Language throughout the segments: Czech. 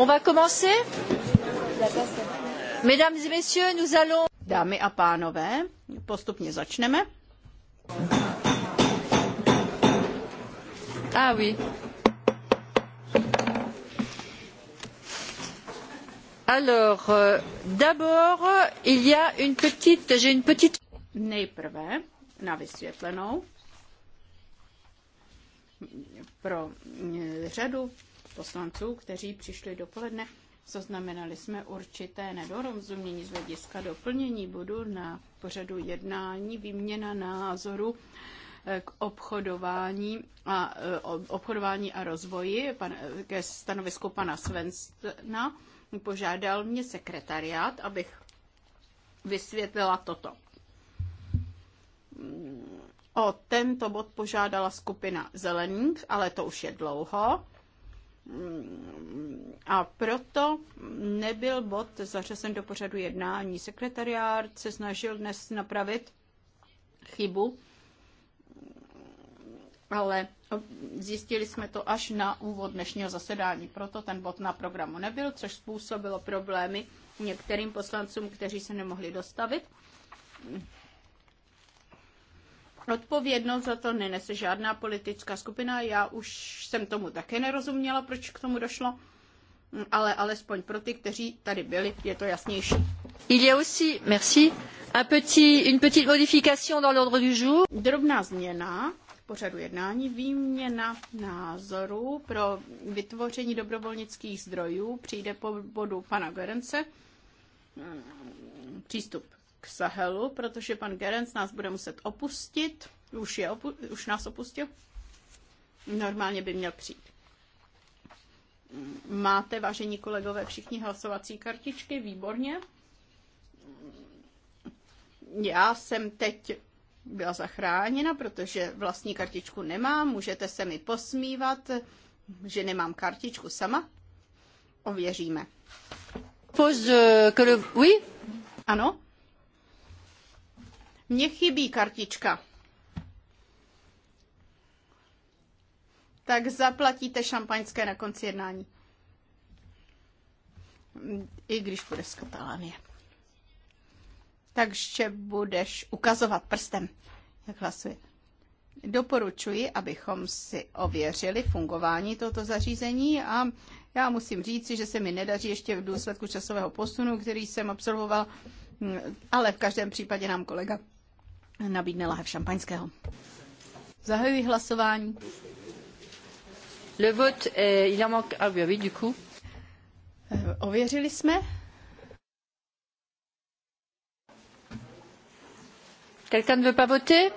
On va commencer Mesdames et messieurs, nous allons... Dámy a pánové, postupně začneme. Ah oui. Alors, euh, d'abord, il y a une petite... J'ai une petite... Nejprve na vysvětlenou pro mm, řadu poslanců, kteří přišli dopoledne. Zaznamenali jsme určité nedorozumění z hlediska doplnění bodu na pořadu jednání, výměna názoru eh, k obchodování a, eh, obchodování a rozvoji pan, eh, ke stanovisku pana Svenstna. Požádal mě sekretariát, abych vysvětlila toto. O tento bod požádala skupina Zelených, ale to už je dlouho. A proto nebyl bod zařazen do pořadu jednání. Sekretariát se snažil dnes napravit chybu, ale zjistili jsme to až na úvod dnešního zasedání. Proto ten bod na programu nebyl, což způsobilo problémy některým poslancům, kteří se nemohli dostavit. Odpovědnost za to nenese žádná politická skupina. Já už jsem tomu také nerozuměla, proč k tomu došlo, ale alespoň pro ty, kteří tady byli, je to jasnější. Il y a aussi, merci, un petit, une petite modification dans l'ordre du jour. Drobná změna v pořadu jednání, výměna názoru pro vytvoření dobrovolnických zdrojů přijde po bodu pana Gerence přístup k Sahelu, protože pan Gerenc nás bude muset opustit. Už, je opu- už nás opustil. Normálně by měl přijít. Máte, vážení kolegové, všichni hlasovací kartičky? Výborně. Já jsem teď byla zachráněna, protože vlastní kartičku nemám. Můžete se mi posmívat, že nemám kartičku sama. Ověříme. Pozdě que Oui? Ano? Mně chybí kartička. Tak zaplatíte šampaňské na konci jednání. I když bude z Katalánie. Takže budeš ukazovat prstem, jak hlasuje. Doporučuji, abychom si ověřili fungování tohoto zařízení a já musím říci, že se mi nedaří ještě v důsledku časového posunu, který jsem absolvoval, ale v každém případě nám kolega nabídne lahev šampaňského. Zahajuji hlasování. Le vote, eh, il en manque... Ah oui, du coup. Eh, ověřili jsme. Quelqu'un ne veut pas voter?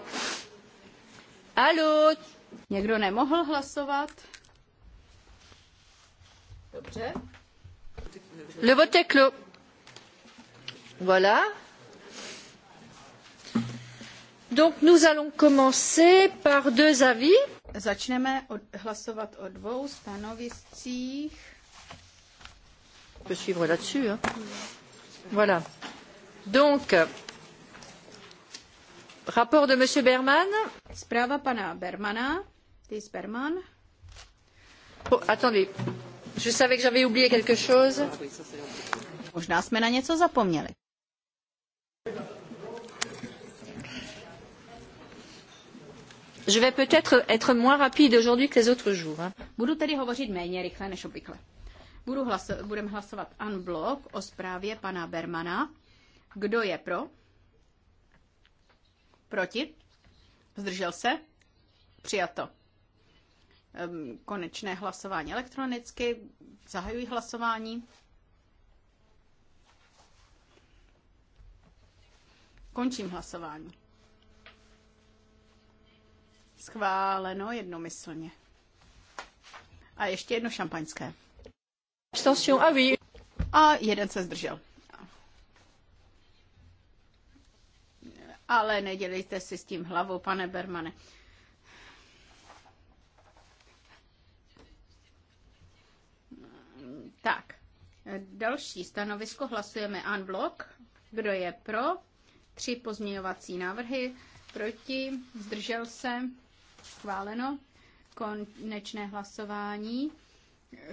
Allô? Někdo nemohl hlasovat? Dobře. Le vote est clos. Voilà. Donc nous allons commencer par deux avis. Začneme od, hlasovat o dvou stanoviscích. On peut suivre là-dessus. Hein. Voilà. Donc, rapport de Monsieur Berman. Zpráva pana Bermana. Tis Berman. Oh, attendez, je savais que j'avais oublié quelque chose. Možná jsme na něco zapomněli. Je vais peut-être être moins rapide aujourd'hui que les autres jours. Hein. Budu tedy hovořit méně rychle než obvykle. Budu hlaso- budem hlasovat unblock o zprávě pana Bermana. Kdo je pro? Proti? Zdržel se? Přijato. Ehm, konečné hlasování elektronicky. Zahajuji hlasování. Končím hlasování. Schváleno jednomyslně. A ještě jedno šampaňské. Ah A jeden se zdržel. Ale nedělejte si s tím hlavou, pane Bermane. Tak, další stanovisko hlasujeme en bloc. Kdo je pro? Tři pozměňovací návrhy. Proti? Zdržel se? Schváleno. Konečné hlasování.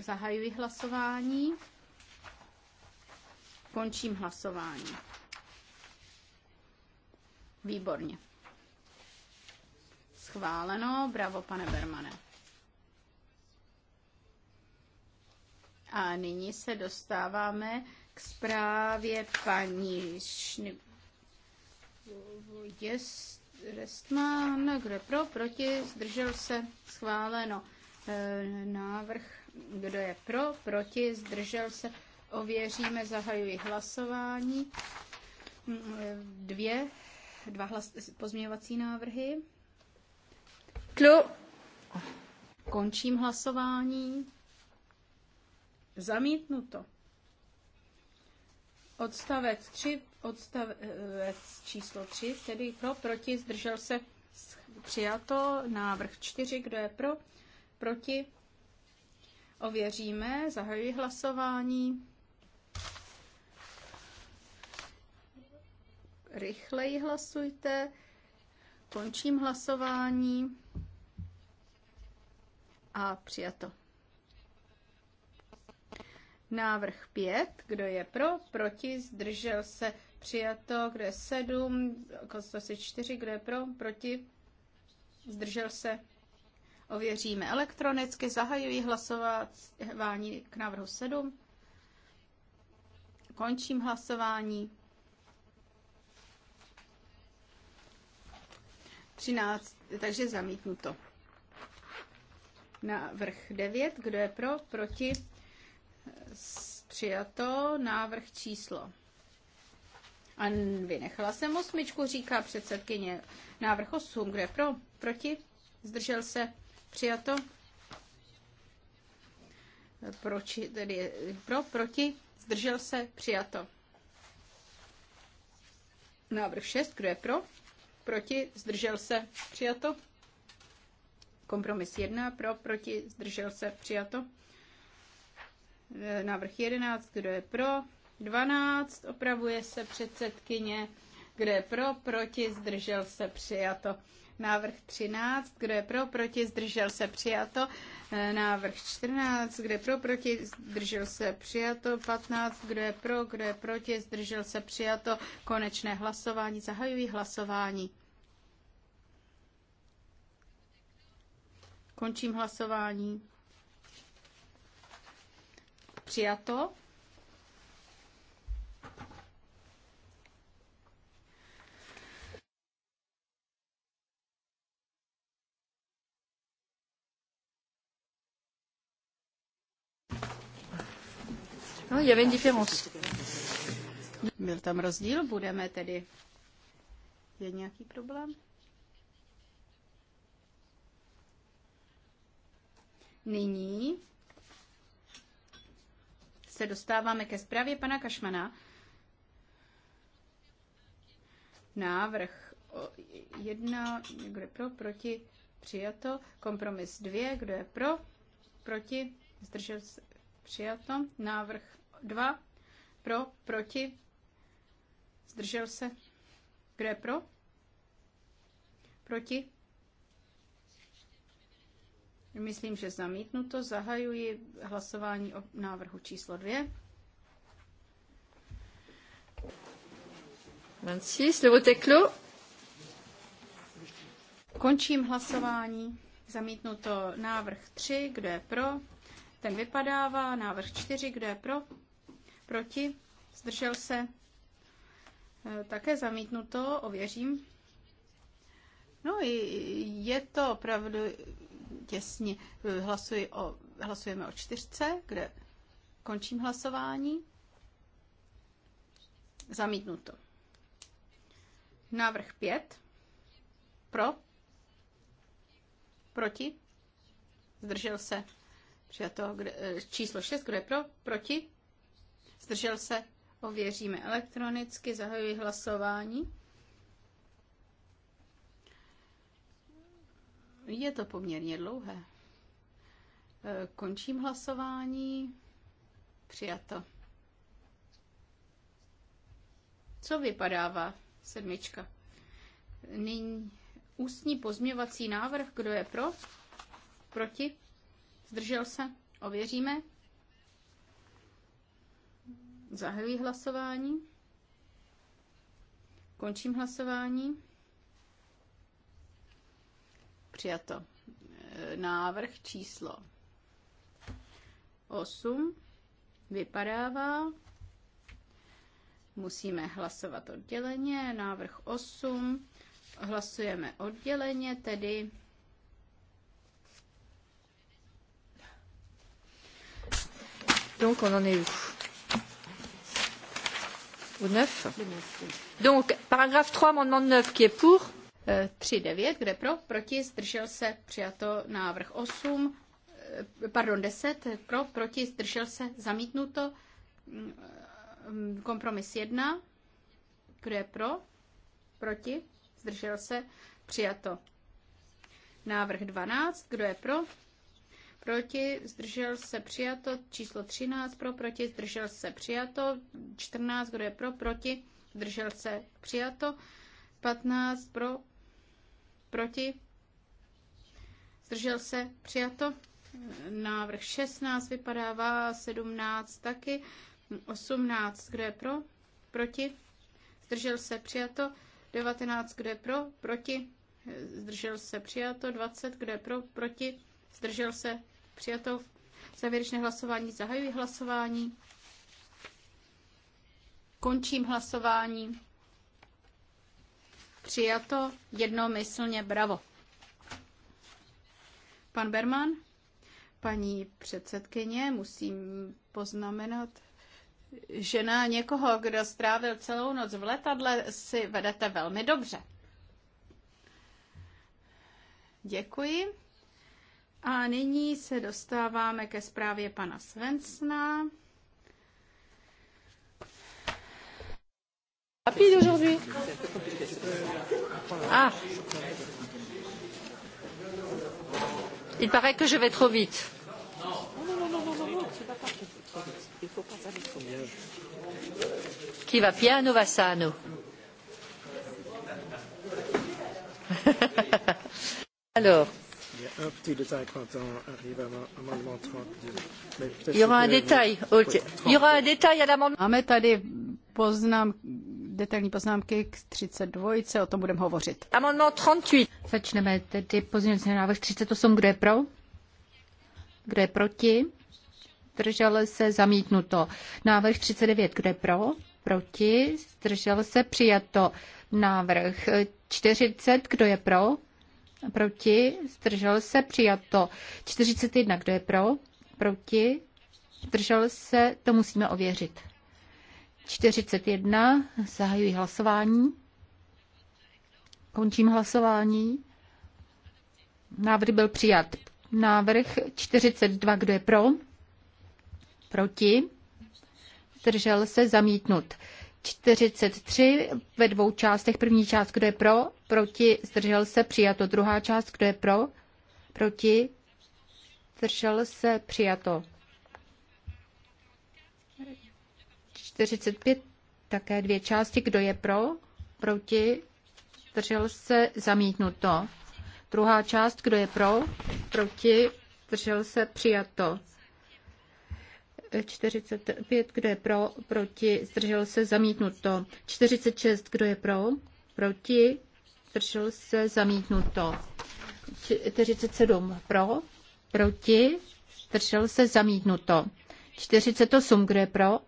Zahajuji hlasování. Končím hlasování. Výborně. Schváleno. Bravo, pane Bermane. A nyní se dostáváme k zprávě paní Šny... Jest Restmán, kdo je pro, proti, zdržel se, schváleno. E, návrh, kdo je pro, proti, zdržel se, ověříme, zahajuji hlasování. Mm, e, dvě, dva hlas, pozměňovací návrhy. Klu. Končím hlasování. Zamítnuto. Odstavec 3, odstavec číslo 3, tedy pro, proti, zdržel se přijato. Návrh 4, kdo je pro, proti, ověříme, zahajuji hlasování. Rychleji hlasujte, končím hlasování a přijato. Návrh 5. Kdo je pro? Proti? Zdržel se? Přijato, kdo je 7, konstatuji 4, kdo je pro, proti, zdržel se. Ověříme elektronicky, zahajuji hlasování k návrhu 7. Končím hlasování. 13, takže zamítnuto. Návrh 9, kdo je pro, proti, přijato. Návrh číslo a vynechala jsem osmičku, říká předsedkyně. Návrh 8, kde pro, proti, zdržel se, přijato. Proč, tedy pro, proti, zdržel se, přijato. Návrh 6, kdo je pro? Proti, zdržel se, přijato. Kompromis 1, pro, proti, zdržel se, přijato. Návrh 11, kdo je pro? 12, opravuje se předsedkyně, kde je pro, proti, zdržel se, přijato. Návrh 13, kdo je pro, proti, zdržel se, přijato. Návrh 14, kde je pro, proti, zdržel se, přijato. 15, eh, kdo je pro, kdo je proti, zdržel se, přijato. Konečné hlasování, zahajují hlasování. Končím hlasování. Přijato. No, je ven différence. Byl tam rozdíl, budeme tedy. Je nějaký problém? Nyní se dostáváme ke zprávě pana Kašmana. Návrh jedna, kdo je pro, proti, přijato. Kompromis dvě, kdo je pro, proti, zdržel se, přijato. Návrh 2 pro, proti, zdržel se. Kdo je pro? Proti? Myslím, že zamítnuto. Zahajuji hlasování o návrhu číslo 2. 26, le vote clos. Končím hlasování. Zamítnuto návrh 3, kdo je pro? Ten vypadává. Návrh 4, kdo je pro? Proti? Zdržel se? E, také zamítnuto, ověřím. No, je to opravdu těsně. E, hlasuji o, hlasujeme o čtyřce, kde končím hlasování. Zamítnuto. Návrh pět. Pro. Proti. Zdržel se. Přijato. Kde, e, číslo 6. Kdo je pro? Proti zdržel se, ověříme elektronicky, zahajuji hlasování. Je to poměrně dlouhé. E, končím hlasování. Přijato. Co vypadává sedmička? Nyní ústní pozměvací návrh. Kdo je pro? Proti? Zdržel se? Ověříme. Zahajuji hlasování. Končím hlasování. Přijato. Návrh číslo 8 vypadává. Musíme hlasovat odděleně. Návrh 8 hlasujeme odděleně, tedy Donc on en est où Ou 9 Donc, paragraphe 3, amendement 9, qui est pour 3.9, eh, kde pro, proti, zdržel se, přijato návrh 8, eh, pardon, 10, pro, proti, zdržel se, zamítnuto, mm, eh, kompromis 1, kdo je pro, proti, zdržel se, přijato. Návrh 12, kdo je pro, proti, zdržel se přijato, číslo 13 pro, proti, zdržel se přijato, 14, kdo je pro, proti, zdržel se přijato, 15 pro, proti, zdržel se přijato, návrh 16 vypadává, 17 taky, 18, kdo je pro, proti, zdržel se přijato, 19, kdo je pro, proti, zdržel se přijato, 20, kdo je pro, proti, zdržel se, přijato. Závěrečné hlasování, zahajuji hlasování. Končím hlasování. Přijato jednomyslně, bravo. Pan Berman, paní předsedkyně, musím poznamenat, že na někoho, kdo strávil celou noc v letadle, si vedete velmi dobře. Děkuji. A nyní se dostáváme ke zprávě pana Svensna. Rapide aujourd'hui. Ah. Il paraît que je vais trop vite. Qui va piano va sano. Alors petit détail quand on arrive à amendement 32. Il y aura un détail. Il y aura un détail à l'amendement. Máme tady poznám, detailní poznámky k 32, o tom budeme hovořit. Amendement 38. Začneme tedy pozměňovací návrh 38, kdo je pro? Kdo je proti? Zdržel se zamítnuto. Návrh 39, kdo je pro? Proti? Zdržel se přijato. Návrh 40, kdo je pro? Proti? Zdržel se? Přijato. 41. Kdo je pro? Proti? Zdržel se? To musíme ověřit. 41. Zahajuji hlasování. Končím hlasování. Návrh byl přijat. Návrh 42. Kdo je pro? Proti? Zdržel se? Zamítnut. 43 ve dvou částech. První část, kdo je pro, proti, zdržel se, přijato. Druhá část, kdo je pro, proti, zdržel se, přijato. 45 také dvě části, kdo je pro, proti, zdržel se, zamítnuto. Druhá část, kdo je pro, proti, zdržel se, přijato. 45, kdo je pro, proti, zdržel se, zamítnuto. 46, kdo je pro, proti, zdržel se, zamítnuto. 47 pro, proti, zdržel se, zamítnuto. 48, kdo je pro,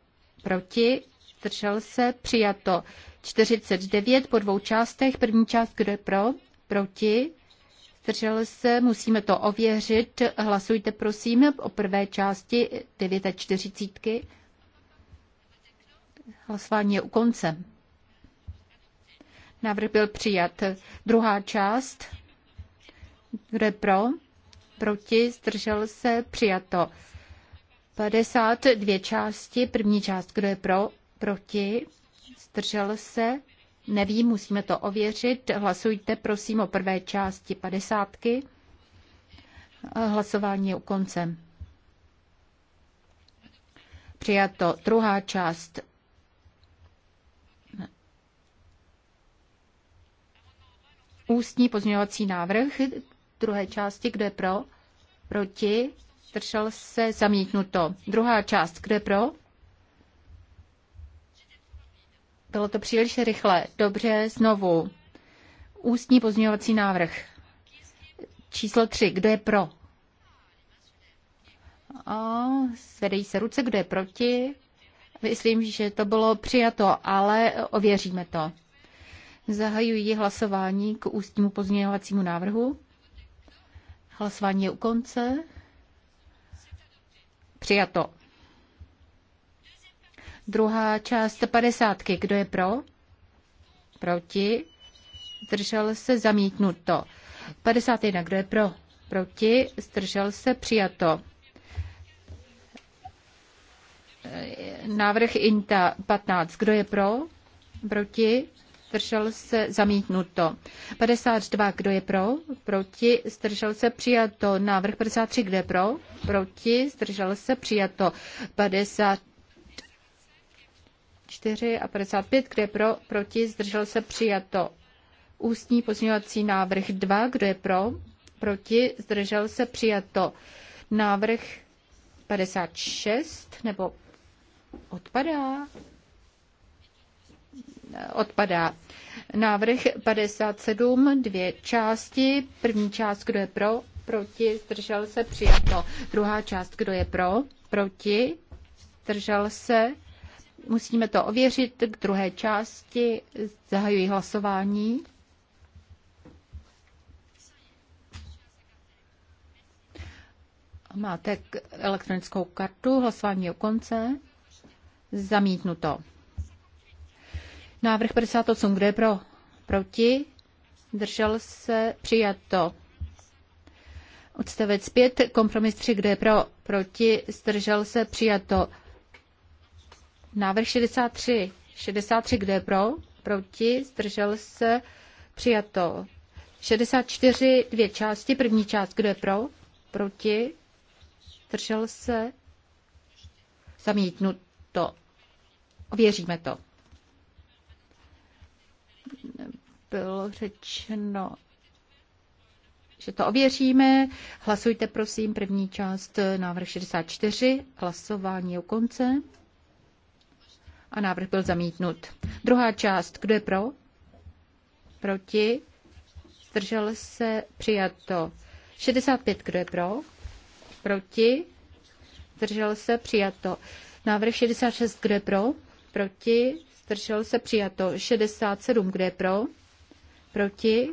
proti, zdržel se, přijato. 49 po dvou částech, první část, kdo je pro, proti, zdržel se, musíme to ověřit. Hlasujte prosím o prvé části 940. Hlasování je u konce. Návrh byl přijat. Druhá část. Kdo je pro? Proti? Zdržel se? Přijato. 52 části. První část. Kdo je pro? Proti? Zdržel se? Nevím, musíme to ověřit. Hlasujte prosím o prvé části padesátky. Hlasování je u konce. Přijato druhá část. Ústní pozměňovací návrh druhé části, kdo je pro, proti, držel se, zamítnuto. Druhá část, kdo je pro, Bylo to příliš rychle. Dobře, znovu. Ústní pozměňovací návrh. Číslo 3. Kdo je pro? A zvedejí se ruce, kdo je proti. Myslím, že to bylo přijato, ale ověříme to. Zahajují hlasování k ústnímu pozměňovacímu návrhu. Hlasování je u konce. Přijato. Druhá část padesátky. Kdo je pro? Proti? Zdržel se zamítnuto. 51. Kdo je pro? Proti? Zdržel se přijato. Návrh INTA 15. Kdo je pro? Proti? Zdržel se zamítnuto. 52. Kdo je pro? Proti? Zdržel se přijato. Návrh 53. Kdo je pro? Proti? Zdržel se přijato. 50 54 a 55, kde pro, proti, zdržel se přijato. Ústní pozměňovací návrh 2, kdo je pro, proti, zdržel se přijato. Návrh 56 nebo odpadá? Odpadá. Návrh 57, dvě části. První část, kdo je pro, proti, zdržel se přijato. Druhá část, kdo je pro, proti, zdržel se Musíme to ověřit k druhé části. Zahajuji hlasování. Máte elektronickou kartu, hlasování u konce. Zamítnuto. Návrh 58, kde je pro? Proti? Držel se? Přijato. Odstavec 5, kompromis 3, kde je pro? Proti? Zdržel se? Přijato. Návrh 63. 63, kde je pro? Proti, zdržel se, přijato. 64, dvě části. První část, kde je pro? Proti, zdržel se, to Ověříme to. Bylo řečeno, že to ověříme. Hlasujte prosím první část návrh 64. Hlasování je u konce a návrh byl zamítnut. Druhá část, kdo je pro? Proti? Zdržel se? Přijato. 65, kdo je pro? Proti? Zdržel se? Přijato. Návrh 66, kdo je pro? Proti? Zdržel se? Přijato. 67, kdo je pro? Proti?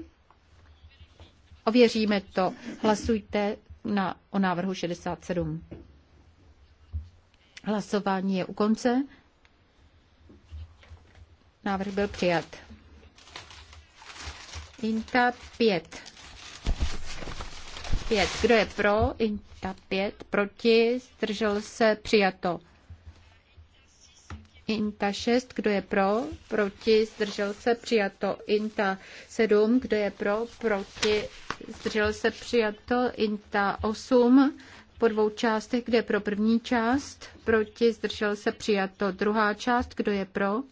Ověříme to. Hlasujte na, o návrhu 67. Hlasování je u konce. Návrh byl přijat. Inta 5. 5. Kdo je pro? Inta 5. Proti? Zdržel se? Přijato. Inta 6, kdo je pro, proti, zdržel se, přijato. Inta 7, kdo je pro, proti, zdržel se, přijato. Inta 8, po dvou částech, kde je pro první část, proti, zdržel se, přijato. Druhá část, kdo je pro,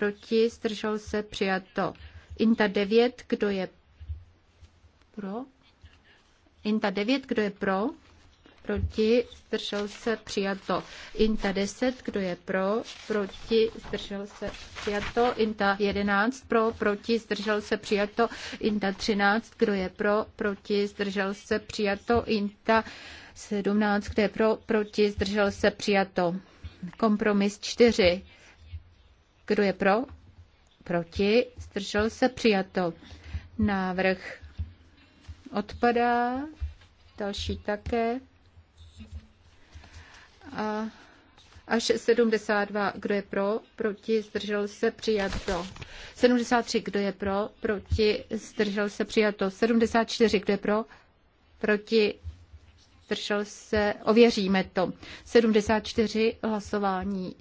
proti, zdržel se, přijato. Inta 9, kdo je pro? Inta 9, kdo je pro? Proti, zdržel se, přijato. Inta 10, kdo je pro? Proti, zdržel se, přijato. Inta 11, pro? Proti, zdržel se, přijato. Inta 13, kdo je pro? Proti, zdržel se, přijato. Inta 17, kdo je pro? Proti, zdržel se, přijato. Kompromis 4 kdo je pro? Proti? Zdržel se? Přijato. Návrh odpadá. Další také. A až 72. Kdo je pro? Proti? Zdržel se? Přijato. 73. Kdo je pro? Proti? Zdržel se? Přijato. 74. Kdo je pro? Proti? Zdržel se? Ověříme to. 74. Hlasování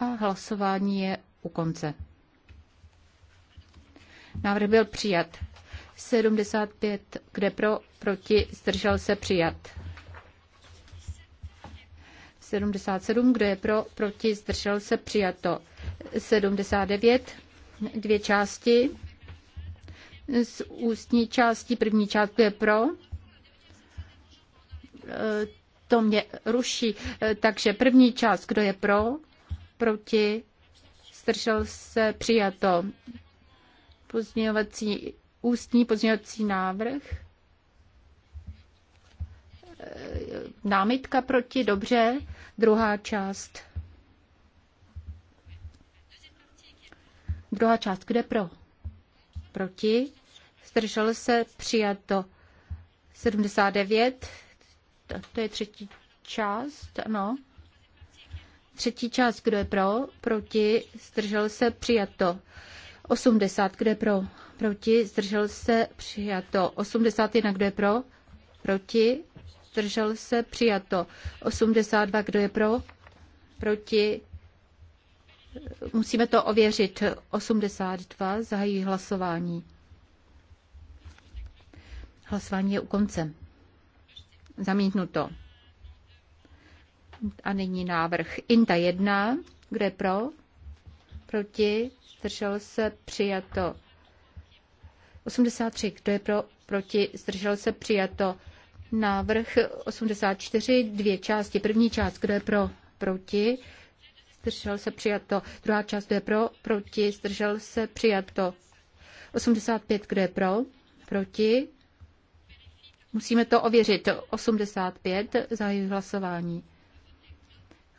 a hlasování je u konce. Návrh byl přijat. 75, kde pro, proti, zdržel se přijat. 77, kdo je pro, proti, zdržel se přijato. 79, dvě části. Z ústní části, první část, je pro, e, to mě ruší. E, takže první část, kdo je pro, proti, zdržel se, přijato. Pozměňovací, ústní pozměňovací návrh. E, námitka proti, dobře. Druhá část. Druhá část, kde pro? Proti. stržel se, přijato. 79. To je třetí část, ano. Třetí část, kdo je pro, proti, zdržel se, přijato. 80, kdo je pro, proti, zdržel se, přijato. 81, kdo je pro, proti, zdržel se, přijato. 82, kdo je pro, proti, musíme to ověřit. 82, zahají hlasování. Hlasování je u konce. Zamítnuto. A nyní návrh INTA 1. Kdo je pro? Proti? Zdržel se? Přijato. 83. Kdo je pro? Proti? Zdržel se? Přijato. Návrh 84. Dvě části. První část. Kdo je pro? Proti? Zdržel se? Přijato. Druhá část. Kdo je pro? Proti? Zdržel se? Přijato. 85. Kdo je pro? Proti? Musíme to ověřit. 85. Zahajuji hlasování.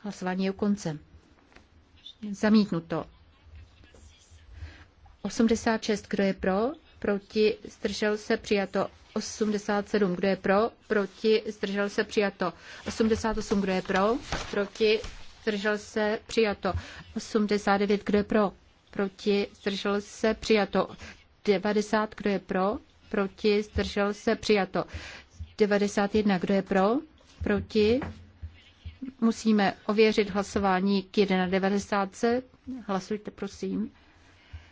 Hlasování je u konce. Zamítnuto. 86, kdo je pro, proti, zdržel se, přijato. 87, kdo je pro, proti, zdržel se, přijato. 88, kdo je pro, proti, zdržel se, přijato. 89, kdo je pro, proti, zdržel se, přijato. 90, kdo je pro, proti, zdržel se, přijato. 91, kdo je pro, proti, Musíme ověřit hlasování k 91. Hlasujte, prosím.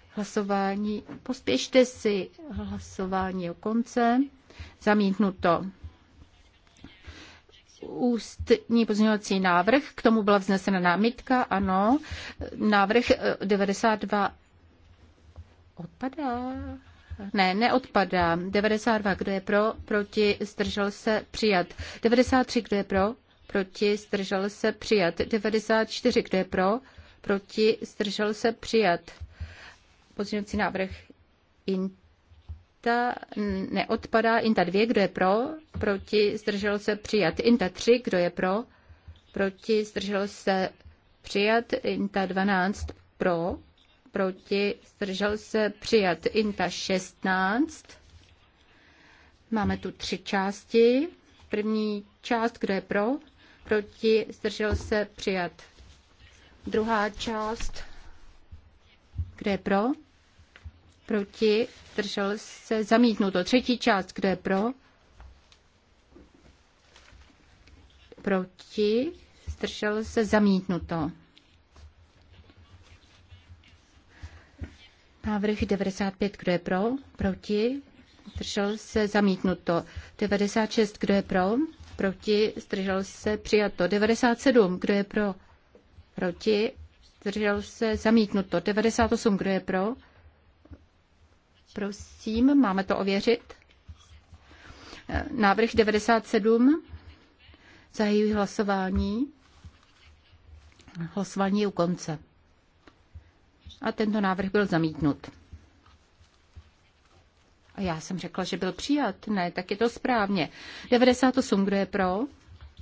Hlasování. Pospěšte si hlasování o konce. Zamítnuto. Ústní pozměňovací návrh, k tomu byla vznesena námitka, ano. Návrh 92 eh, odpadá. Ne, neodpadá. 92, kdo je pro, proti, zdržel se, přijat. 93, kdo je pro, proti, zdržel se přijat. 94, kdo je pro, proti, zdržel se přijat. Pozměňovací návrh INTA neodpadá. INTA 2, kdo je pro, proti, zdržel se přijat. INTA 3, kdo je pro, proti, zdržel se přijat. INTA 12, pro, proti, zdržel se přijat. INTA 16, Máme tu tři části. První část, kdo je pro, proti, zdržel se, přijat. Druhá část, kde je pro, proti, zdržel se, zamítnuto. Třetí část, kde je pro, proti, zdržel se, zamítnuto. Návrh 95, kdo je pro, proti, držel se, zamítnuto. 96, kdo je pro, proti, zdržel se, přijato. 97, kdo je pro, proti, zdržel se, zamítnuto. 98, kdo je pro, prosím, máme to ověřit. Eh, návrh 97, zahajuji hlasování. Hlasování u konce. A tento návrh byl zamítnut. A já jsem řekla, že byl přijat. Ne, tak je to správně. 98, kdo je pro?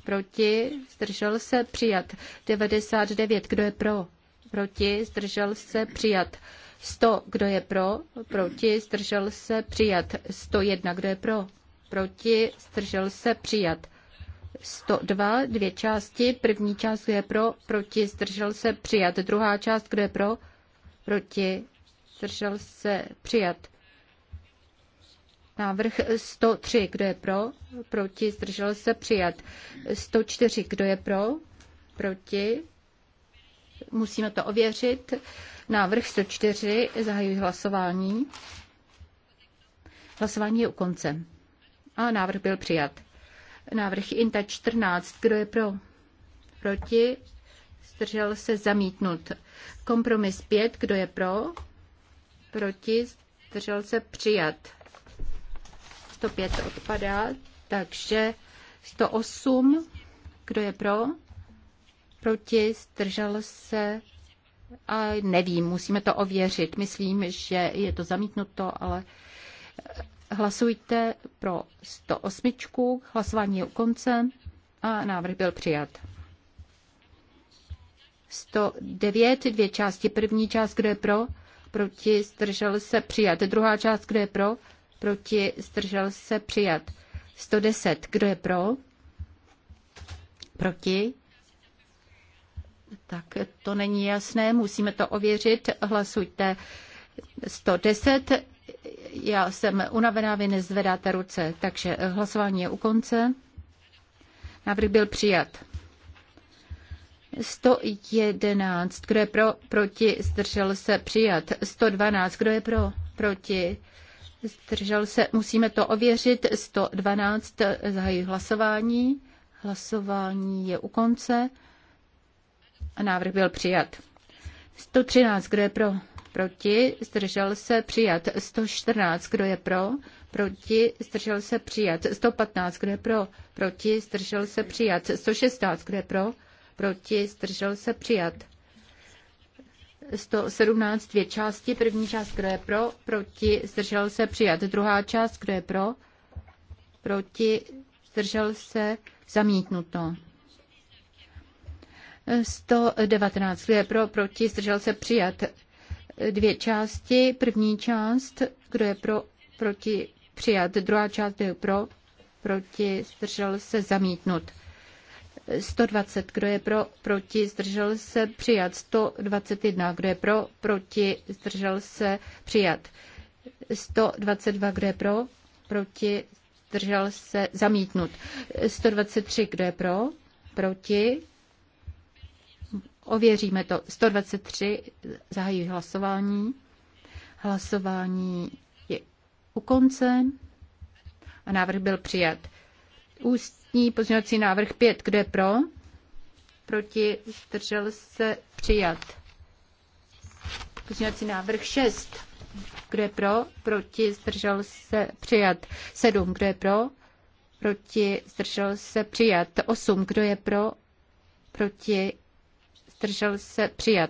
Proti, zdržel se, přijat. 99, kdo je pro? Proti, zdržel se, přijat. 100, kdo je pro? Proti, zdržel se, přijat. 101, kdo je pro? Proti, zdržel se, přijat. 102, dvě části. První část, kdo je pro? Proti, zdržel se, přijat. Druhá část, kdo je pro? Proti, zdržel se, přijat. Návrh 103, kdo je pro? Proti, zdržel se přijat. 104, kdo je pro? Proti. Musíme to ověřit. Návrh 104, zahajuji hlasování. Hlasování je u konce. A návrh byl přijat. Návrh INTA 14, kdo je pro? Proti, zdržel se zamítnut. Kompromis 5, kdo je pro? Proti, zdržel se přijat. 105 odpadá, takže 108, kdo je pro, proti, zdržel se a nevím, musíme to ověřit. Myslím, že je to zamítnuto, ale eh, hlasujte pro 108. Hlasování je u konce a návrh byl přijat. 109, dvě části. První část, kde je pro, proti, zdržel se přijat. Druhá část, kde je pro, proti, zdržel se přijat. 110, kdo je pro, proti, tak to není jasné, musíme to ověřit, hlasujte 110, já jsem unavená, vy nezvedáte ruce, takže hlasování je u konce. Návrh byl přijat. 111, kdo je pro, proti, zdržel se přijat. 112, kdo je pro, proti, zdržel se, musíme to ověřit, 112, zahají hlasování, hlasování je u konce a návrh byl přijat. 113, kdo je pro? Proti, zdržel se, přijat. 114, kdo je pro? Proti, zdržel se, přijat. 115, kdo je pro? Proti, zdržel se, přijat. 116, kdo je pro? Proti, zdržel se, přijat. 117 dvě části. První část, kdo je pro, proti, zdržel se přijat. Druhá část, kdo je pro, proti, zdržel se zamítnuto. 119 kdo je pro, proti, zdržel se přijat. Dvě části. První část, kdo je pro, proti, přijat. Druhá část, kdo je pro, proti, zdržel se zamítnut. 120, kdo je pro, proti, zdržel se, přijat. 121, kdo je pro, proti, zdržel se, přijat. 122, kdo je pro, proti, zdržel se, zamítnut. 123, kdo je pro, proti, ověříme to. 123, zahají hlasování. Hlasování je u konce a návrh byl přijat. Úst ústní pozměňovací návrh 5. Kdo je pro? Proti? Zdržel se? Přijat. Pozměňovací návrh 6. Kdo je pro? Proti? Zdržel se? Přijat. 7. Kdo je pro? Proti? Zdržel se? Přijat. 8. Kdo je pro? Proti? Zdržel se? Přijat.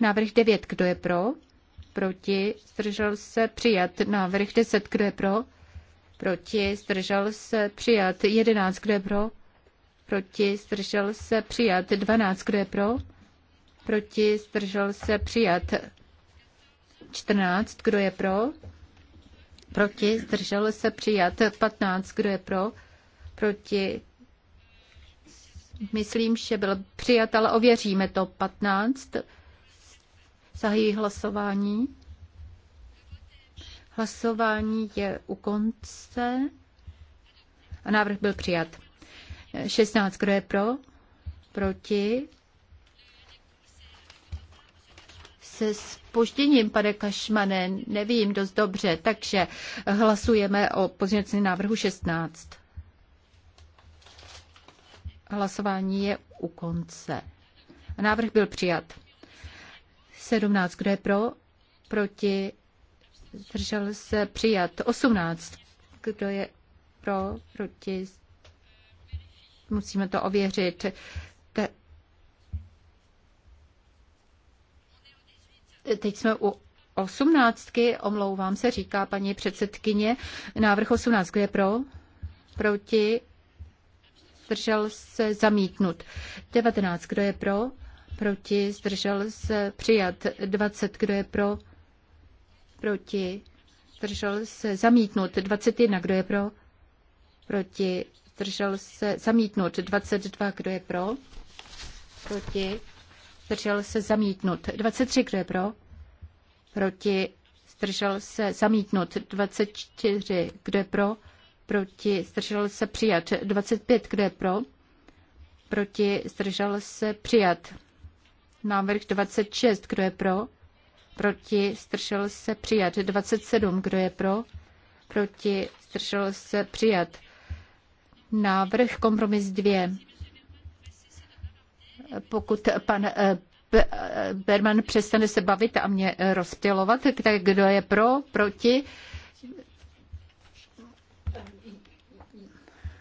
Návrh 9. Kdo je pro? Proti? Zdržel se? Přijat. Návrh 10. Kdo je pro? proti, zdržel se, přijat. 11, kdo je pro, proti, zdržel se, přijat. 12, kdo je pro, proti, zdržel se, přijat. 14, kdo je pro, proti, zdržel se, přijat. 15, kdo je pro, proti, myslím, že byl přijat, ale ověříme to. 15, zahají hlasování. Hlasování je u konce. A návrh byl přijat. 16. Kdo je pro? Proti? Se spožděním, pane Kašmane, nevím dost dobře, takže hlasujeme o pozměňovacím návrhu 16. Hlasování je u konce. Návrh byl přijat. 17. Kdo je pro? Proti? zdržel se přijat. 18. Kdo je pro, proti, musíme to ověřit. Te... Teď jsme u osmnáctky, omlouvám se, říká paní předsedkyně. Návrh 18, kdo je pro, proti, zdržel se zamítnut. 19, kdo je pro, proti, zdržel se přijat. 20, kdo je pro, proti, zdržel se zamítnut 21, kdo je pro, proti, zdržel se zamítnut 22, kdo je pro, proti, zdržel se zamítnut 23, kdo je pro, proti, zdržel se zamítnut 24, kdo je pro, proti, zdržel se přijat 25, kdo je pro, proti, zdržel se přijat návrh 26, kdo je pro, proti, zdržel se přijat. 27, kdo je pro, proti, zdržel se přijat. Návrh kompromis 2. Pokud pan eh, eh, Berman přestane se bavit a mě eh, rozptilovat, tak kdo je pro, proti,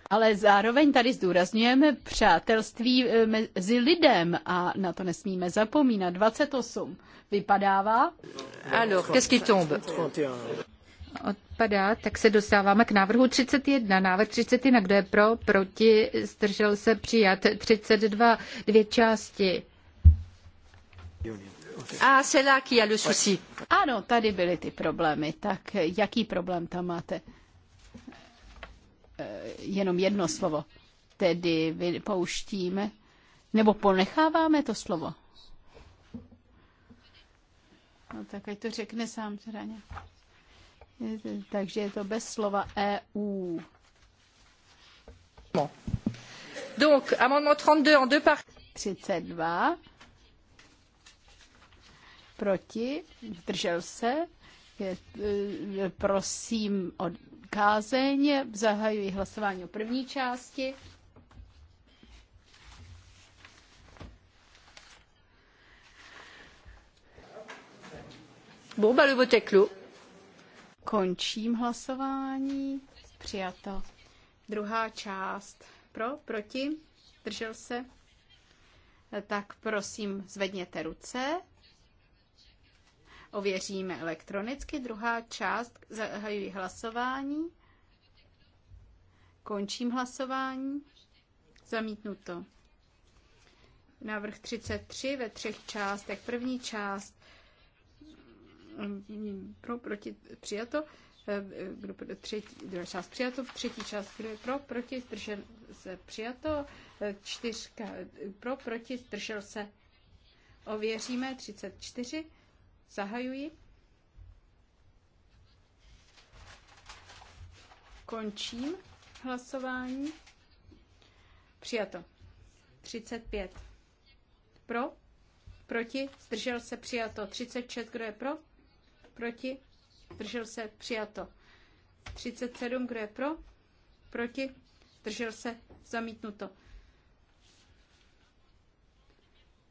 Ale zároveň tady zdůrazňujeme přátelství mezi lidem a na to nesmíme zapomínat. 28 vypadává. Ano. qu'est-ce tombe? Odpadá, tak se dostáváme k návrhu 31. Návrh 31, kdo je pro, proti, zdržel se přijat. 32, dvě části. A ah, c'est là qu'il a le souci. Ano, tady byly ty problémy. Tak jaký problém tam máte? Eh, jenom jedno slovo. Tedy vypouštíme, nebo ponecháváme to slovo? No tak ať to řekne sám teda nějak. Takže je to bez slova EU. No. Donc, amendement 32 en deux parties. 32. Proti. Držel se. Je, e, prosím o kázeň. Zahajuji hlasování o první části. Bon, bah, teklu. Končím hlasování. Přijato. Druhá část. Pro, proti, držel se. Tak prosím, zvedněte ruce. Ověříme elektronicky. Druhá část. Zahajuji hlasování. Končím hlasování. Zamítnuto. Návrh 33 ve třech částech. První část pro, proti, přijato, eh, kdo bude třetí, druhá část přijato, třetí část kdo je pro, proti, zdržel se přijato, eh, čtyřka eh, pro, proti, zdržel se. Ověříme 34, zahajuji. Končím hlasování. Přijato. 35. Pro, proti, zdržel se přijato. 36, kdo je pro, Proti? Zdržel se? Přijato. 37. Kdo je pro? Proti? Zdržel se? Zamítnuto.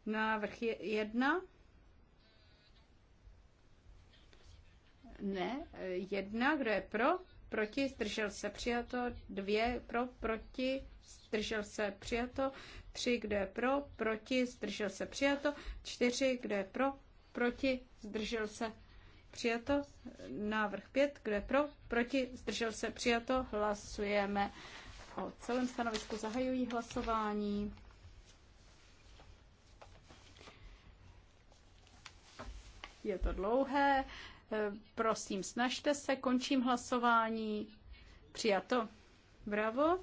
Návrh je jedna. Ne, jedna. Kdo je pro? Proti? Zdržel se? Přijato. Dvě. Pro? Proti? Zdržel se? Přijato. Tři. Kdo je pro? Proti? Zdržel se? Přijato. Čtyři. Kdo je pro? Proti? Zdržel se? Přijato. Návrh 5. Kdo je pro? Proti? Zdržel se? Přijato. Hlasujeme o celém stanovisku. Zahajují hlasování. Je to dlouhé. Prosím, snažte se. Končím hlasování. Přijato. Bravo.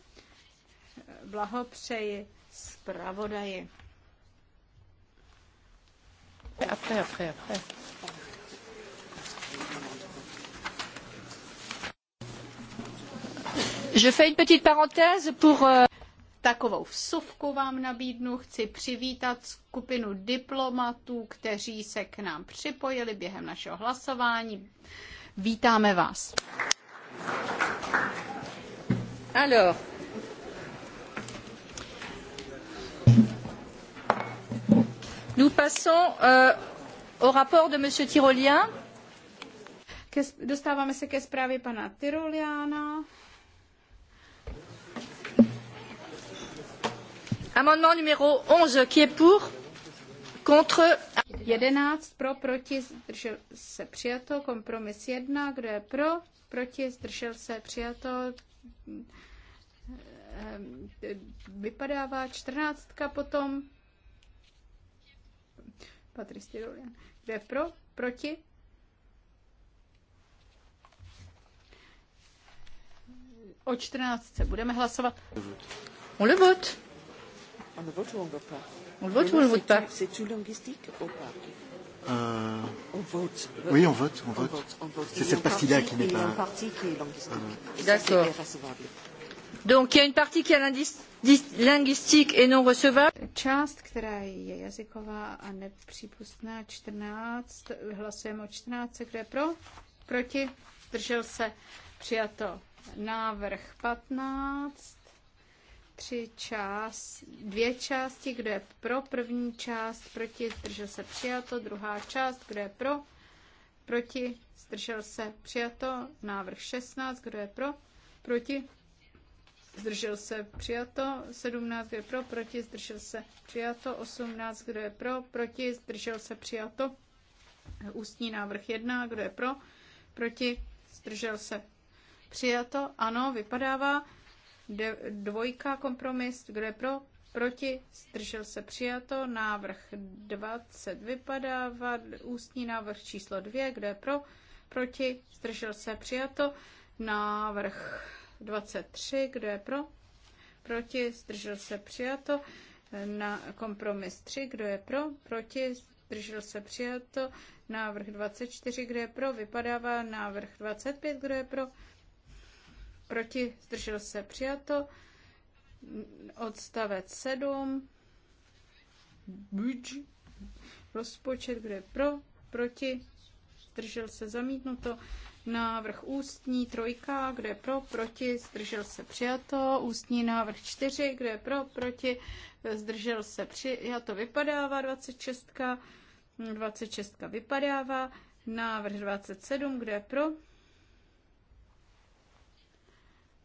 Blahopřeji zpravodaji. Après, après, après. Je fais une petite parenthèse pour... Euh, Takovou vsuvku vám nabídnu. Chci přivítat skupinu diplomatů, kteří se k nám připojili během našeho hlasování. Vítáme vás. Alors, nous passons euh, au rapport de Monsieur Tyrolien. Dostáváme se ke zprávě pana Tyroliana. Amendement numéro 11, qui est pour? Contre? 11 pro, proti, zdržel se přijato. Kompromis 1, kdo je pro? Proti, zdržel se přijato. Ehm, vypadává 14 potom. Patrice Tyrolian. Kdo je pro? Proti? O 14 budeme hlasovat. On le vote. On le vote ou on ne vote pas On vote ou on ne vote pas C'est tout linguistique ou pas euh... On vote. Oui, on vote. On vote. vote, vote. C'est cette partie-là qui n'est pas. Il y a une partie qui est linguistique. Euh... D'accord. Donc il y a une partie qui est linguistique et non recevable. Část, která je jazyková a nepřípustná, 14, hlasujeme o 14, kdo je pro, proti, držel se, přijato návrh 15, tři část, dvě části, kdo je pro první část, proti, zdržel se přijato, druhá část, kdo je pro, proti, zdržel se přijato, návrh 16, kdo je pro, proti, zdržel se přijato, 17, kdo je pro, proti, zdržel se přijato, 18, kdo je pro, proti, zdržel se přijato, ústní návrh 1, kdo je pro, proti, zdržel se přijato, ano, vypadává, Dvojka kompromis, kdo je pro, proti, zdržel se přijato. Návrh 20 vypadává. Ústní návrh číslo 2, kdo je pro, proti, zdržel se přijato. Návrh 23, kdo je pro, proti, zdržel se přijato. Na kompromis 3, kdo je pro, proti, zdržel se přijato. Návrh 24, kdo je pro, vypadává. Návrh 25, kdo je pro, proti, zdržel se přijato. Odstavec 7, Buď. rozpočet, kde je pro, proti, zdržel se zamítnuto. Návrh ústní trojka, kde je pro, proti, zdržel se přijato. Ústní návrh čtyři, kde je pro, proti, zdržel se přijato. Vypadává 26, 26 vypadává. Návrh 27, kde je pro,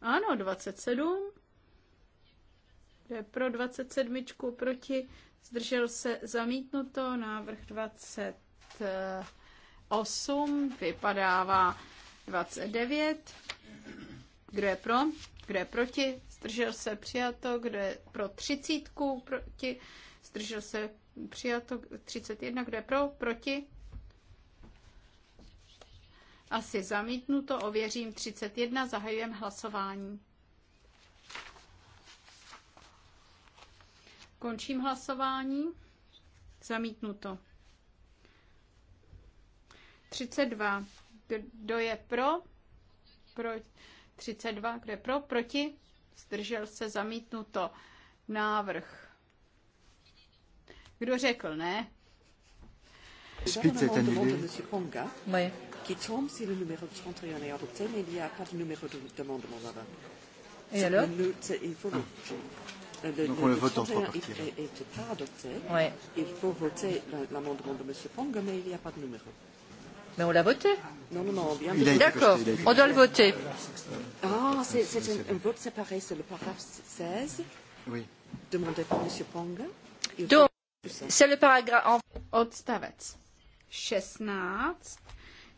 ano, 27. Kdo je pro 27, proti, zdržel se zamítnuto, návrh 28 vypadává 29. Kdo je pro? Kdo je proti? Zdržel se přijato. Kdo je pro 30? Proti? Zdržel se přijato. 31. Kdo je pro? Proti? Asi zamítnuto, ověřím 31, zahajujem hlasování. Končím hlasování. Zamítnuto. 32. Kdo je pro? pro 32. Kdo je pro? Proti? Zdržel se zamítnuto. Návrh. Kdo řekl ne? Spice ten no, qui tombe si le numéro 31 est adopté, mais il n'y a pas de numéro de demandement là-bas. Et alors le, Il faut le, ah. euh, le, Donc on le, le vote en trois parties. Il n'était pas adopté. Ouais. Il faut voter l'amendement de M. Pong, mais il n'y a pas de numéro. Mais on l'a voté Non, non, non, bien vient D'accord, on doit le voter. Ah, c'est un, un vote séparé, c'est le paragraphe 16, oui. demandé par M. Pong. Donc, c'est le paragraphe... Odstavec 16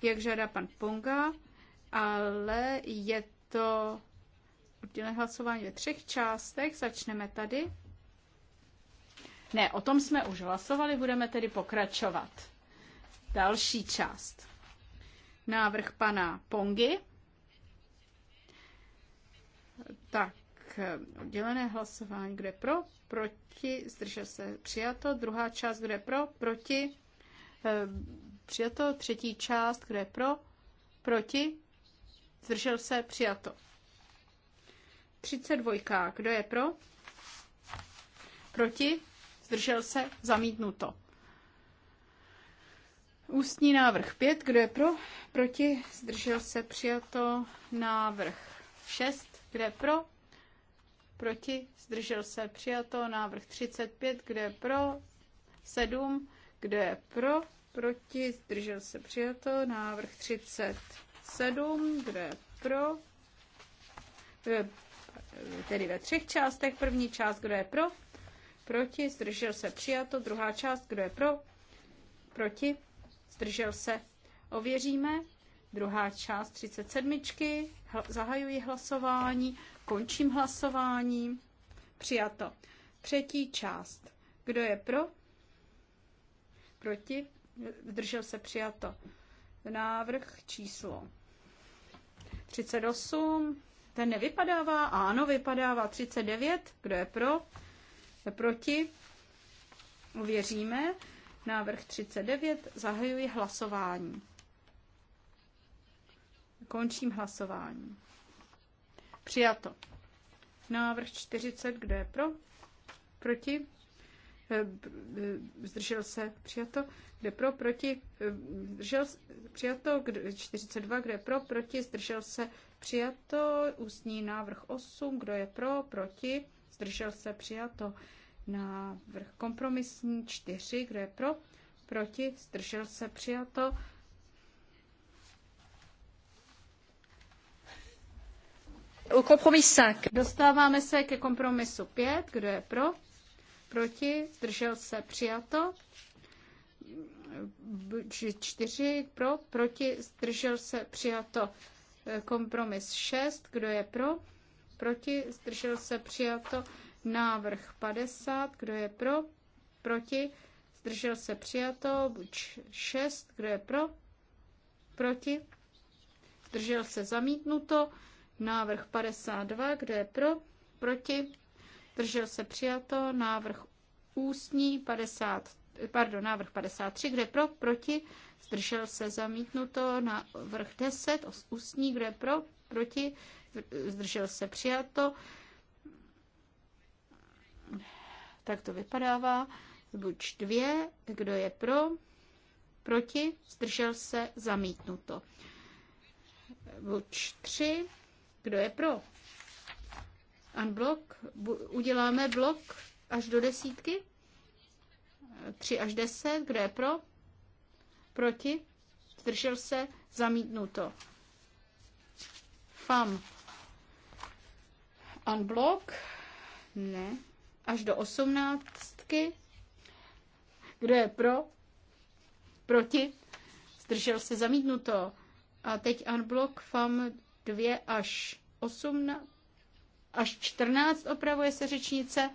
jak žádá pan Ponga, ale je to oddělené hlasování ve třech částech. Začneme tady. Ne, o tom jsme už hlasovali, budeme tedy pokračovat. Další část. Návrh pana Pongy. Tak, oddělené hlasování, kde pro, proti, zdržel se přijato. Druhá část, kde pro, proti, eh, přijato. Třetí část, kdo je pro, proti, zdržel se, přijato. 32. Kdo je pro? Proti? Zdržel se? Zamítnuto. Ústní návrh 5. Kdo je pro? Proti? Zdržel se? Přijato. Návrh 6. Kdo je pro? Proti? Zdržel se? Přijato. Návrh 35. Kdo je pro? 7. Kdo je pro? proti, zdržel se přijato. Návrh 37, kdo je pro, eh, tedy ve třech částech. První část, kdo je pro, proti, zdržel se přijato. Druhá část, kdo je pro, proti, zdržel se. Ověříme. Druhá část 37. Zahajuji hlasování, končím hlasování. Přijato. Třetí část. Kdo je pro? Proti? zdržel se přijato. Návrh číslo 38, ten nevypadává, ano, vypadává 39, kdo je pro, proti, uvěříme. Návrh 39, zahajuji hlasování. Končím hlasování. Přijato. Návrh 40, kdo je pro? Proti? Eh, eh, zdržel se, přijato, kde pro, proti, eh, zdržel, přijato, kde, 42, kde pro, proti, zdržel se, přijato, ústní návrh 8, kdo je pro, proti, zdržel se, přijato, návrh kompromisní 4, kdo je pro, proti, zdržel se, přijato, Kompromis 5. Dostáváme se ke kompromisu 5. Kdo je pro? proti, zdržel se, přijato. čtyři pro, proti, zdržel se, přijato. Kompromis šest, kdo je pro, proti, zdržel se, přijato. Návrh 50, kdo je pro, proti, zdržel se, přijato. Buď šest, kdo je pro, proti, zdržel se, zamítnuto. Návrh 52, kdo je pro, proti, Držel se přijato návrh ústní 50, pardon, návrh 53, kde pro, proti, zdržel se zamítnuto, návrh 10, ústní, kde pro, proti, zdržel se přijato. Tak to vypadává. Buď dvě, kdo je pro, proti, zdržel se zamítnuto. Buď tři, kdo je pro, Unblock? Uděláme blok až do desítky? 3 až 10, Kdo je pro? Proti? Zdržel se? Zamítnuto. FAM. Unblock? Ne. Až do osmnáctky? Kdo je pro? Proti? Zdržel se? Zamítnuto. A teď unblock FAM 2 až 18, až 14, opravuje se řečnice.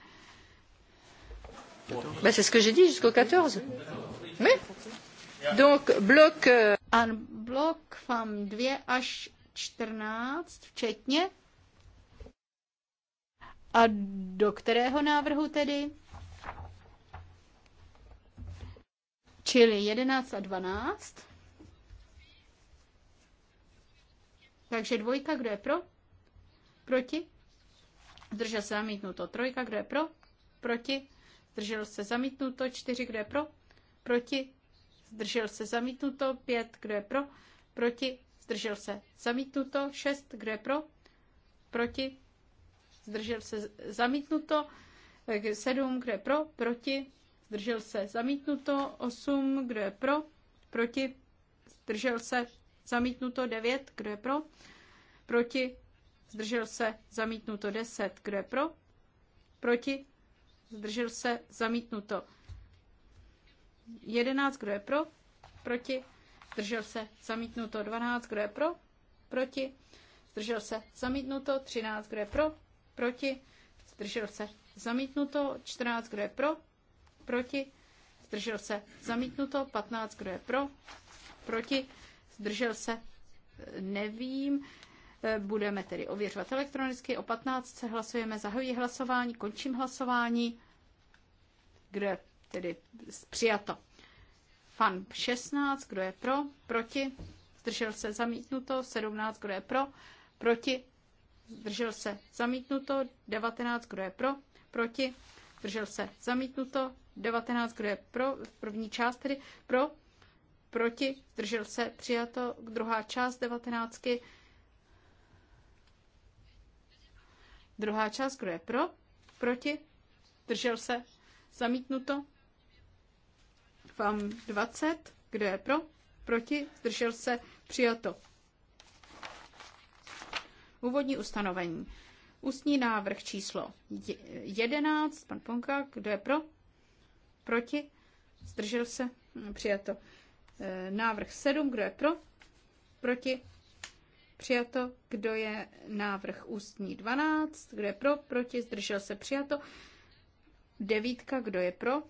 Bah, c'est ce que j'ai dit, jusqu'au 14. Oui. Donc, bloc... un euh, bloc femme 2 až 14 včetně. A do kterého návrhu tedy? Čili 11 a 12. Takže dvojka, kdo je pro? Proti? zdržel se zamítnuto. Trojka, kdo je pro, proti, zdržel se zamítnuto. Čtyři, kdo je pro, proti, zdržel se zamítnuto. Pět, kdo je pro, proti, zdržel se zamítnuto. Šest, kdo je pro, proti, zdržel se zamítnuto. Sedm, kdo je pro, proti, zdržel se zamítnuto. Osm, kdo je pro, proti, zdržel se zamítnuto. Devět, kdo je pro, proti, zdržel se, zamítnuto 10, kdo je pro, proti, zdržel se, zamítnuto 11, kdo je pro, proti, zdržel se, zamítnuto 12, kdo je pro, proti, zdržel se, zamítnuto 13, kdo je pro, proti, zdržel se, zamítnuto 14, kdo je pro, proti, zdržel se, zamítnuto 15, kdo je pro, proti, zdržel se, nevím, Budeme tedy ověřovat elektronicky. O 15 hlasujeme, zahojí hlasování, končím hlasování, kde tedy přijato. Fan 16, kdo je pro, proti, zdržel se zamítnuto, 17, kdo je pro, proti, zdržel se zamítnuto, 19, kdo je pro, proti, zdržel se zamítnuto, 19, kdo je pro, první část tedy pro, proti, zdržel se přijato, druhá část 19, Druhá část, kdo je pro, proti, držel se, zamítnuto. Vám 20, kdo je pro, proti, zdržel se, přijato. Úvodní ustanovení. Ústní návrh číslo 11, pan Ponka, kdo je pro, proti, zdržel se, přijato. E, návrh 7, kdo je pro, proti, Přijato. Kdo je návrh ústní 12? Kdo je pro? Proti? Zdržel se? Přijato. Devítka. Kdo je pro?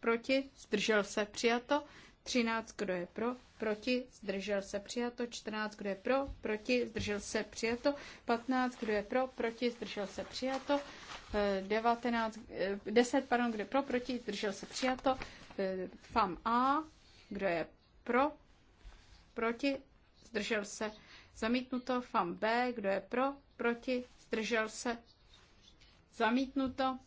Proti? Zdržel se? Přijato. 13, kdo je pro, proti, zdržel se přijato, 14, kdo je pro, proti, zdržel se přijato, 15, kdo je pro, proti, zdržel se přijato, 19, eh, 10, eh, pardon, kdo je pro, proti, zdržel se přijato, eh, FAM A, kdo je pro, proti, zdržel se Zamítnuto FAM B, kdo je pro, proti, zdržel se. Zamítnuto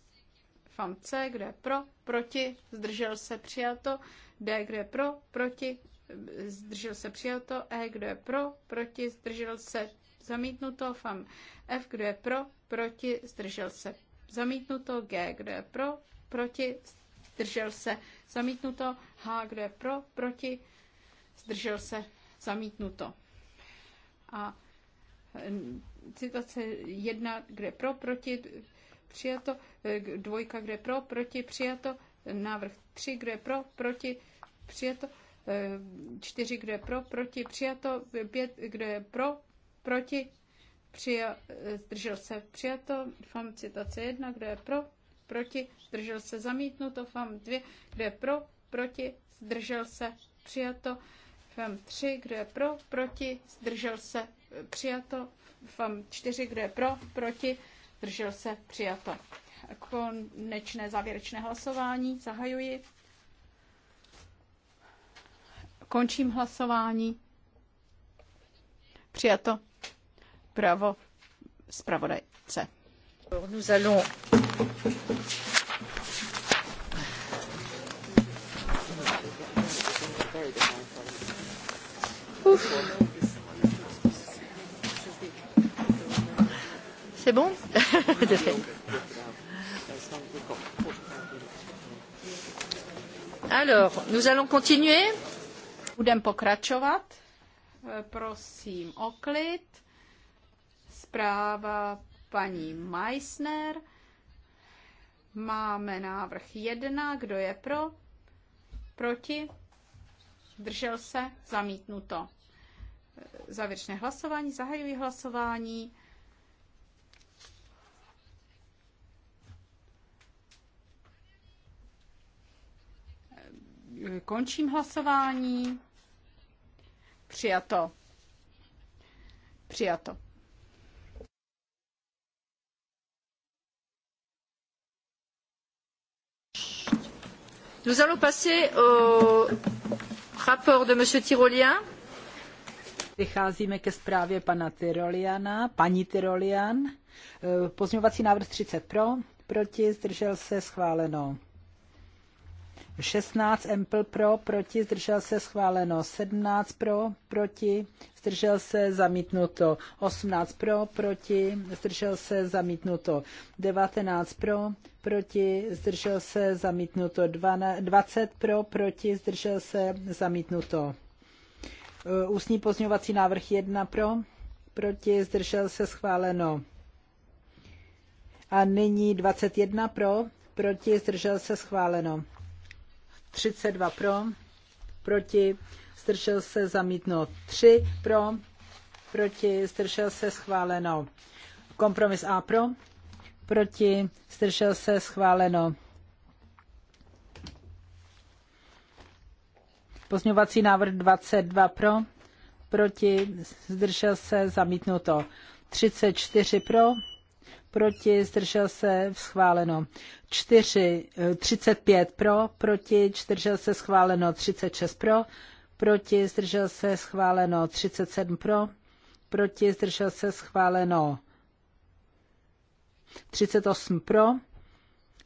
FAM C, kdo je pro, proti, zdržel se, přijato. D, kdo je pro, proti, zdržel se, přijato. E, kdo je pro, proti, zdržel se, zamítnuto. FAM F, kdo je pro, proti, zdržel se, zamítnuto. G, kdo je pro, proti, zdržel se, zamítnuto. H, kdo je pro, proti, zdržel se, zamítnuto. A citace jedna, kde pro, proti, přijato, e, dvojka, kde pro, proti, přijato, návrh tři, kde pro, proti, přijato, e, čtyři, kde pro, proti, přijato, e, pět, kde pro, proti, přija, zdržel se, přijato, fam citace jedna, kde je pro, proti, zdržel se, zamítnuto, fam dvě, kde je pro, proti, zdržel se, přijato, FAM 3, e, kdo je pro, proti, zdržel se, přijato. FAM 4, kdo je pro, proti, zdržel se, přijato. Konečné závěrečné hlasování zahajuji. Končím hlasování. Přijato. Bravo zpravodajce. Nous allons C'est bon De fait. Alors, nous allons continuer. Budeme pokračovat. Eh, prosím o klid. Zpráva paní Meissner. Máme návrh jedna. Kdo je pro? Proti? Držel se? Zamítnuto závěrečné hlasování. Zahajuji hlasování. Končím hlasování. Přijato. Přijato. Nous allons passer au rapport de Monsieur Tyrolien. Vycházíme ke zprávě pana Tyroliana, paní Tyrolian. Eh, pozměňovací návrh 30 pro, proti, zdržel se, schváleno. 16 empl pro, proti, zdržel se, schváleno. 17 pro, proti, zdržel se, zamítnuto. 18 pro, proti, zdržel se, zamítnuto. 19 pro, proti, zdržel se, zamítnuto. 20 pro, proti, zdržel se, zamítnuto. Eh, ústní pozměňovací návrh 1 pro, proti, zdržel se schváleno. A nyní 21 pro, proti, zdržel se schváleno. 32 pro, proti, zdržel se zamítno 3 pro, proti, zdržel se schváleno. Kompromis A pro, proti, zdržel se schváleno. Pozměňovací návrh 22 pro, proti, zdržel se, zamítnuto. 34 pro, proti, zdržel se, schváleno. 4, 35 eh, pro, proti, zdržel se, schváleno. 36 pro, proti, zdržel se, schváleno. 37 pro, proti, zdržel se, schváleno. 38 pro,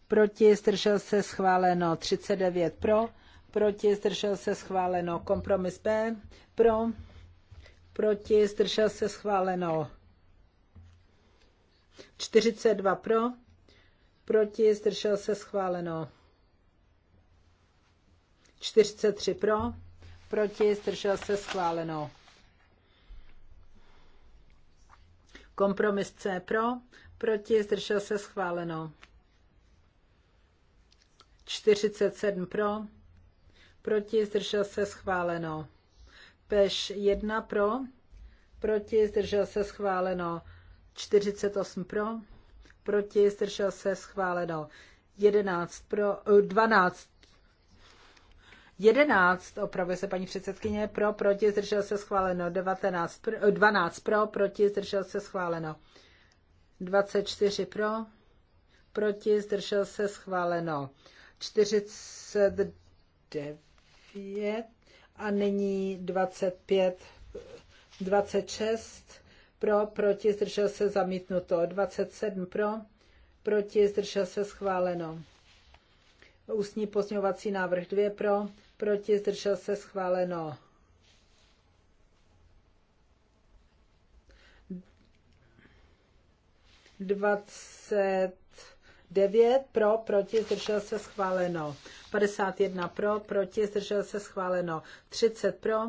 proti, zdržel se, schváleno. 39 pro, proti, zdržel se schváleno. Kompromis B, pro, proti, zdržel se schváleno. 42 pro, proti, zdržel se schváleno. 43 pro, proti, zdržel se schváleno. Kompromis C pro, proti, zdržel se schváleno. 47 pro, proti, zdržel se schváleno. Peš 1 pro, proti, zdržel se schváleno. 48 pro, proti, zdržel se schváleno. 11 pro, 12 eh, 11, opravuje se paní předsedkyně, pro, proti, zdržel se schváleno. 19, pro, 12 pro, proti, zdržel se schváleno. 24 pro, proti, zdržel se schváleno. 49 25 a nyní 25, 26 pro, proti, zdržel se zamítnuto, 27 pro, proti, zdržel se schváleno. Ústní pozměňovací návrh 2 pro, proti, zdržel se schváleno. Dvacet 9 pro, proti, zdržel se schváleno. 51 pro, proti, zdržel se schváleno. 30 pro,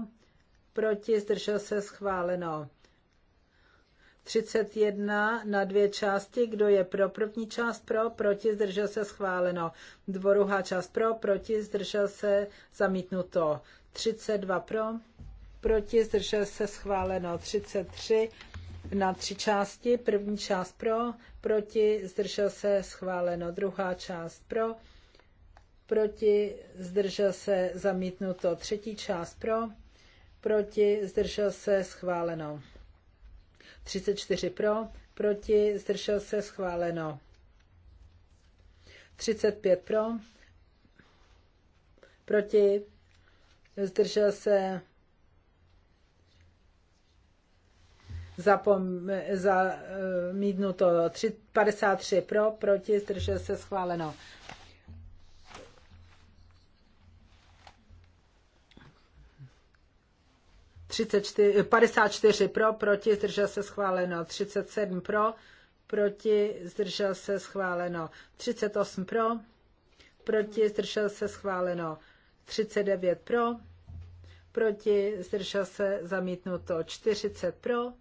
proti, zdržel se schváleno. 31 na dvě části, kdo je pro první část pro, proti, zdržel se schváleno. dvoruhá část pro, proti, zdržel se zamítnuto. 32 pro, proti, zdržel se schváleno. 33 na tři části. První část pro, proti, zdržel se, schváleno. Druhá část pro, proti, zdržel se, zamítnuto. Třetí část pro, proti, zdržel se, schváleno. 34 pro, proti, zdržel se, schváleno. 35 pro, proti, zdržel se, zapom, zamítnuto eh, 53 pro, proti, zdržel se schváleno. Čtyři, 54 eh, pro, proti, zdržel se schváleno. 37 pro, proti, zdržel se schváleno. 38 pro, proti, zdržel se schváleno. 39 pro, proti, zdržel se zamítnuto. 40 pro,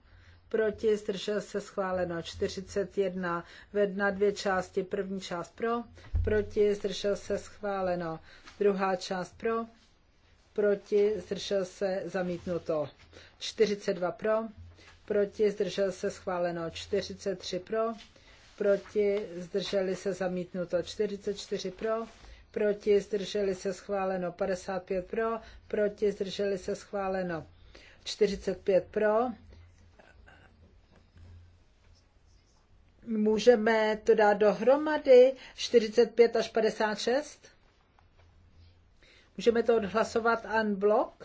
proti, zdržel se schváleno 41 ve dna dvě části, první část pro, proti, zdržel se schváleno, druhá část pro, proti, zdržel se zamítnuto 42 pro, proti, zdržel se schváleno 43 pro, proti, zdrželi se zamítnuto 44 pro, proti, zdrželi se schváleno 55 pro, proti, zdrželi se schváleno 45 pro, Můžeme to dát dohromady 45 až 56? Můžeme to odhlasovat unblock?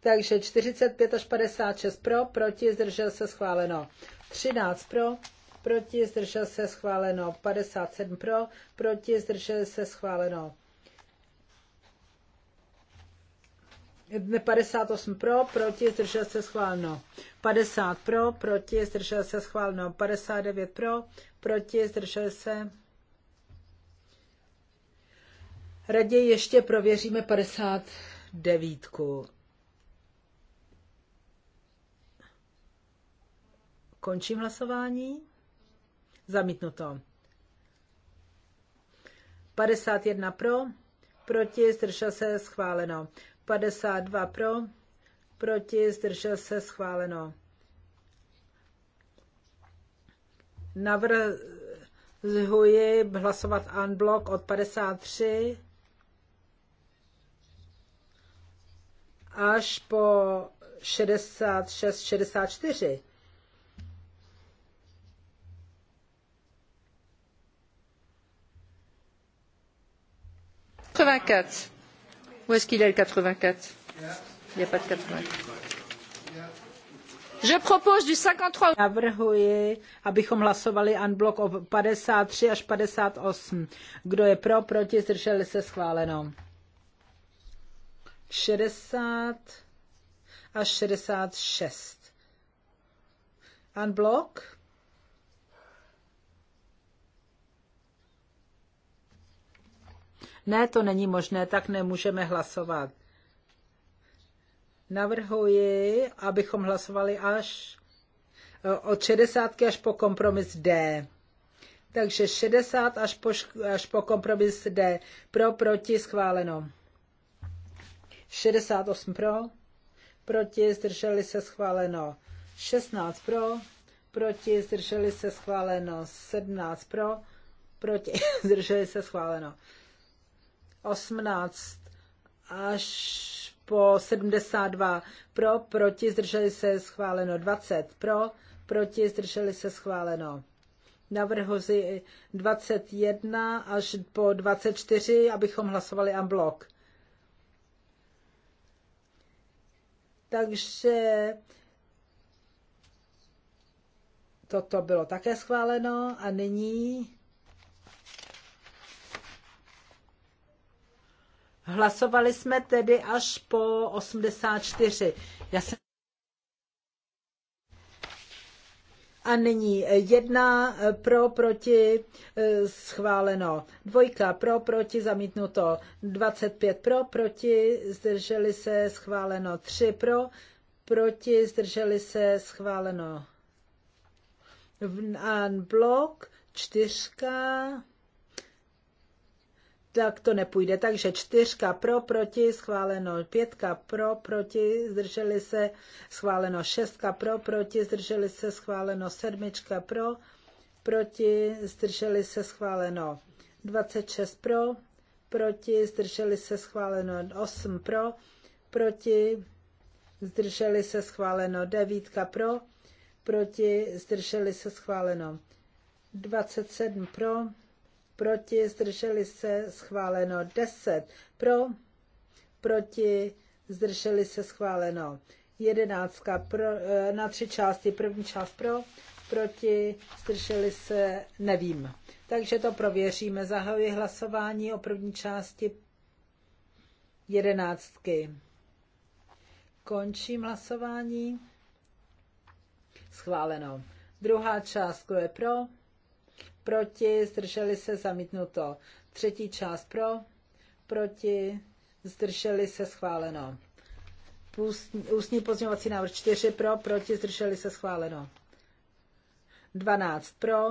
Takže 45 až 56 pro, proti, zdržel se schváleno. 13 pro, proti, zdržel se schváleno. 57 pro, proti, zdržel se schváleno. 58 pro, proti, zdržel se schváleno. 50 pro, proti, zdržel se schváleno. 59 pro, proti, zdržel se. Raději ještě prověříme 59. Končím hlasování. Zamítnuto. 51 pro, proti, zdržel se schváleno. 52 pro, proti, zdržel se, schváleno. Navrhuji hlasovat unblock od 53 až po 66, 64. Kvakat. Où Je propose du Navrhuji, abychom hlasovali unblock o 53 až 58. Kdo je pro, proti, zdrželi se schváleno. 60 až 66. bloc Ne, to není možné, tak nemůžeme hlasovat. Navrhuji, abychom hlasovali až eh, od 60 až po kompromis D. Takže 60 až po, až po kompromis D. Pro, proti, schváleno. 68 pro, proti, zdrželi se schváleno. 16 pro, proti, zdrželi se schváleno. 17 pro, proti, zdrželi se schváleno. 18 až po 72 pro, proti, zdrželi se schváleno 20 pro, proti, zdrželi se schváleno. Navrhuji 21 až po 24, abychom hlasovali a blok. Takže toto bylo také schváleno a nyní Hlasovali jsme tedy až po 84. Já jsem... A nyní jedna pro, proti, eh, schváleno. Dvojka pro, proti, zamítnuto. 25 pro, proti, zdrželi se, schváleno. 3 pro, proti, zdrželi se, schváleno. A blok, čtyřka, tak to nepůjde. Takže čtyřka pro, proti, schváleno pětka pro, proti, zdrželi se, schváleno šestka pro, proti, zdrželi se, schváleno sedmička pro, proti, zdrželi se, schváleno 26 pro, proti, zdrželi se, schváleno 8 pro, proti, zdrželi se, schváleno 9 pro, proti, zdrželi se, schváleno 27 pro, proti, zdrželi se, schváleno 10 pro, proti, zdrželi se, schváleno 11 pro, eh, na tři části, první část pro, proti, zdrželi se, nevím. Takže to prověříme. Zahajuji hlasování o první části jedenáctky. Končím hlasování. Schváleno. Druhá část, kdo je pro? proti, zdrželi se, zamítnuto. Třetí část pro, proti, zdrželi se, schváleno. Ústní, pozměňovací návrh 4 pro, proti, zdrželi se, schváleno. 12 pro,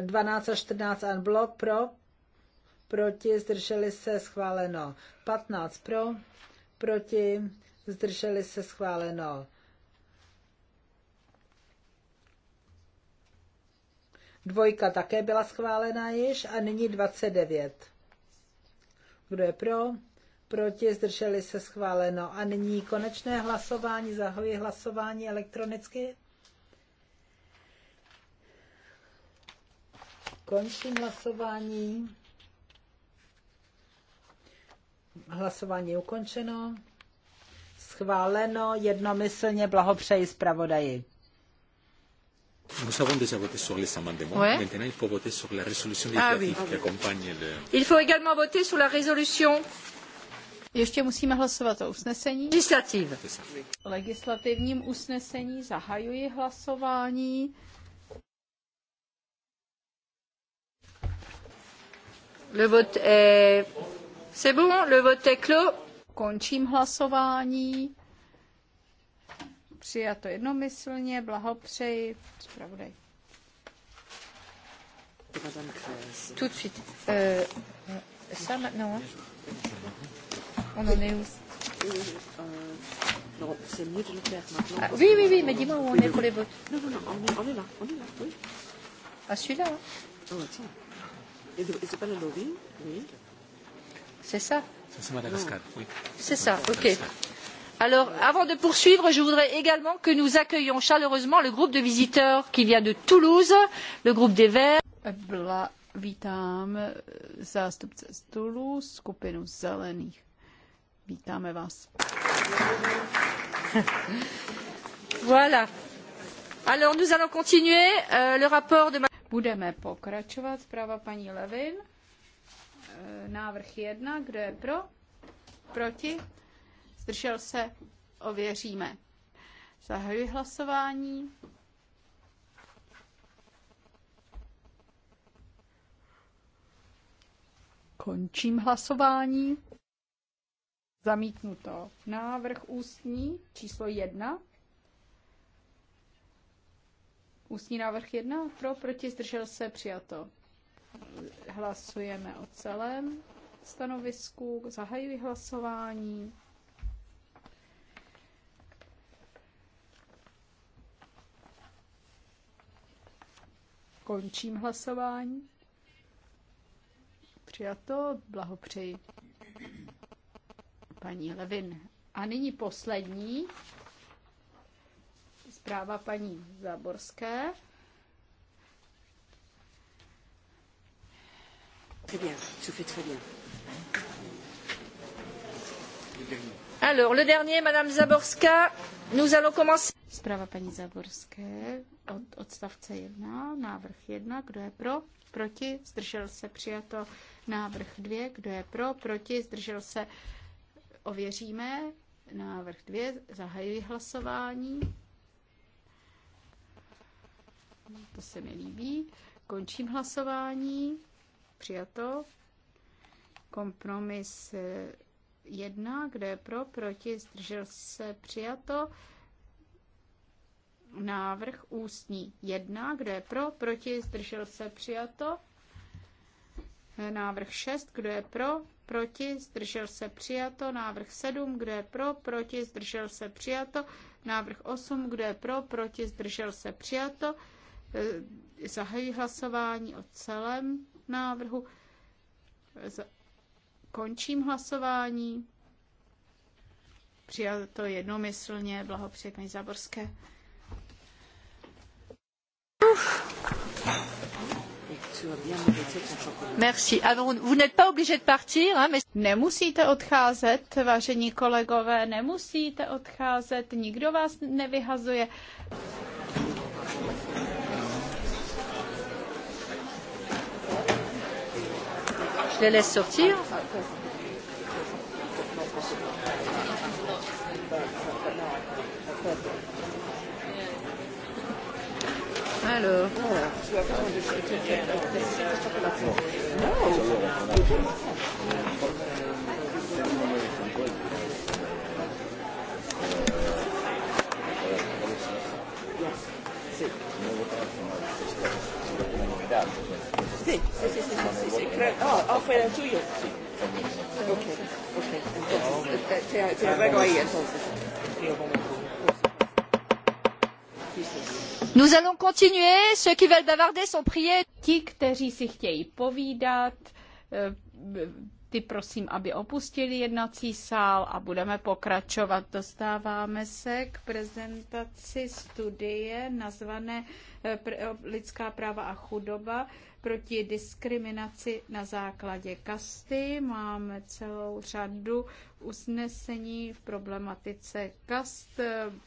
12 eh, a 14 blok pro, proti, zdrželi se, schváleno. 15 pro, proti, zdrželi se, schváleno. Dvojka také byla schválena již a nyní 29. Kdo je pro? Proti zdrželi se schváleno. A nyní konečné hlasování. Zahoji hlasování elektronicky. Končím hlasování. Hlasování je ukončeno. Schváleno jednomyslně blahopřeji zpravodaji. Nous avons déjà voté sur les amendements. Ouais. Maintenant, il faut voter sur la résolution ah, oui. qui accompagne le... Il faut également voter sur la résolution... Ještě musíme hlasovat o usnesení. Legislativ. Legislativním usnesení zahajuji hlasování. Le vote est... C'est bon, le vote est clos. Končím hlasování. Přijato jednomyslně, blahopřeji, zpravodaj. Tout de suite. Euh, ça On Ah, oui, oui, oui, mais dis-moi où on est pour les votes. Non, non, non, on est, on est là, on est là, oui. Ah, celui-là hein Oh, attends. Et c'est pas le lobby Oui. C'est ça C'est Madagascar, oui. C'est ça, ok. Madagascar. Alors, avant de poursuivre je voudrais également que nous accueillions chaleureusement le groupe de visiteurs qui vient de toulouse le groupe des verts Vla, vítám eh, zástupce z Toulouse, skupinu zelených. Vítáme vás. Voilà. Alors nous allons continuer euh, le rapport de Budeme pokračovat. Zpráva paní Levin. Eh, návrh 1, kdo je pro? Proti? zdržel se, ověříme. Zahajuji hlasování. Končím hlasování. Zamítnuto. Návrh ústní číslo jedna. Ústní návrh jedna. Pro, proti, zdržel se, přijato. Hlasujeme o celém stanovisku. Zahajuji hlasování. Končím hlasování. Přijato, blahopřeji. Paní Levin. A nyní poslední zpráva paní Záborské. Alors, le dernier, Madame Zaborska, nous allons commencer. Zpráva paní Zaborské od odstavce 1, návrh 1, kdo je pro, proti, zdržel se, přijato. Návrh 2, kdo je pro, proti, zdržel se, ověříme. Návrh 2, zahajuji hlasování. To se mi líbí. Končím hlasování. Přijato. Kompromis 1, kdo je pro, proti, zdržel se, přijato návrh ústní 1. Kdo je pro? Proti? Zdržel se? Přijato. Návrh 6. Kdo je pro? Proti? Zdržel se? Přijato. Návrh 7. Kdo je pro? Proti? Zdržel se? Přijato. Návrh 8. Kdo je pro? Proti? Zdržel se? Přijato. E, Zahají hlasování o celém návrhu. Končím hlasování. Přijato jednomyslně. Blahopřeji paní Zaborské. Merci. Alors, vous n'êtes pas obligé de partir, hein, mais... Nemusíte odcházet, vážení kolegové, nemusíte odcházet, nikdo vás nevyhazuje. Je les laisse sortir. Alors. Sì, Sí, sì, sì, sì, sì, sì, cre- no, offre il tuyo. Sì. Ok, ok, entonces, te, te arreglo ahí entonces. Io comunque. Sì, sì. Nous allons continuer, ceux qui veulent bavarder sont priés. Ti, kteří si chtějí povídat, eh, ty prosím, aby opustili jednací sál a budeme pokračovat. Dostáváme se k prezentaci studie nazvané eh, eh, Lidská práva a chudoba proti diskriminaci na základě kasty. Máme celou řadu usnesení v problematice kast,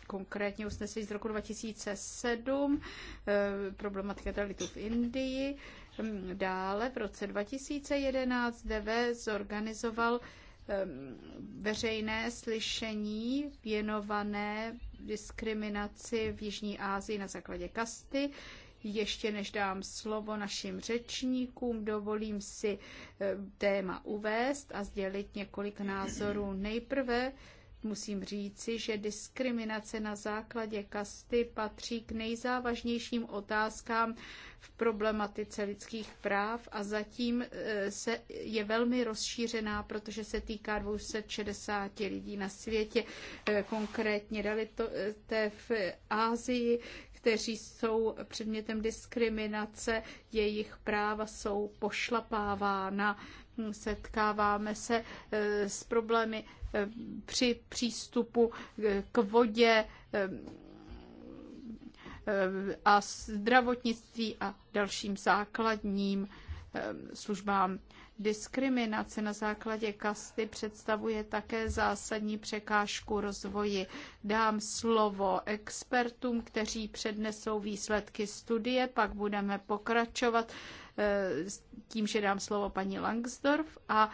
konkrétně usnesení z roku 2007, eh, problematika dalitu v Indii. Hm, dále v roce 2011 DV zorganizoval hm, veřejné slyšení věnované diskriminaci v Jižní Ázii na základě kasty. Ještě než dám slovo našim řečníkům, dovolím si eh, téma uvést a sdělit několik názorů. Nejprve Musím říci, že diskriminace na základě kasty patří k nejzávažnějším otázkám v problematice lidských práv a zatím eh, se je velmi rozšířená, protože se týká 260 lidí na světě, eh, konkrétně dali to v Ázii, kteří jsou předmětem diskriminace, jejich práva jsou pošlapávána. Setkáváme se eh, s problémy eh, při přístupu eh, k vodě a zdravotnictví a dalším základním službám Diskriminace na základě kasty představuje také zásadní překážku rozvoji. Dám slovo expertům, kteří přednesou výsledky studie, pak budeme pokračovat eh, tím, že dám slovo paní Langsdorf a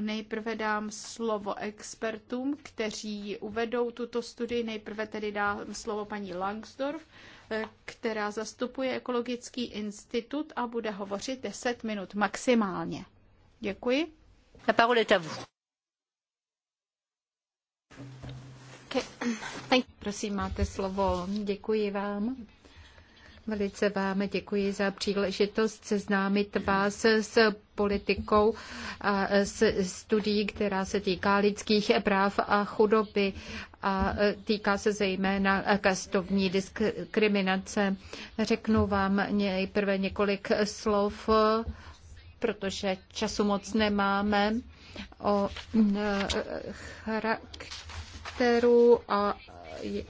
Nejprve dám slovo expertům, kteří uvedou tuto studii. Nejprve tedy dám slovo paní Langsdorf která zastupuje Ekologický institut a bude hovořit 10 minut maximálně. Děkuji. La parole est à vous. Prosím, máte slovo. Děkuji vám. Velice vám děkuji za příležitost seznámit vás s politikou a s studií, která se týká lidských práv a chudoby a e, týká se zejména kastovní e, diskriminace. Řeknu vám nejprve několik slov, protože času moc nemáme, o e, charakteru a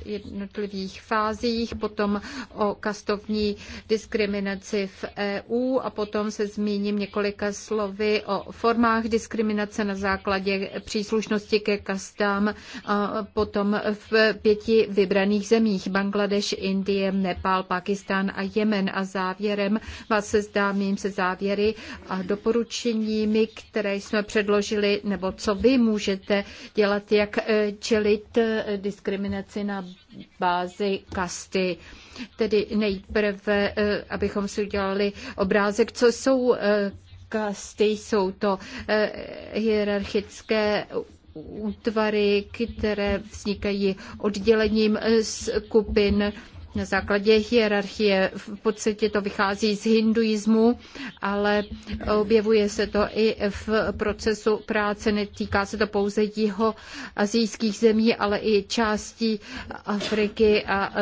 jednotlivých fázích, potom o kastovní diskriminaci v EU a potom se zmíním několika slovy o formách diskriminace na základě příslušnosti ke kastám a potom v pěti vybraných zemích Bangladeš, Indie, Nepál, Pakistán a Jemen a závěrem vás zdámím se závěry a doporučeními, které jsme předložili nebo co vy můžete dělat, jak čelit diskriminaci diskriminaci na bázi kasty. Tedy nejprve, eh, abychom si udělali obrázek, co jsou eh, kasty, jsou to eh, hierarchické útvary, které vznikají oddělením skupin na základě hierarchie. V podstatě to vychází z hinduismu, ale objevuje se to i v procesu práce. Netýká se to pouze jeho azijských zemí, ale i částí Afriky a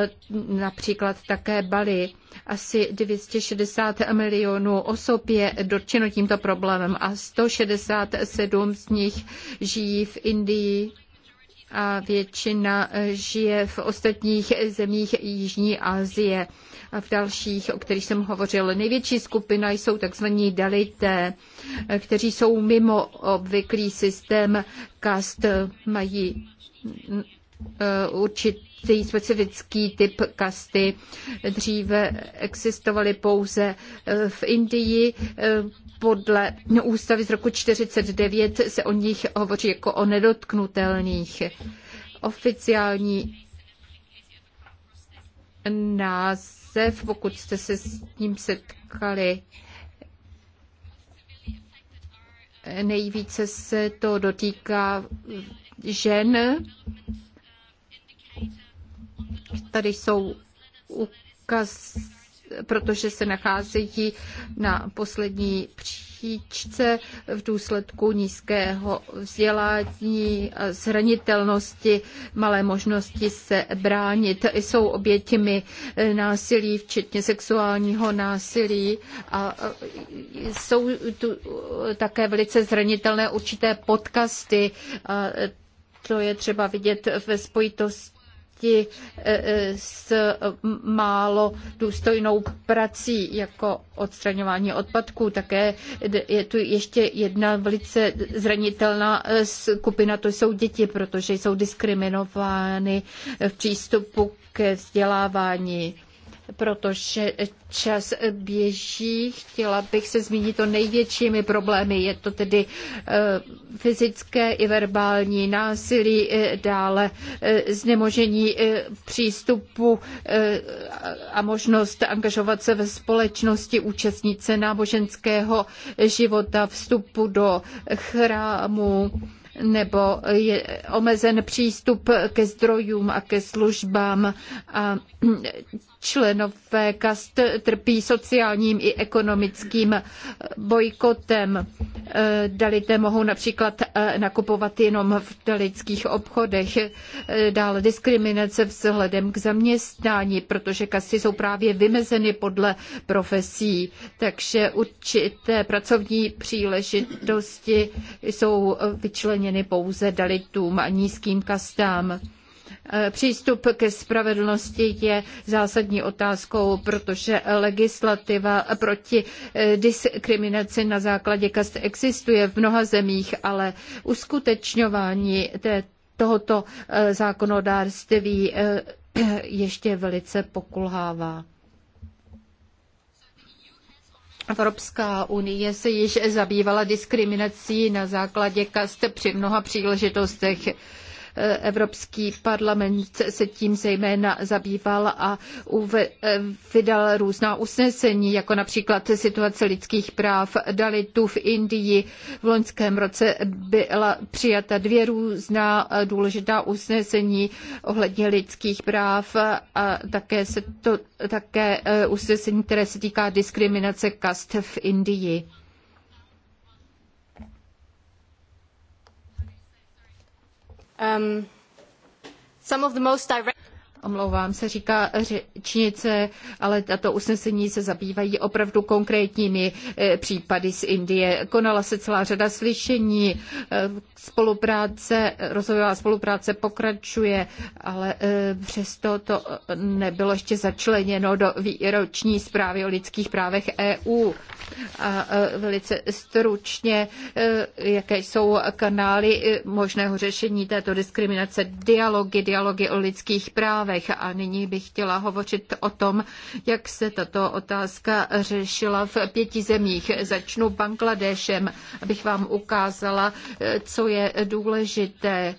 například také Bali. Asi 260 milionů osob je dotčeno tímto problémem a 167 z nich žijí v Indii a většina e, žije v ostatních zemích Jižní Asie a v dalších, o kterých jsem hovořil. Největší skupina jsou tzv. dalité, e, kteří jsou mimo obvyklý systém kast, mají e, určitý specifický typ kasty. Dříve existovaly pouze v Indii, podle ústavy z roku 49 se o nich hovoří jako o nedotknutelných. Oficiální název, pokud jste se s ním setkali, nejvíce se to dotýká žen. Tady jsou ukazy protože se nacházejí na poslední příčce v důsledku nízkého vzdělání, zranitelnosti, malé možnosti se bránit. Jsou oběťmi násilí, včetně sexuálního násilí a jsou tu také velice zranitelné určité podcasty, To je třeba vidět ve spojitosti lidi e, e, s málo důstojnou prací jako odstraňování odpadků. Také je tu ještě jedna velice zranitelná e, skupina, to jsou děti, protože jsou diskriminovány v přístupu ke vzdělávání protože čas běží. Chtěla bych se zmínit o největšími problémy. Je to tedy eh, fyzické i verbální násilí, eh, dále eh, znemožení přístupu a možnost angažovat se ve společnosti, účastnit se náboženského života, vstupu do chrámu nebo je omezen přístup ke zdrojům a ke službám a členové kast trpí sociálním i ekonomickým eh, bojkotem. Eh, Dalité mohou například eh, nakupovat jenom v dalických obchodech. Dále diskriminace vzhledem k zaměstnání, protože kasty jsou právě vymezeny podle profesí. Takže určité pracovní příležitosti jsou vyčleněny pouze dalitům a nízkým kastám. Eh, přístup ke spravedlnosti je zásadní otázkou, protože legislativa proti eh, diskriminaci na základě kast existuje v mnoha zemích, ale uskutečňování té, tohoto eh, zákonodárství ještě velice pokulhává. Evropská unie se již zabývala diskriminací na základě kast při mnoha příležitostech. Evropský parlament se tím zejména zabýval a vydal různá usnesení, jako například situace lidských práv Dalitů v Indii. V loňském roce byla přijata dvě různá důležitá usnesení ohledně lidských práv a také, se to, také eh, usnesení, které se týká diskriminace kast v Indii. Um, some of the most direct Omlouvám se, říká řečnice, ale tato usnesení se zabývají opravdu konkrétními eh, případy z Indie. Konala se celá řada slyšení, eh, spolupráce, rozvojová spolupráce pokračuje, ale eh, přesto to nebylo ještě začleněno do výroční zprávy o lidských právech EU. A velice stručně, jaké jsou kanály možného řešení této diskriminace, dialogy, dialogy o lidských právech, regionech. A nyní bych chtěla hovořit o tom, jak se tato otázka řešila v pěti zemích. Začnu Bangladéšem, abych vám ukázala, co je důležité.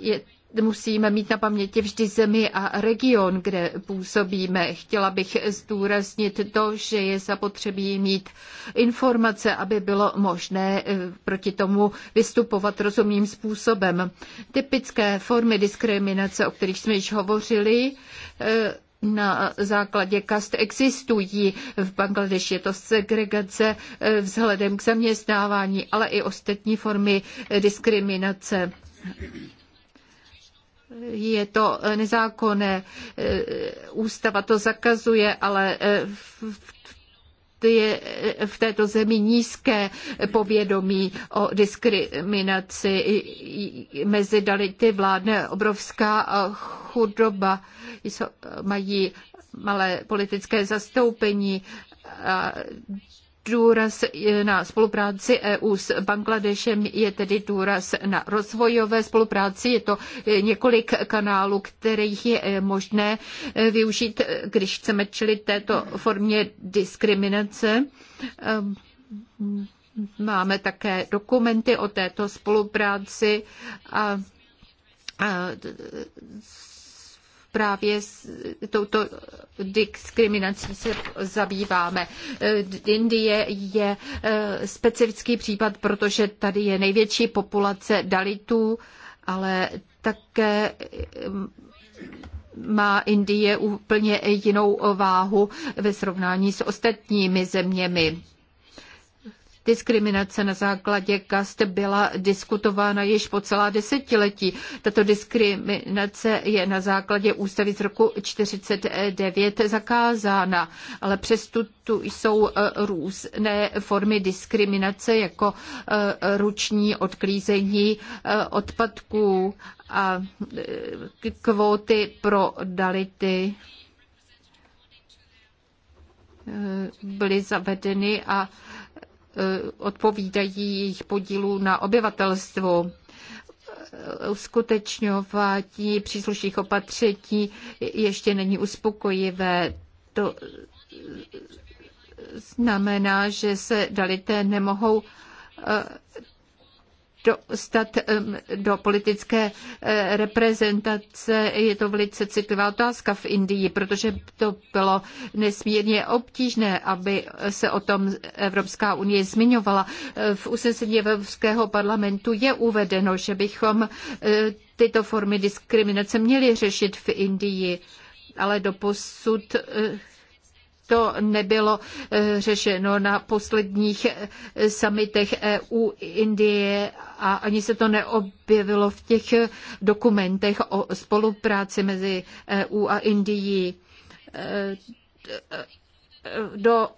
Je musíme mít na paměti vždy zemi a region, kde působíme. Chtěla bych zdůraznit to, že je zapotřebí mít informace, aby bylo možné eh, proti tomu vystupovat rozumným způsobem. Typické formy diskriminace, o kterých jsme již hovořili, eh, na základě kast existují. V Bangladeši je to segregace eh, vzhledem k zaměstnávání, ale i ostatní formy diskriminace je to eh, nezákonné, eh, ústava to zakazuje, ale eh, je v této zemi nízké povědomí o diskriminaci. Mezi Dality vládne obrovská chudoba, mají malé politické zastoupení Důraz na spolupráci EU s Bangladešem je tedy důraz na rozvojové spolupráci. Je to eh, několik kanálů, kterých je eh, možné eh, využít, když chceme čelit této formě diskriminace. Máme také dokumenty o této spolupráci a právě s touto diskriminací se zabýváme. Indie je eh, specifický případ, protože tady je největší populace dalitů, ale také eh, má Indie úplně jinou váhu ve srovnání s ostatními zeměmi. Diskriminace na základě kast byla diskutována již po celá desetiletí. Tato diskriminace je na základě ústavy z roku 49 zakázána, ale přes tu jsou e, různé formy diskriminace, jako e, ruční odklízení e, odpadků a kvóty pro dality byly zavedeny a Eh, odpovídají jejich podílu na obyvatelstvu uskutečňování příslušných opatření ještě není uspokojivé. To znamená, že se dalité nemohou eh, dostat do politické eh, reprezentace. Je to velice citlivá otázka v Indii, protože to bylo nesmírně obtížné, aby se o tom Evropská unie zmiňovala. V usnesení Evropského parlamentu je uvedeno, že bychom eh, tyto formy diskriminace měli řešit v Indii, ale doposud eh, to nebylo eh, řešeno na posledních eh, samitech EU Indie a ani se to neobjevilo v těch eh, dokumentech o spolupráci mezi EU a Indií. Do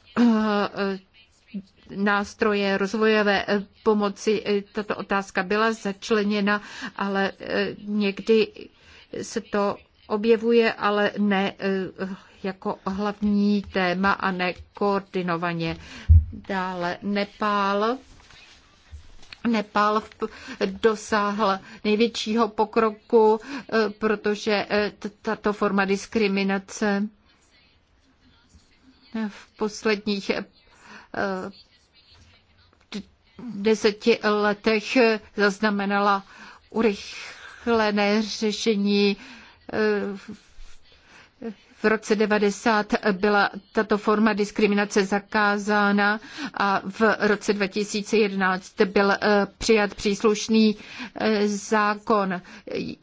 nástroje rozvojové pomoci tato otázka byla začleněna, ale někdy se to objevuje, ale ne jako hlavní téma a nekoordinovaně. Dále Nepál. Nepál dosáhl největšího pokroku, eh, protože eh, tato forma diskriminace v posledních eh, deseti letech zaznamenala urychlené řešení v roce 90 byla tato forma diskriminace zakázána a v roce 2011 byl eh, přijat příslušný eh, zákon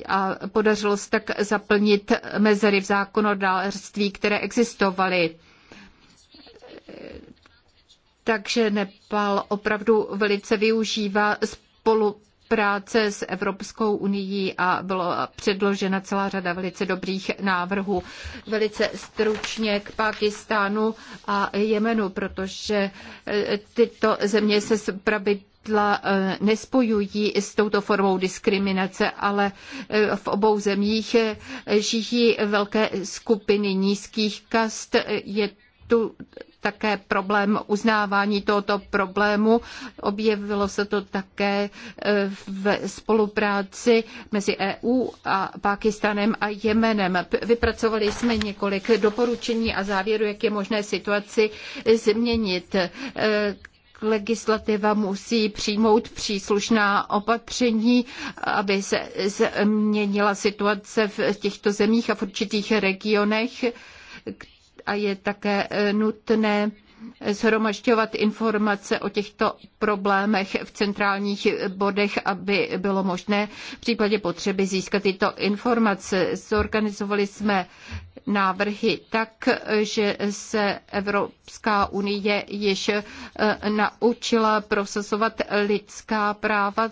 a podařilo se tak zaplnit mezery v zákonodárství, které existovaly. Eh, takže Nepal opravdu velice využívá spolu spolupráce s Evropskou unii a byla předložena celá řada velice dobrých návrhů. Velice stručně k Pakistánu a Jemenu, protože eh, tyto země se zprabit eh, nespojují s touto formou diskriminace, ale eh, v obou zemích žijí velké skupiny nízkých kast. Je tu také problém uznávání tohoto problému. Objevilo se to také e, v spolupráci mezi EU a Pákistanem a Jemenem. Vypracovali jsme několik doporučení a závěrů, jak je možné situaci změnit e, legislativa musí přijmout příslušná opatření, aby se změnila situace v těchto zemích a v určitých regionech a je také eh, nutné zhromažďovat informace o těchto problémech v centrálních bodech, aby bylo možné v případě potřeby získat tyto informace. Zorganizovali jsme návrhy tak, že se Evropská unie již eh, naučila prosazovat lidská práva.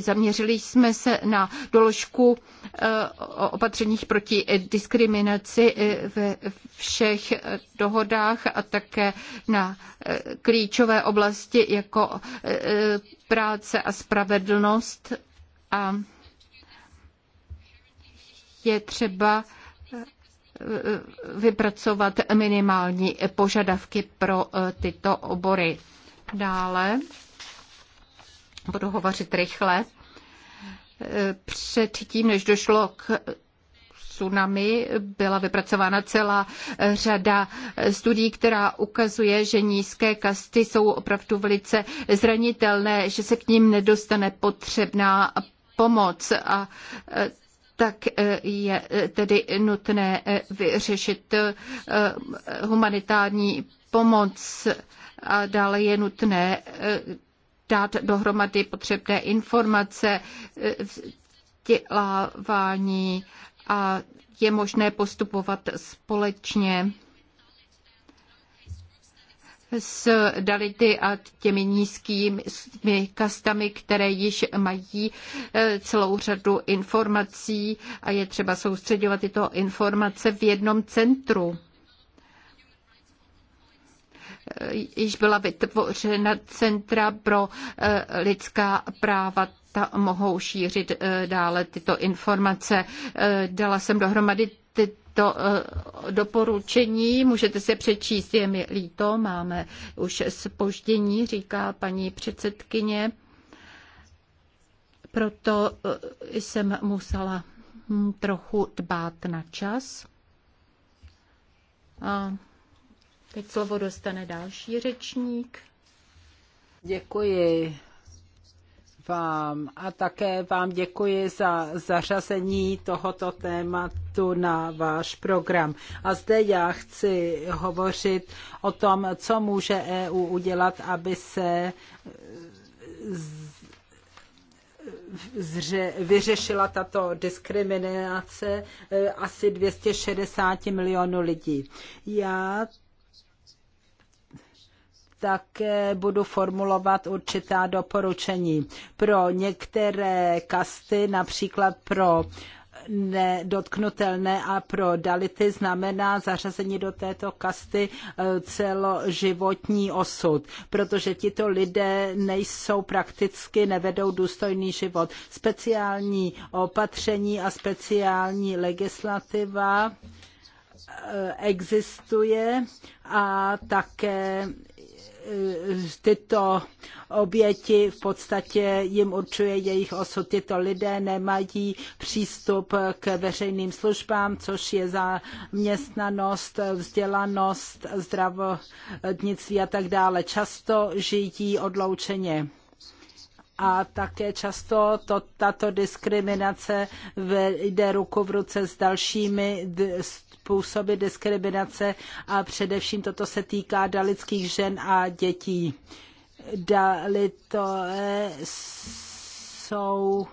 Zaměřili jsme se na doložku eh, o opatřeních proti diskriminaci eh, ve všech dohodách a také na eh, klíčové oblasti jako eh, eh, práce a spravedlnost a je třeba vypracovat minimální požadavky pro tyto obory. Dále budu hovořit rychle. Předtím, než došlo k tsunami byla vypracována celá eh, řada eh, studií, která ukazuje, že nízké kasty jsou opravdu velice zranitelné, že se k ním nedostane potřebná pomoc a eh, tak je tedy nutné vyřešit humanitární pomoc a dále je nutné dát dohromady potřebné informace, vzdělávání a je možné postupovat společně s Dality a těmi nízkými kastami, které již mají e, celou řadu informací a je třeba soustředovat tyto informace v jednom centru. E, již byla vytvořena centra pro e, lidská práva ta mohou šířit eh, dále tyto informace. Eh, dala jsem dohromady tyto eh, doporučení, můžete se přečíst, je mi líto, máme už spoždění, říká paní předsedkyně. Proto jsem musela hm, trochu dbát na čas. A teď slovo dostane další řečník. Děkuji, vám a také vám děkuji za zařazení tohoto tématu na váš program. A zde já chci hovořit o tom, co může EU udělat, aby se eh, vyřešila tato diskriminace eh, asi 260 milionů lidí. Já také budu formulovat určitá doporučení. Pro některé kasty, například pro nedotknutelné a pro Dality znamená zařazení do této kasty eh, celoživotní osud, protože tito lidé nejsou prakticky, nevedou důstojný život. Speciální opatření a speciální legislativa eh, existuje a také tyto oběti v podstatě jim určuje jejich osud. Tyto lidé nemají přístup k veřejným službám, což je zaměstnanost, vzdělanost, zdravotnictví a tak dále. Často žijí odloučeně a také často to, tato diskriminace jde ruku v ruce s dalšími způsoby diskriminace a především toto se týká dalických žen a dětí. Dalitoe jsou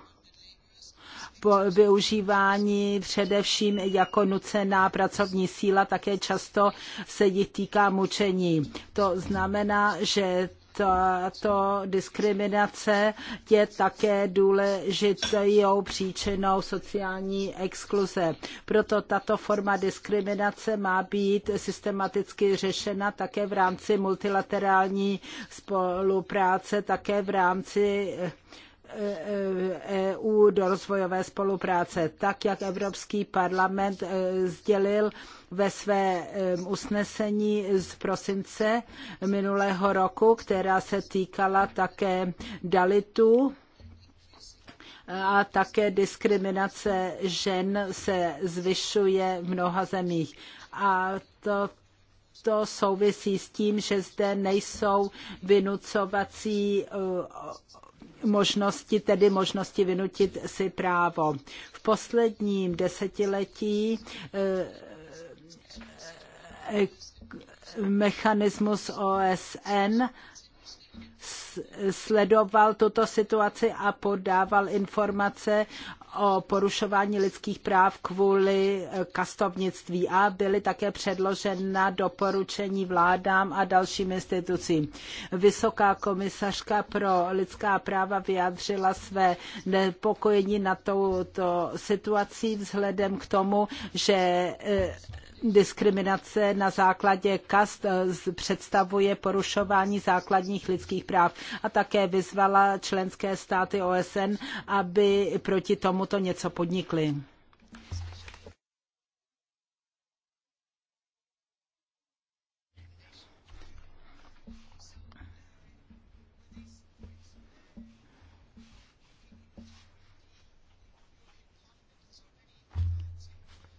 využívání především jako nucená pracovní síla, také často se jich týká mučení. To znamená, že tato diskriminace je také důležitou příčinou sociální exkluze. Proto tato forma diskriminace má být systematicky řešena také v rámci multilaterální spolupráce, také v rámci Eh, eh, EU do rozvojové spolupráce, tak jak Evropský parlament eh, sdělil ve svém usnesení z prosince minulého roku, která se týkala také Dalitů a také diskriminace žen se zvyšuje v mnoha zemích. A to to souvisí s tím, že zde nejsou vynucovací možnosti, tedy možnosti vynutit si právo. V posledním desetiletí eh, eh, mechanismus OSN sledoval tuto situaci a podával informace o porušování lidských práv kvůli eh, kastovnictví a byly také předložena doporučení vládám a dalším institucím. Vysoká komisařka pro lidská práva vyjádřila své nepokojení na touto situací vzhledem k tomu, že eh, diskriminace na základě kast eh, představuje porušování základních lidských práv a také vyzvala členské státy OSN, aby proti tomuto něco podnikly.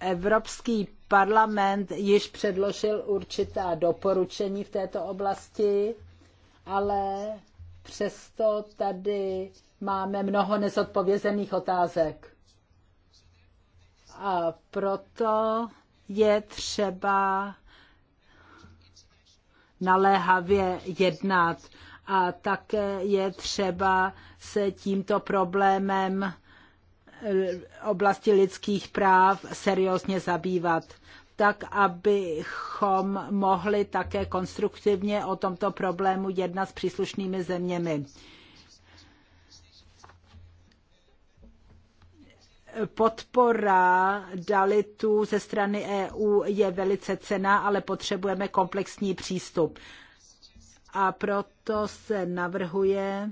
Evropský parlament již předložil určitá doporučení v této oblasti, ale přesto tady máme mnoho nezodpovězených otázek. A proto je třeba naléhavě jednat a také je třeba se tímto problémem Eh, oblasti lidských práv seriózně zabývat tak abychom mohli také konstruktivně o tomto problému jednat s příslušnými zeměmi. podpora Dalitů ze strany EU je velice cená, ale potřebujeme komplexní přístup. A proto se navrhuje,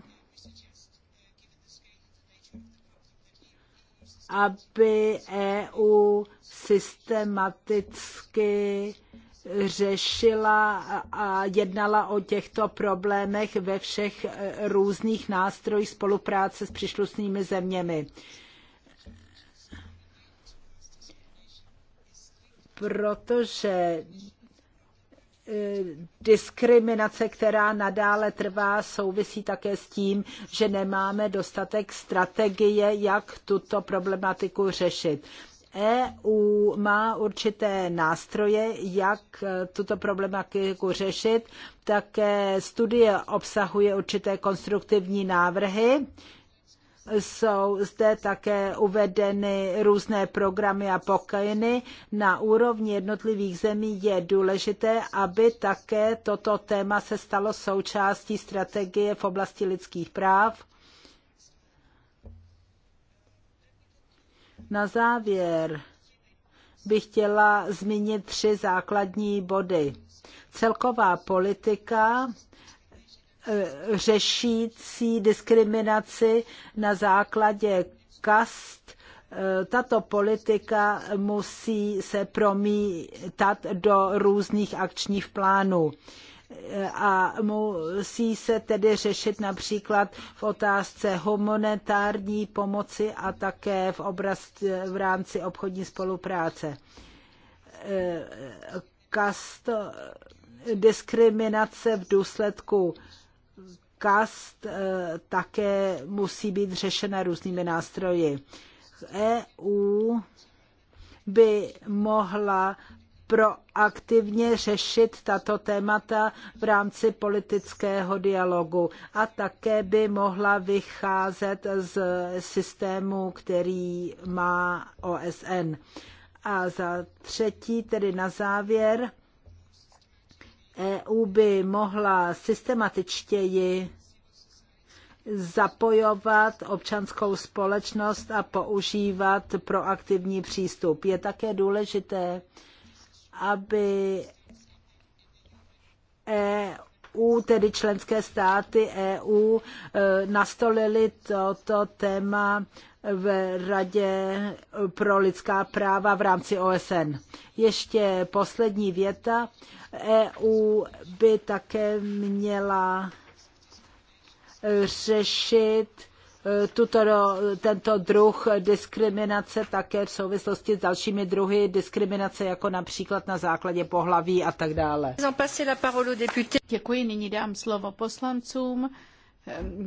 aby EU systematicky řešila a jednala o těchto problémech ve všech e, různých nástrojích spolupráce s příslušnými zeměmi. Protože Eh, diskriminace, která nadále trvá, souvisí také s tím, že nemáme dostatek strategie, jak tuto problematiku řešit. EU má určité nástroje, jak eh, tuto problematiku řešit. Také studie obsahuje určité konstruktivní návrhy jsou zde také uvedeny různé programy a pokyny. Na úrovni jednotlivých zemí je důležité, aby také toto téma se stalo součástí strategie v oblasti lidských práv. Na závěr bych chtěla zmínit tři základní body. Celková politika Eh, řešící diskriminaci na základě kast. Eh, tato politika musí se promítat do různých akčních plánů eh, a musí se tedy řešit například v otázce humanitární pomoci a také v, obraz, v rámci obchodní spolupráce. kast diskriminace v důsledku kast eh, také musí být řešena různými nástroji. EU by mohla proaktivně řešit tato témata v rámci politického dialogu a také by mohla vycházet z systému, který má OSN. A za třetí, tedy na závěr, EU by mohla systematičtěji zapojovat občanskou společnost a používat proaktivní přístup. Je také důležité, aby EU, tedy členské státy EU, e, nastolili toto téma v Radě pro lidská práva v rámci OSN. Ještě poslední věta. EU by také měla řešit e, tuto, tento druh diskriminace také v souvislosti s dalšími druhy diskriminace, jako například na základě pohlaví a tak dále. Děkuji, nyní dám slovo poslancům.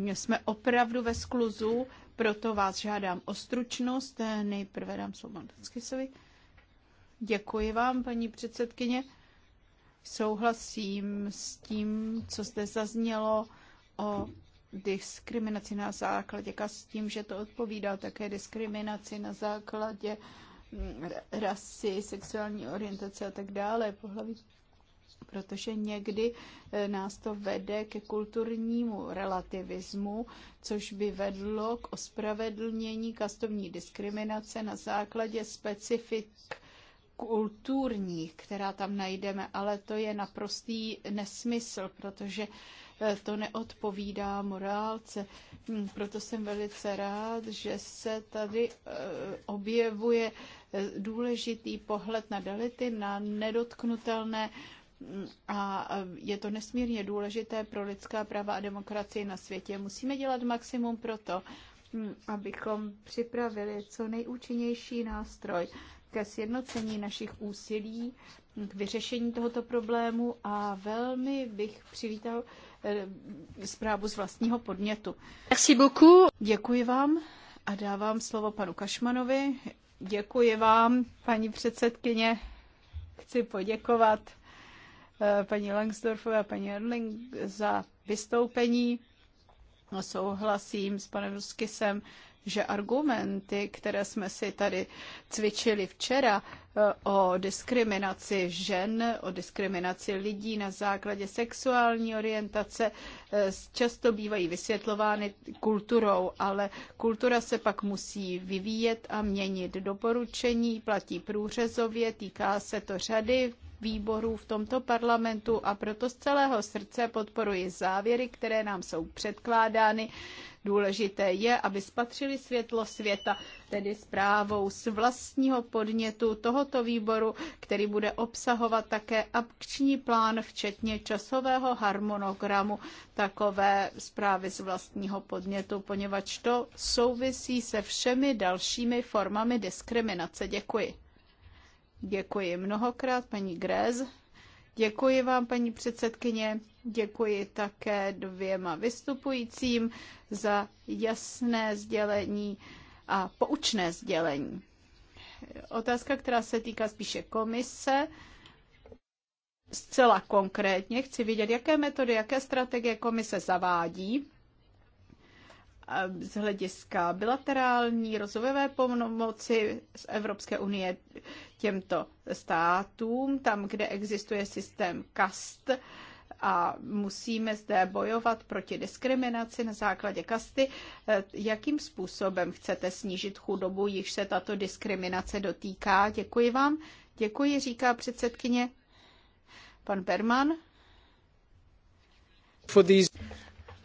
E, jsme opravdu ve skluzu, proto vás žádám o stručnost. E, nejprve dám slovo Danskisovi. Děkuji vám, paní předsedkyně. Souhlasím s tím, co zde zaznělo o diskriminaci na základě a s tím, že to odpovídá také diskriminaci na základě mm, rasy, sexuální orientace a tak dále, pohlaví. Protože někdy e, nás to vede ke kulturnímu relativismu, což by vedlo k ospravedlnění kastovní diskriminace na základě specifik kulturních, která tam najdeme, ale to je naprostý nesmysl, protože eh, to neodpovídá morálce. Hm, proto jsem velice rád, že se tady eh, objevuje eh, důležitý pohled na delity, na nedotknutelné hm, a je to nesmírně důležité pro lidská práva a demokracii na světě. Musíme dělat maximum pro to, hm, abychom připravili co nejúčinnější nástroj ke sjednocení našich úsilí k vyřešení tohoto problému a velmi bych přivítal eh, zprávu z vlastního podnětu. Merci beaucoup. Děkuji vám a dávám slovo panu Kašmanovi. Děkuji vám, paní předsedkyně. Chci poděkovat eh, paní Langsdorfové a paní Erling za vystoupení. No, souhlasím s panem Ruskisem že argumenty, které jsme si tady cvičili včera eh, o diskriminaci žen, o diskriminaci lidí na základě sexuální orientace, eh, často bývají vysvětlovány kulturou, ale kultura se pak musí vyvíjet a měnit. Doporučení platí průřezově, týká se to řady výborů v tomto parlamentu a proto z celého srdce podporuji závěry, které nám jsou předkládány. Důležité je, aby spatřili světlo světa, tedy zprávou z vlastního podnětu tohoto výboru, který bude obsahovat také akční plán, včetně časového harmonogramu takové zprávy z vlastního podnětu, poněvadž to souvisí se všemi dalšími formami diskriminace. Děkuji. Děkuji mnohokrát, paní Grez. Děkuji vám, paní předsedkyně. Děkuji také dvěma vystupujícím za jasné sdělení a poučné sdělení. Otázka, která se týká spíše komise, zcela konkrétně chci vidět, jaké metody, jaké strategie komise zavádí z hlediska bilaterální rozvojové pomoci z Evropské unie těmto státům, tam, kde existuje systém kast a musíme zde bojovat proti diskriminaci na základě kasty. Eh, jakým způsobem chcete snížit chudobu, již se tato diskriminace dotýká? Děkuji vám. Děkuji, říká předsedkyně. Pan Berman.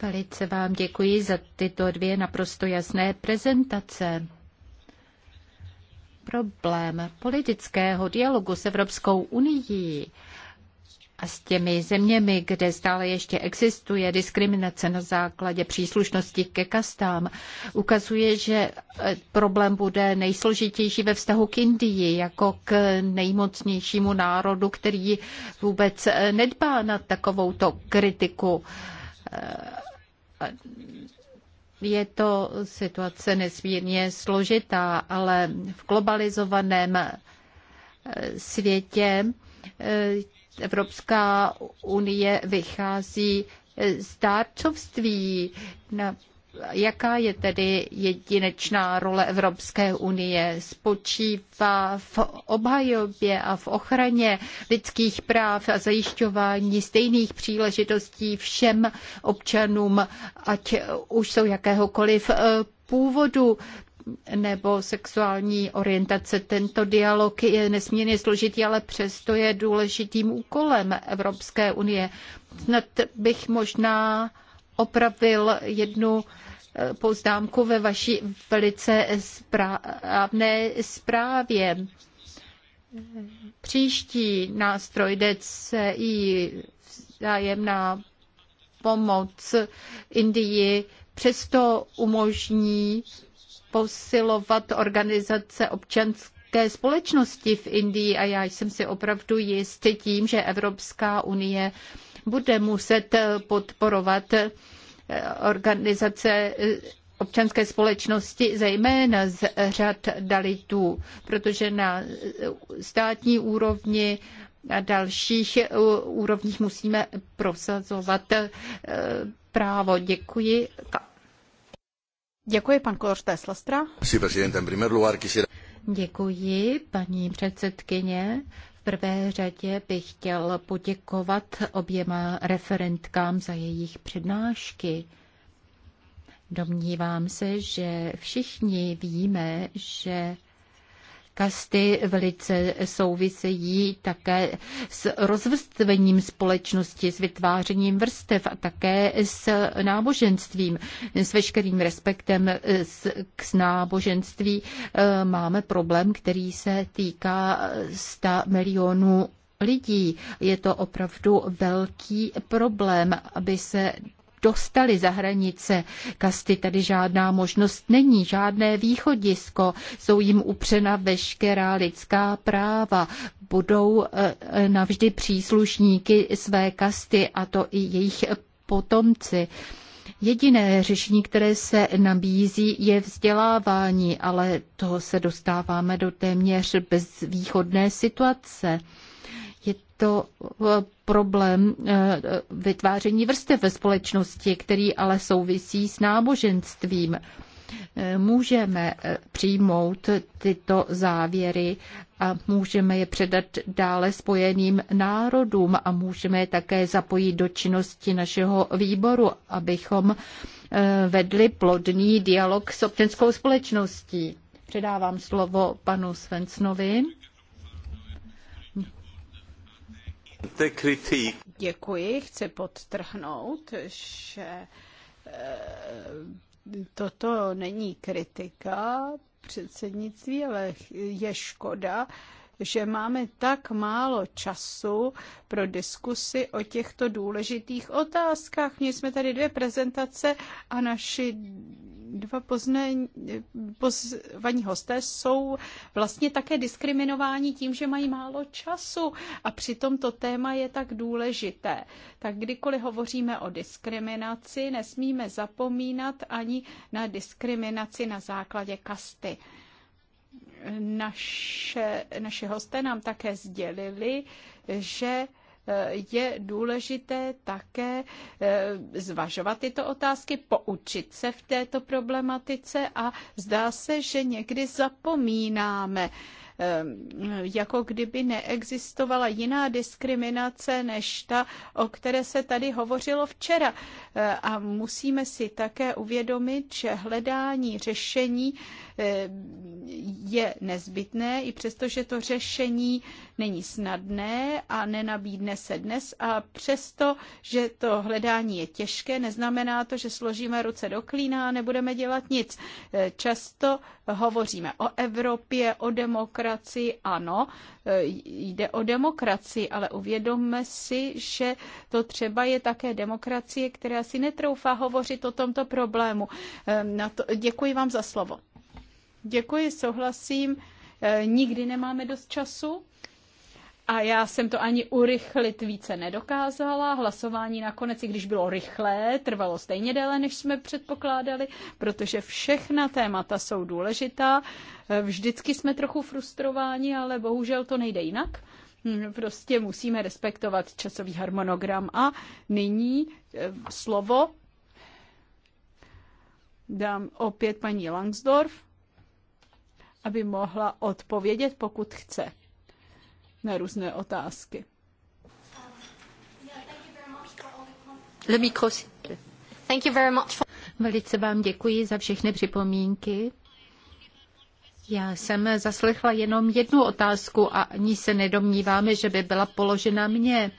Velice vám děkuji za tyto dvě naprosto jasné prezentace. Problém politického dialogu s Evropskou unii a s těmi zeměmi, kde stále ještě existuje diskriminace na základě příslušnosti ke kastám, ukazuje, že eh, problém bude nejsložitější ve vztahu k Indii, jako k nejmocnějšímu národu, který vůbec eh, nedbá na takovouto kritiku eh, je to situace nesmírně složitá, ale v globalizovaném eh, světě eh, Evropská unie vychází eh, z dárcovství. Jaká je tedy jedinečná role Evropské unie? Spočívá v obhajobě a v ochraně lidských práv a zajišťování stejných příležitostí všem občanům, ať už jsou jakéhokoliv eh, původu nebo sexuální orientace. Tento dialog je nesmírně složitý, ale přesto je důležitým úkolem Evropské unie. Snad bych možná opravil jednu eh, poznámku ve vaší velice správné zprávě. Příští nástroj DCI, vzájemná pomoc Indii, přesto umožní posilovat organizace občanské společnosti v Indii a já jsem si opravdu jistý tím, že Evropská unie bude muset podporovat organizace občanské společnosti, zejména z řad dalitů, protože na státní úrovni a dalších úrovních musíme prosazovat eh, právo. Děkuji. Děkuji, pan Kortés Lestra. Děkuji, paní předsedkyně prvé řadě bych chtěl poděkovat oběma referentkám za jejich přednášky. Domnívám se, že všichni víme, že Kasty velice souvisejí také s rozvrstvením společnosti, s vytvářením vrstev a také s náboženstvím. S veškerým respektem k náboženství e, máme problém, který se týká 100 milionů lidí. Je to opravdu velký problém, aby se dostali za hranice kasty. Tady žádná možnost není, žádné východisko. Jsou jim upřena veškerá lidská práva. Budou eh, navždy příslušníky své kasty a to i jejich potomci. Jediné řešení, které se nabízí, je vzdělávání, ale toho se dostáváme do téměř bezvýchodné situace. Je to eh, problém eh, vytváření vrstev ve společnosti, který ale souvisí s náboženstvím. Eh, můžeme přijmout tyto závěry a můžeme je předat dále spojeným národům a můžeme je také zapojit do činnosti našeho výboru, abychom vedli plodný dialog s občanskou společností. Předávám slovo panu Svensnovi. Děkuji, chci podtrhnout, že eh, toto není kritika předsednictví, ale je škoda, že máme tak málo času pro diskusy o těchto důležitých otázkách. Měli jsme tady dvě prezentace a naši dva poznaní, pozvaní hosté jsou vlastně také diskriminováni tím, že mají málo času a přitom to téma je tak důležité. Tak kdykoliv hovoříme o diskriminaci, nesmíme zapomínat ani na diskriminaci na základě kasty. Naše, naše hosté nám také sdělili, že eh, je důležité také eh, zvažovat tyto otázky, poučit se v této problematice a zdá se, že někdy zapomínáme jako kdyby neexistovala jiná diskriminace než ta, o které se tady hovořilo včera. E, a musíme si také uvědomit, že hledání řešení e, je nezbytné, i přestože to řešení není snadné a nenabídne se dnes a přesto, že to hledání je těžké, neznamená to, že složíme ruce do klína a nebudeme dělat nic. Eh, často hovoříme o Evropě, o demokracii, ano, eh, jde o demokracii, ale uvědomme si, že to třeba je také demokracie, která si netroufá hovořit o tomto problému. Eh, na to, děkuji vám za slovo. Děkuji, souhlasím. Nikdy nemáme dost času a já jsem to ani urychlit více nedokázala. Hlasování nakonec, i když bylo rychlé, trvalo stejně déle, než jsme předpokládali, protože všechna témata jsou důležitá. Vždycky jsme trochu frustrováni, ale bohužel to nejde jinak. Hm, prostě musíme respektovat časový harmonogram. A nyní eh, slovo dám opět paní Langsdorf, aby mohla odpovědět, pokud chce na různé otázky. Velice vám děkuji za všechny připomínky. Já jsem zaslechla jenom jednu otázku a ani se nedomníváme, že by byla položena mně.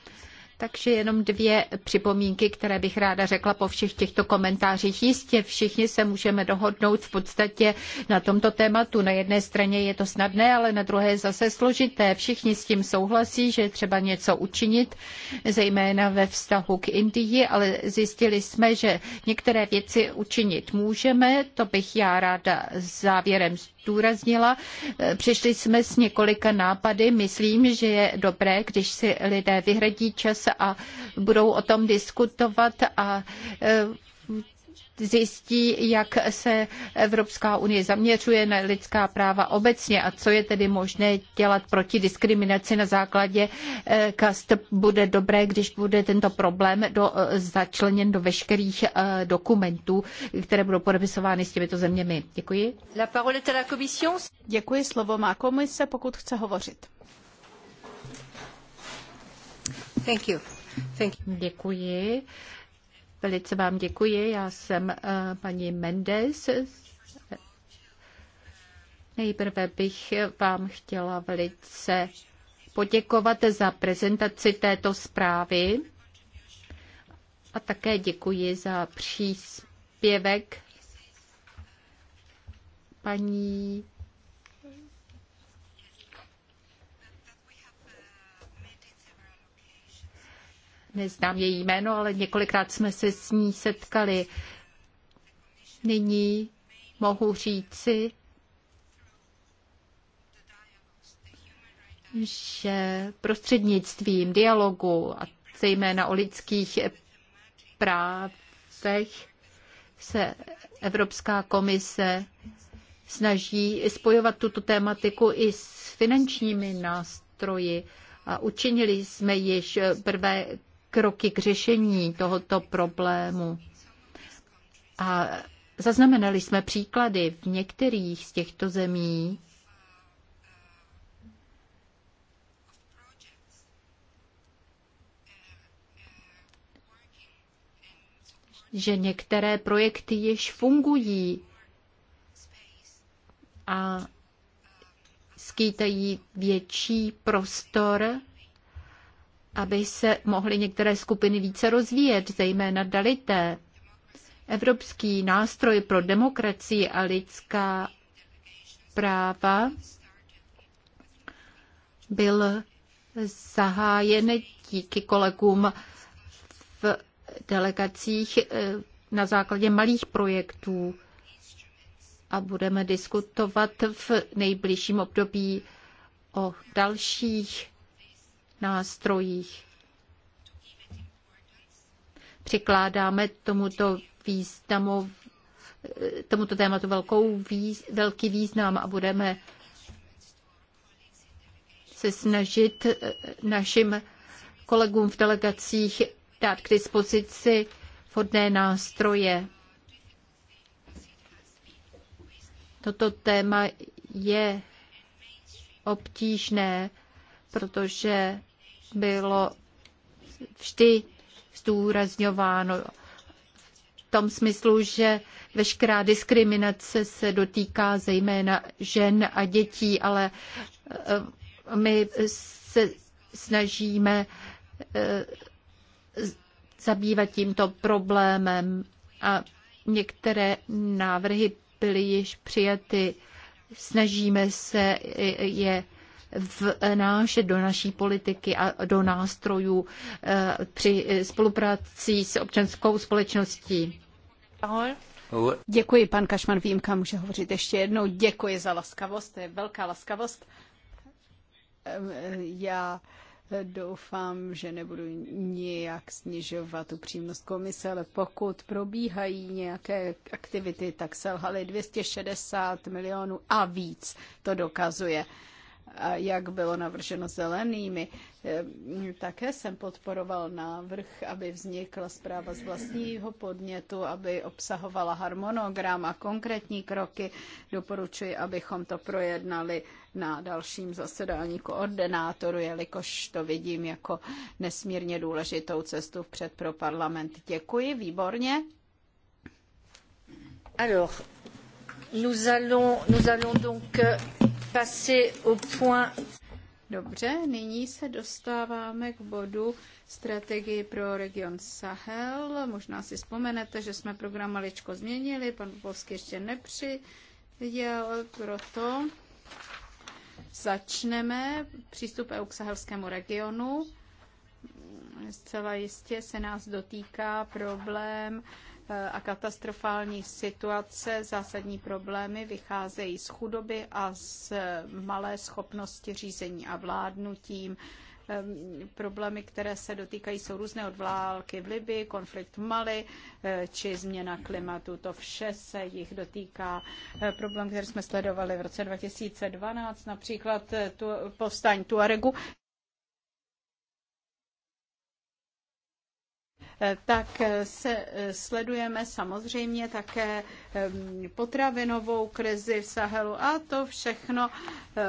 Takže jenom dvě připomínky, které bych ráda řekla po všech těchto komentářích. Jistě všichni se můžeme dohodnout v podstatě na tomto tématu. Na jedné straně je to snadné, ale na druhé zase složité. Všichni s tím souhlasí, že je třeba něco učinit, zejména ve vztahu k Indii, ale zjistili jsme, že některé věci učinit můžeme. To bych já ráda závěrem zdůraznila. Eh, Přišli jsme s několika nápady. Myslím, že je dobré, když si lidé vyhradí čas a budou o tom diskutovat a eh, zjistí, jak se Evropská unie zaměřuje na lidská práva obecně a co je tedy možné dělat proti diskriminaci na základě eh, kast. Bude dobré, když bude tento problém do, eh, začleněn do veškerých eh, dokumentů, které budou podepisovány s těmito zeměmi. Děkuji. La parole est à la commission. Děkuji, slovo má komise, pokud chce hovořit. Thank you. Thank you. Děkuji. Velice vám děkuji. Já jsem eh, paní Mendes. Nejprve bych vám chtěla velice poděkovat za prezentaci této zprávy a také děkuji za příspěvek paní neznám její jméno, ale několikrát jsme se s ní setkali. Nyní mohu říci, že prostřednictvím dialogu a zejména o lidských právech se Evropská komise snaží spojovat tuto tématiku i s finančními nástroji. A učinili jsme již prvé kroky k řešení tohoto problému. A zaznamenali jsme příklady v některých z těchto zemí, že některé projekty již fungují a skýtají větší prostor aby se mohly některé skupiny více rozvíjet, zejména dalité. Evropský nástroj pro demokracii a lidská práva byl zahájen díky kolegům v delegacích eh, na základě malých projektů a budeme diskutovat v nejbližším období o dalších nástrojích. Přikládáme tomuto významu, tomuto tématu velkou, velký význam a budeme se snažit eh, našim kolegům v delegacích dát k dispozici vhodné nástroje. Toto téma je obtížné, protože bylo vždy zdůrazňováno v tom smyslu, že veškerá diskriminace se dotýká zejména žen a dětí, ale eh, my se snažíme eh, zabývat tímto problémem a některé návrhy byly již přijaty. Snažíme se eh, je vnášet eh, do naší politiky a do nástrojů eh, při eh, spolupráci s občanskou společností. Děkuji, pan Kašman Výjimka může hovořit ještě jednou. Děkuji za laskavost, to je velká laskavost. Já doufám, že nebudu nijak snižovat upřímnost přímnost komise, ale pokud probíhají nějaké aktivity, tak selhaly 260 milionů a víc. To dokazuje jak bylo navrženo zelenými. Eh, také jsem podporoval návrh, aby vznikla zpráva z vlastního podnětu, aby obsahovala harmonogram a konkrétní kroky. Doporučuji, abychom to projednali na dalším zasedání koordinátoru, jelikož to vidím jako nesmírně důležitou cestu vpřed pro parlament. Děkuji, výborně. Alors, Nous allons, nous allons donc euh, passer au point. Dobře, nyní se dostáváme k bodu strategii pro region Sahel. Možná si vzpomenete, že jsme program maličko změnili, pan Polský ještě nepřijel, proto začneme přístup EU k sahelskému regionu. Zcela jistě se nás dotýká problém Eh, a katastrofální situace, zásadní problémy vycházejí z chudoby a z eh, malé schopnosti řízení a vládnutím. Ehm, problémy, které se dotýkají, jsou různé od války v Libii, konflikt v Mali eh, či změna klimatu. To vše se jich dotýká. Problém, který jsme sledovali v roce 2012, například tu, povstání Tuaregu, tak se eh, sledujeme samozřejmě také eh, potravinovou krizi v Sahelu a to všechno eh,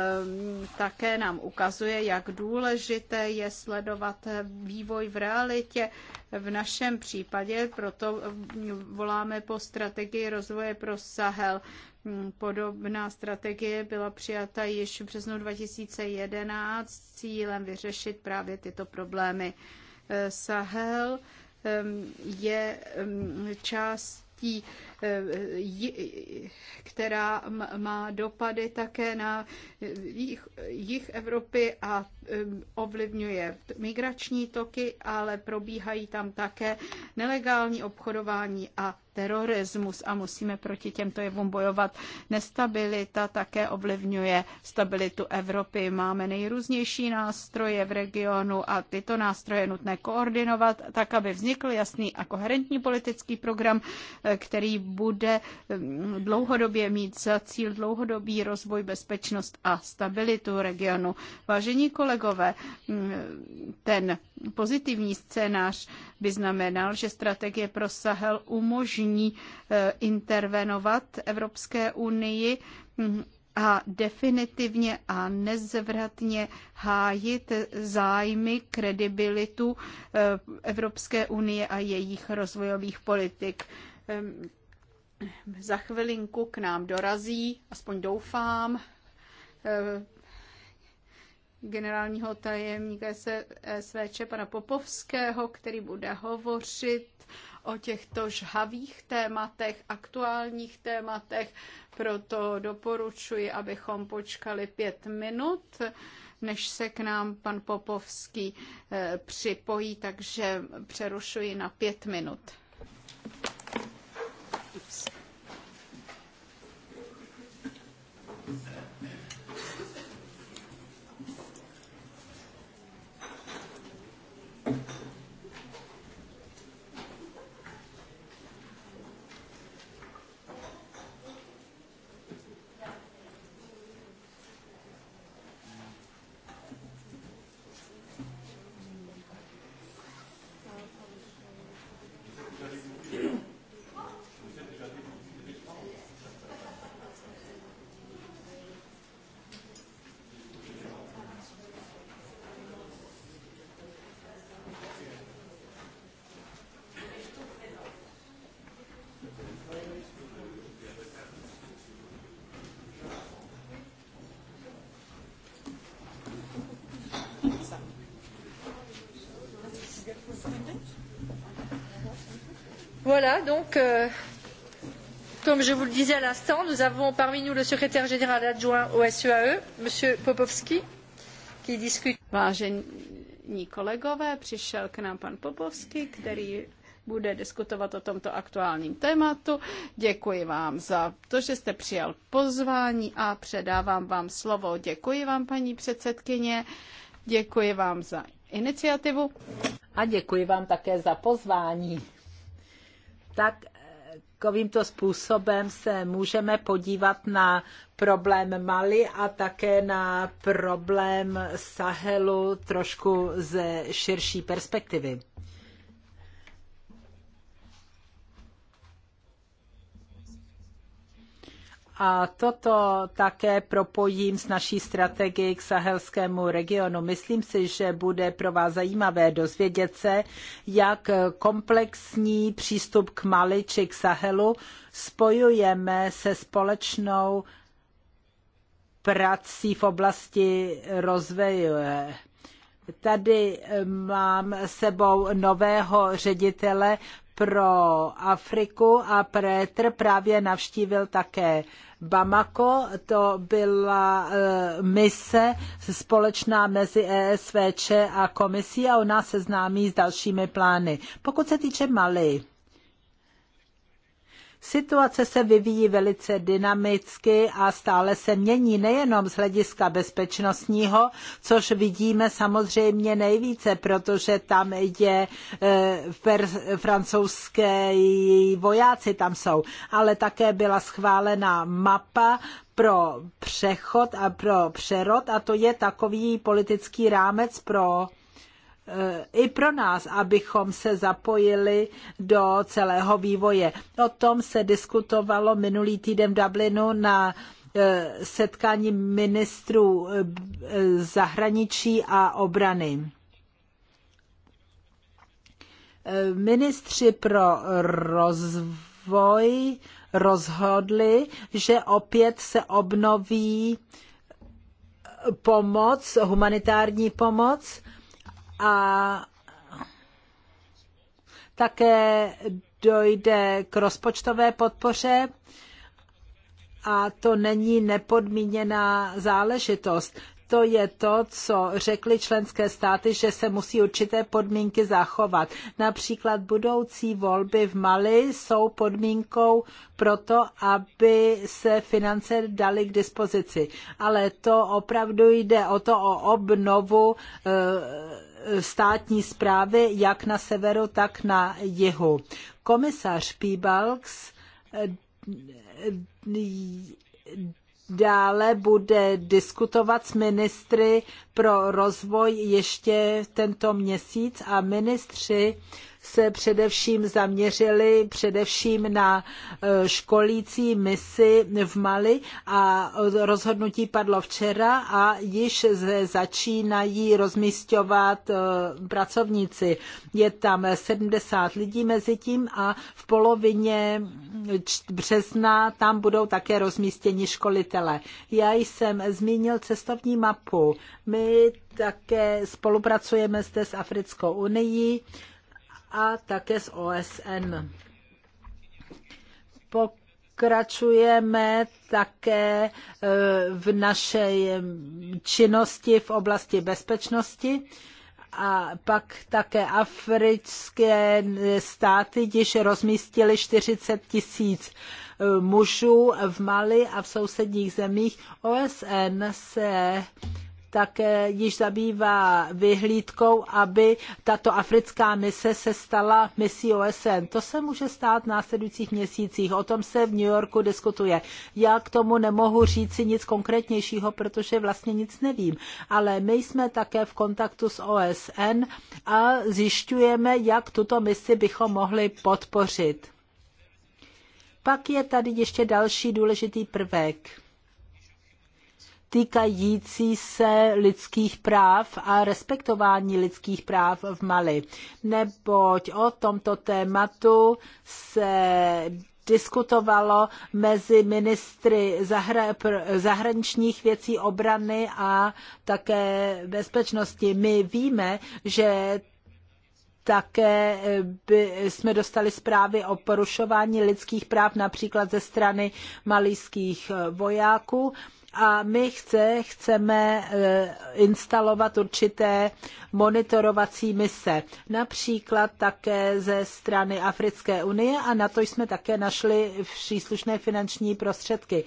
také nám ukazuje, jak důležité je sledovat vývoj v realitě. V našem případě proto voláme po strategii rozvoje pro Sahel. Hmm, podobná strategie byla přijata již v březnu 2011 s cílem vyřešit právě tyto problémy. Sahel Ehm, je ehm, částí Eh, která má dopady také na jich, jich Evropy a ovlivňuje migrační toky, ale probíhají tam také nelegální obchodování a terorismus a musíme proti těmto jevům bojovat. Nestabilita také ovlivňuje stabilitu Evropy. Máme nejrůznější nástroje v regionu a tyto nástroje je nutné koordinovat tak, aby vznikl jasný a koherentní politický program, eh, který bude dlouhodobě mít za cíl dlouhodobý rozvoj, bezpečnost a stabilitu regionu. Vážení kolegové, ten pozitivní scénář by znamenal, že strategie pro Sahel umožní e, intervenovat Evropské unii a definitivně a nezvratně hájit zájmy, kredibilitu e, Evropské unie a jejich rozvojových politik za chvilinku k nám dorazí, aspoň doufám, eh, generálního tajemníka SVČ pana Popovského, který bude hovořit o těchto žhavých tématech, aktuálních tématech, proto doporučuji, abychom počkali pět minut, než se k nám pan Popovský eh, připojí, takže přerušuji na pět minut objectives. Voilà, donc, euh, comme je vous le disais à l'instant, nous avons parmi nous le secrétaire général adjoint au SEAE, M. Popovski, qui discute. Vážení kolegové, přišel k nám pan Popovský, který bude diskutovat o tomto aktuálním tématu. Děkuji vám za to, že jste přijal pozvání a předávám vám slovo. Děkuji vám, paní předsedkyně, děkuji vám za iniciativu. A děkuji vám také za pozvání tak eh, takovýmto způsobem se můžeme podívat na problém Mali a také na problém Sahelu trošku ze širší perspektivy. A toto také propojím s naší strategií k sahelskému regionu. Myslím si, že bude pro vás zajímavé dozvědět se, jak komplexní přístup k Mali či k Sahelu spojujeme se společnou prací v oblasti rozvoje. Tady eh, mám sebou nového ředitele pro Afriku a Prétr právě navštívil také Bamako. To byla eh, mise společná mezi ESVČ a komisí a ona známí s dalšími plány. Pokud se týče Mali, Situace se vyvíjí velice dynamicky a stále se mění nejenom z hlediska bezpečnostního, což vidíme samozřejmě nejvíce, protože tam je e, francouzské vojáci tam jsou, ale také byla schválena mapa pro přechod a pro přerod a to je takový politický rámec pro Eh, i pro nás, abychom se zapojili do celého vývoje. O tom se diskutovalo minulý týden v Dublinu na eh, setkání ministrů eh, zahraničí a obrany. Ministři pro rozvoj rozhodli, že opět se obnoví pomoc, humanitární pomoc, a také dojde k rozpočtové podpoře a to není nepodmíněná záležitost. To je to, co řekly členské státy, že se musí určité podmínky zachovat. Například budoucí volby v Mali jsou podmínkou pro to, aby se finance daly k dispozici. Ale to opravdu jde o to, o obnovu eh, státní zprávy jak na severu, tak na jihu. Komisař Píbalks eh, dále bude diskutovat s ministry pro rozvoj ještě tento měsíc a ministři se především zaměřili především na e, školící misi v Mali a rozhodnutí padlo včera a již začínají rozmístovat e, pracovníci. Je tam 70 lidí mezi tím a v polovině března tam budou také rozmístěni školitele. Já jsem zmínil cestovní mapu. My také spolupracujeme zde s Africkou unii a také z OSN. Pokračujeme také eh, v naší eh, činnosti v oblasti bezpečnosti a pak také africké eh, státy již rozmístily 40 tisíc mužů v Mali a v sousedních zemích. OSN se tak již zabývá vyhlídkou, aby tato africká mise se stala misí OSN. To se může stát v následujících měsících. O tom se v New Yorku diskutuje. Já k tomu nemohu říci nic konkrétnějšího, protože vlastně nic nevím. Ale my jsme také v kontaktu s OSN a zjišťujeme, jak tuto misi bychom mohli podpořit. Pak je tady ještě další důležitý prvek týkající se lidských práv a respektování lidských práv v Mali. Neboť o tomto tématu se diskutovalo mezi ministry zahraničních věcí obrany a také bezpečnosti. My víme, že také eh, by jsme dostali zprávy o porušování lidských práv například ze strany malijských eh, vojáků a my chce, chceme e, instalovat určité monitorovací mise, například také ze strany Africké unie a na to jsme také našli příslušné finanční prostředky.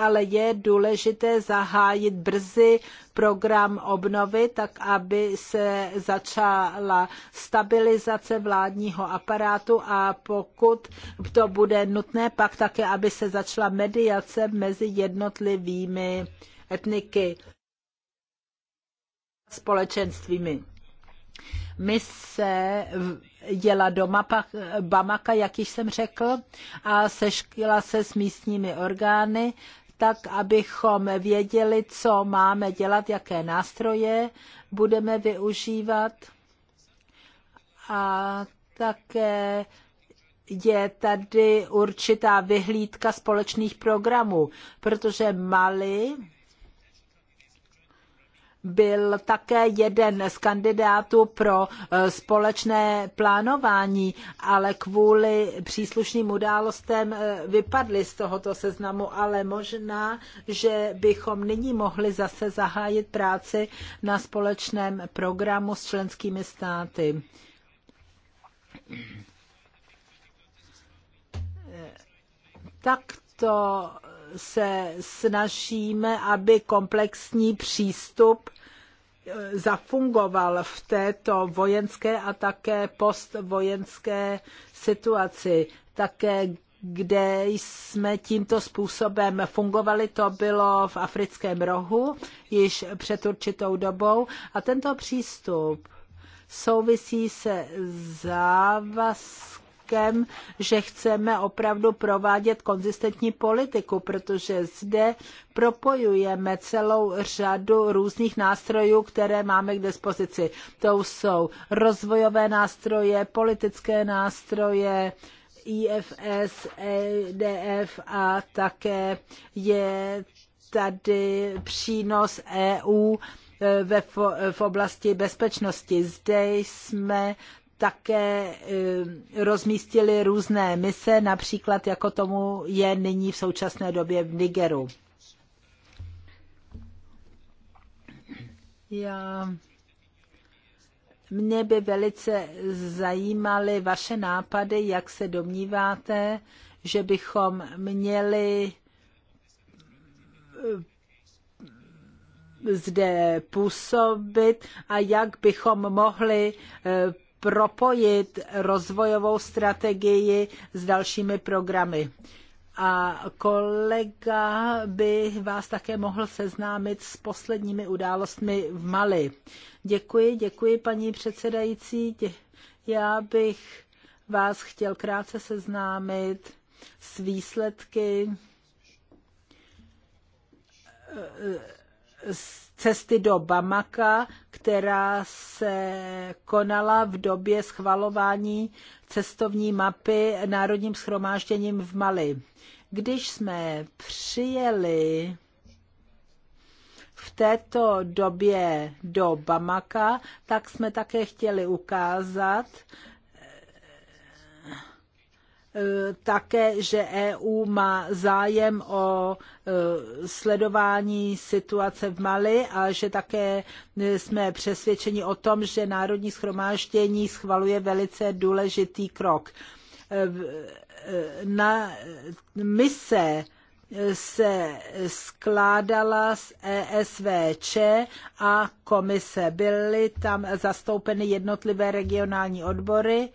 Ale je důležité zahájit brzy program obnovy, tak aby se začala stabilizace vládního aparátu a pokud to bude nutné, pak také, aby se začala mediace mezi jednotlivými etniky společenstvími mise jela do Bamaka, jak již jsem řekl, a seškila se s místními orgány tak abychom věděli, co máme dělat, jaké nástroje budeme využívat. A také je tady určitá vyhlídka společných programů, protože Mali byl také jeden z kandidátů pro eh, společné plánování, ale kvůli příslušným událostem eh, vypadli z tohoto seznamu, ale možná, že bychom nyní mohli zase zahájit práci na společném programu s členskými státy. Eh, tak to se snažíme, aby komplexní přístup eh, zafungoval v této vojenské a také postvojenské situaci. Také kde jsme tímto způsobem fungovali, to bylo v africkém rohu již před určitou dobou. A tento přístup souvisí se závazky znakem, že chceme opravdu provádět konzistentní politiku, protože zde propojujeme celou řadu různých nástrojů, které máme k dispozici. To jsou rozvojové nástroje, politické nástroje, IFS, EDF a také je tady přínos EU e, ve, v oblasti bezpečnosti. Zde jsme také eh, rozmístili různé mise, například jako tomu je nyní v současné době v Nigeru. Já... Mě by velice zajímaly vaše nápady, jak se domníváte, že bychom měli eh, zde působit a jak bychom mohli eh, propojit rozvojovou strategii s dalšími programy. A kolega by vás také mohl seznámit s posledními událostmi v Mali. Děkuji, děkuji paní předsedající. Já bych vás chtěl krátce seznámit s výsledky eh, s cesty do Bamaka, která se konala v době schvalování cestovní mapy Národním schromážděním v Mali. Když jsme přijeli v této době do Bamaka, tak jsme také chtěli ukázat, Eh, také, že EU má zájem o eh, sledování situace v Mali a že také eh, jsme přesvědčeni o tom, že Národní schromáždění schvaluje velice důležitý krok. Na mise se skládala z ESVČ a komise. Byly tam zastoupeny jednotlivé regionální odbory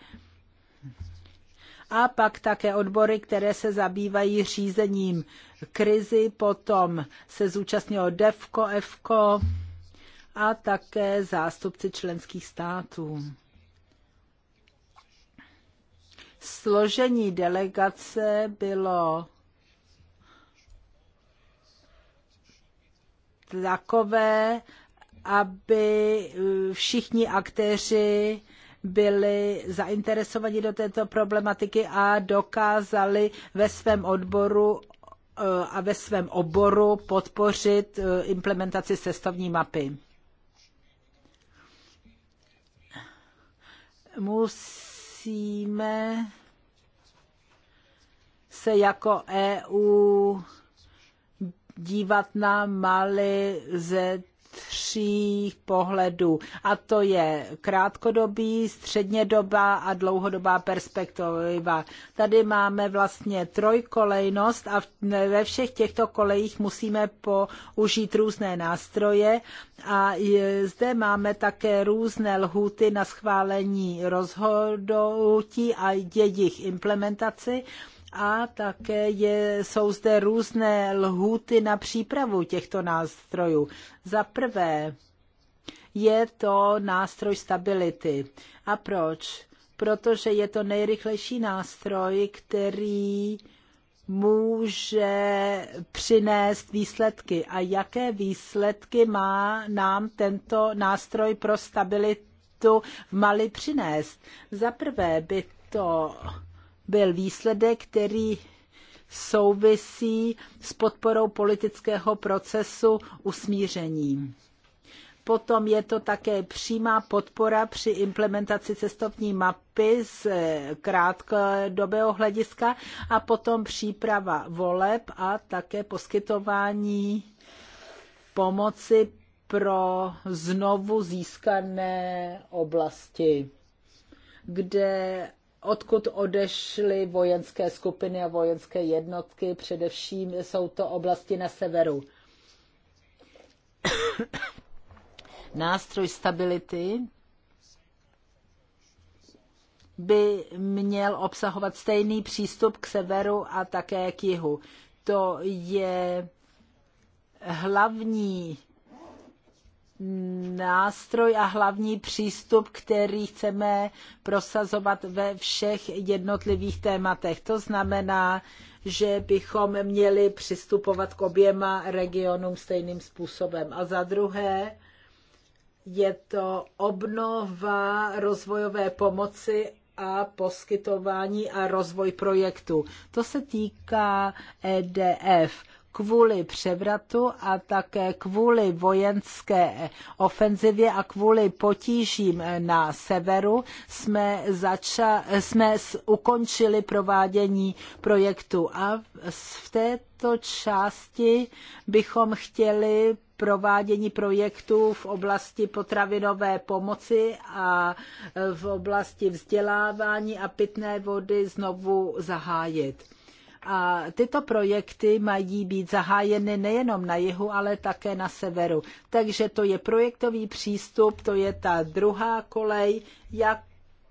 a pak také odbory, které se zabývají řízením krizi, potom se zúčastnilo DEFCO, EFCO a také zástupci členských států. Složení delegace bylo takové, aby všichni aktéři byli zainteresovaní do této problematiky a dokázali ve svém odboru eh, a ve svém oboru podpořit eh, implementaci cestovní mapy. Musíme se jako EU dívat na Mali ze tří pohledů. A to je krátkodobý, střednědobá a dlouhodobá perspektiva. Tady máme vlastně trojkolejnost a ve všech těchto kolejích musíme použít různé nástroje a zde máme také různé lhůty na schválení rozhodnutí a jejich implementaci a také je, jsou zde různé lhůty na přípravu těchto nástrojů. Za prvé je to nástroj stability. A proč? Protože je to nejrychlejší nástroj, který může přinést výsledky. A jaké výsledky má nám tento nástroj pro stabilitu v Mali přinést? Za prvé by to byl výsledek, který souvisí s podporou politického procesu usmíření. Potom je to také přímá podpora při implementaci cestovní mapy z krátkodobého hlediska a potom příprava voleb a také poskytování pomoci pro znovu získané oblasti, kde odkud odešly vojenské skupiny a vojenské jednotky, především jsou to oblasti na severu. Nástroj stability by měl obsahovat stejný přístup k severu a také k jihu. To je hlavní nástroj a hlavní přístup, který chceme prosazovat ve všech jednotlivých tématech. To znamená, že bychom měli přistupovat k oběma regionům stejným způsobem. A za druhé, je to obnova rozvojové pomoci a poskytování a rozvoj projektu. To se týká EDF kvůli převratu a také kvůli vojenské ofenzivě a kvůli potížím na severu jsme, zača, jsme ukončili provádění projektu a v této části bychom chtěli provádění projektů v oblasti potravinové pomoci a v oblasti vzdělávání a pitné vody znovu zahájit a tyto projekty mají být zahájeny nejenom na jihu, ale také na severu. Takže to je projektový přístup, to je ta druhá kolej, jak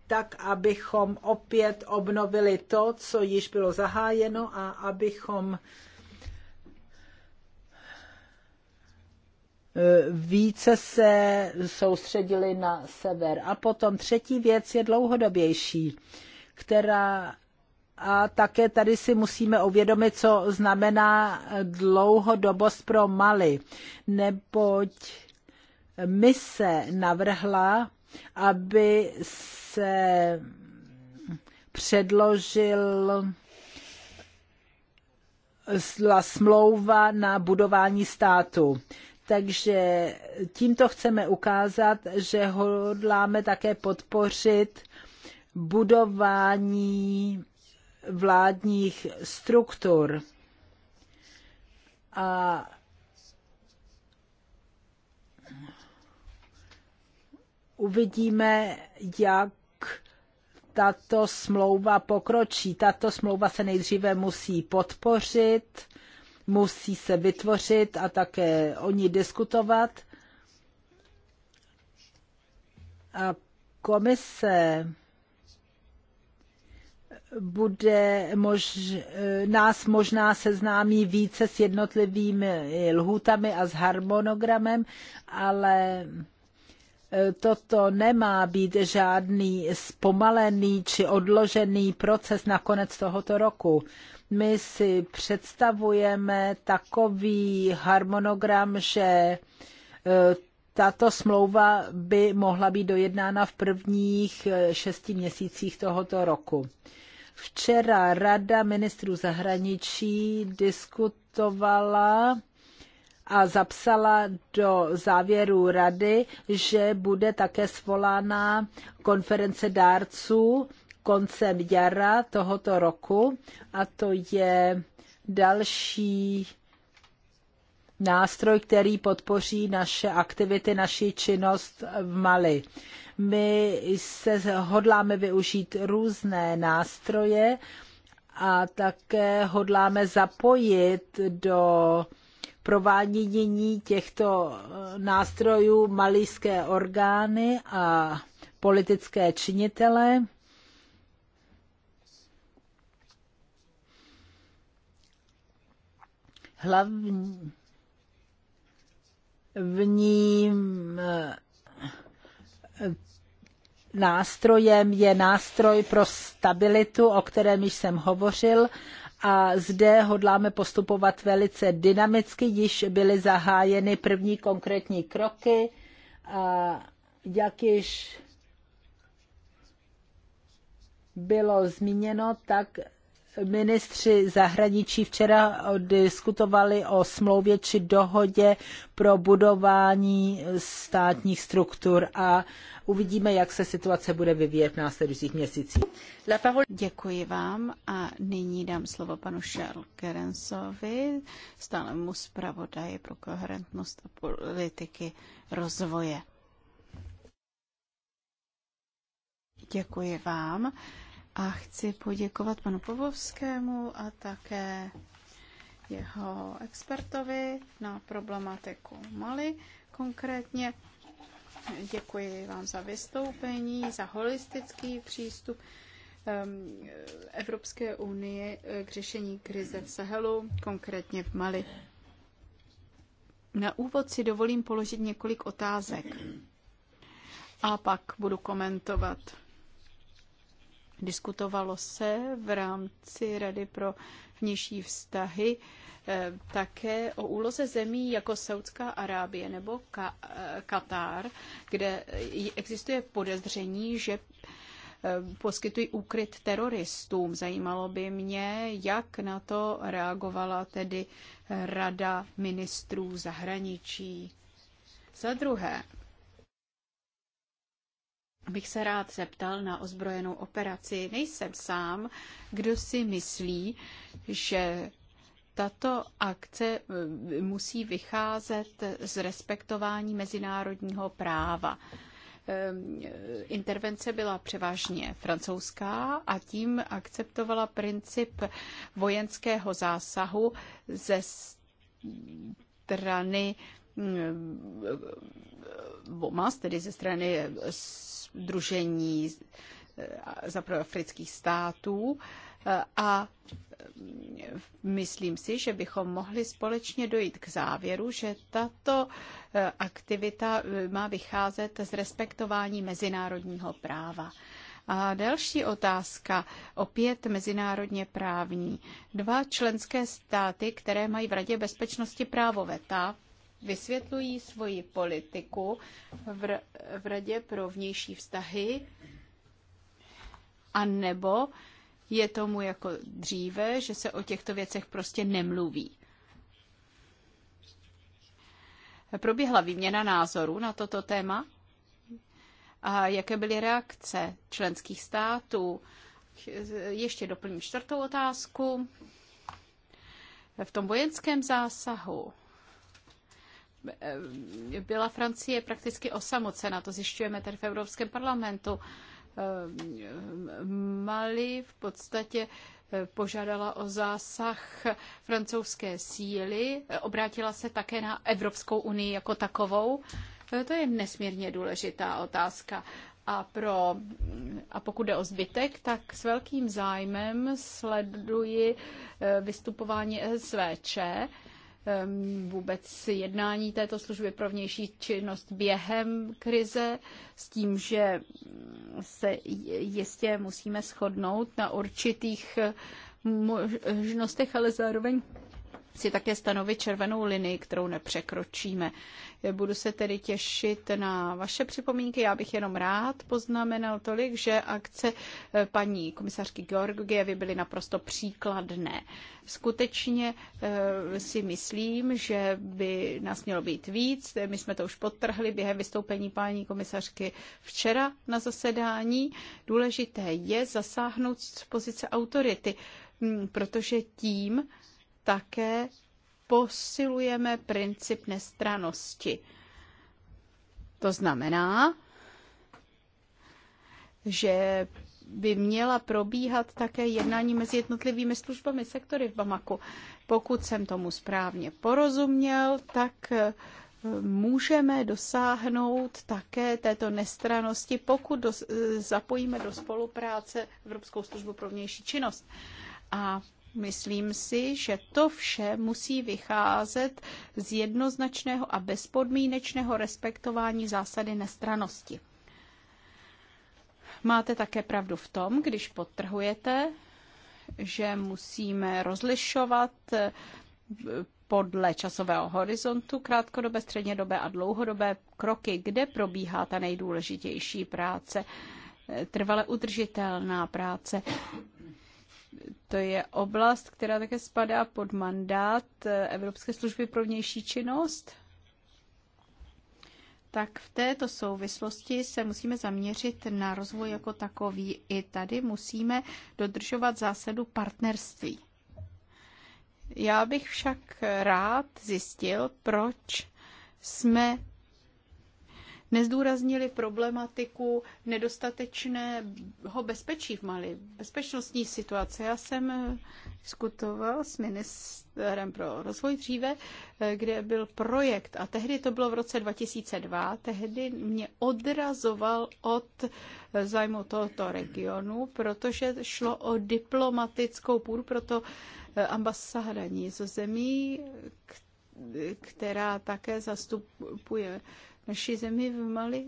tak, abychom opět obnovili to, co již bylo zahájeno a abychom eh, více se soustředili na sever. A potom třetí věc je dlouhodobější, která a také tady si musíme uvědomit, co znamená dlouhodobost pro Mali, neboť mise navrhla, aby se předložil smlouva na budování státu. Takže tímto chceme ukázat, že hodláme také podpořit budování vládních struktur. A uvidíme, jak tato smlouva pokročí. Tato smlouva se nejdříve musí podpořit, musí se vytvořit a také o ní diskutovat. A komise bude mož, nás možná seznámí více s jednotlivými lhůtami a s harmonogramem, ale e, toto nemá být žádný zpomalený či odložený proces na konec tohoto roku. My si představujeme takový harmonogram, že e, tato smlouva by mohla být dojednána v prvních e, šesti měsících tohoto roku. Včera Rada ministrů zahraničí diskutovala a zapsala do závěru rady, že bude také svolána konference dárců koncem jara tohoto roku a to je další nástroj, který podpoří naše aktivity, naši činnost v Mali. My se hodláme využít různé nástroje a také hodláme zapojit do provádění těchto eh, nástrojů malijské orgány a politické činitele. Hlavní ním eh, nástrojem je nástroj pro stabilitu, o kterém již jsem hovořil a zde hodláme postupovat velice dynamicky, již byly zahájeny první konkrétní kroky a jak již bylo zmíněno, tak ministři zahraničí včera diskutovali o smlouvě či dohodě pro budování státních struktur a uvidíme, jak se situace bude vyvíjet v následujících měsících. Děkuji vám a nyní dám slovo panu Charles Gerensovi, stálemu zpravodaji pro koherentnost a politiky rozvoje. Děkuji vám. A chci poděkovat panu Povovskému a také jeho expertovi na problematiku Mali konkrétně. Děkuji vám za vystoupení, za holistický přístup ehm, Evropské unie k řešení krize v Sahelu, konkrétně v Mali. Na úvod si dovolím položit několik otázek a pak budu komentovat Diskutovalo se v rámci Rady pro vnější vztahy eh, také o úloze zemí jako Saudská Arábie nebo Ka- eh, Katar, kde existuje podezření, že eh, poskytují úkryt teroristům. Zajímalo by mě, jak na to reagovala tedy Rada ministrů zahraničí. Za druhé, bych se rád zeptal na ozbrojenou operaci. Nejsem sám, kdo si myslí, že tato akce eh, musí vycházet z respektování mezinárodního práva. Ehm, intervence byla převážně francouzská a tím akceptovala princip vojenského zásahu ze strany ehm, eh, Bomas, tedy ze strany Združení eh, zaproafrických států eh, a mm, myslím si, že bychom mohli společně dojít k závěru, že tato eh, aktivita má vycházet z respektování mezinárodního práva. A další otázka, opět mezinárodně právní. Dva členské státy, které mají v Radě bezpečnosti právo VETA, vysvětlují svoji politiku v, v Radě pro vnější vztahy, a nebo je tomu jako dříve, že se o těchto věcech prostě nemluví. Proběhla výměna názorů na toto téma a jaké byly reakce členských států. Ještě doplním čtvrtou otázku. V tom vojenském zásahu Eh, byla Francie prakticky osamocena, to zjišťujeme tady v Evropském parlamentu. Eh, Mali v podstatě eh, požádala o zásah francouzské síly, obrátila se také na Evropskou unii jako takovou. To je nesmírně důležitá otázka. A, pro, a pokud jde o zbytek, tak s velkým zájmem sleduji vystupování SVČ, vůbec jednání této služby pro vnější činnost během krize s tím, že se jistě musíme shodnout na určitých možnostech, ale zároveň si také stanovit červenou linii, kterou nepřekročíme. Budu se tedy těšit na vaše připomínky. Já bych jenom rád poznamenal tolik, že akce eh, paní komisařky Georgievy byly naprosto příkladné. Skutečně eh, si myslím, že by nás mělo být víc. My jsme to už podtrhli během vystoupení paní komisařky včera na zasedání. Důležité je zasáhnout z pozice autority, hm, protože tím, také posilujeme princip nestranosti. To znamená, že by měla probíhat také jednání mezi jednotlivými službami sektory v Bamaku. Pokud jsem tomu správně porozuměl, tak eh, můžeme dosáhnout také této nestranosti, pokud eh, zapojíme do spolupráce Evropskou službu pro vnější činnost. A Myslím si, že to vše musí vycházet z jednoznačného a bezpodmínečného respektování zásady nestranosti. Máte také pravdu v tom, když podtrhujete, že musíme rozlišovat eh, podle časového horizontu krátkodobé, střednědobé a dlouhodobé kroky, kde probíhá ta nejdůležitější práce, eh, trvale udržitelná práce to je oblast, která také spadá pod mandát eh, Evropské služby pro vnější činnost. Tak v této souvislosti se musíme zaměřit na rozvoj jako takový. I tady musíme dodržovat zásadu partnerství. Já bych však rád zjistil, proč jsme nezdůraznili problematiku nedostatečného bezpečí v Mali, bezpečnostní situace. Já jsem diskutoval s ministrem pro rozvoj dříve, kde byl projekt a tehdy to bylo v roce 2002, tehdy mě odrazoval od zájmu tohoto regionu, protože šlo o diplomatickou půdu, proto eh, ambasáda Nizozemí, která také zastupuje naší zemi v Mali,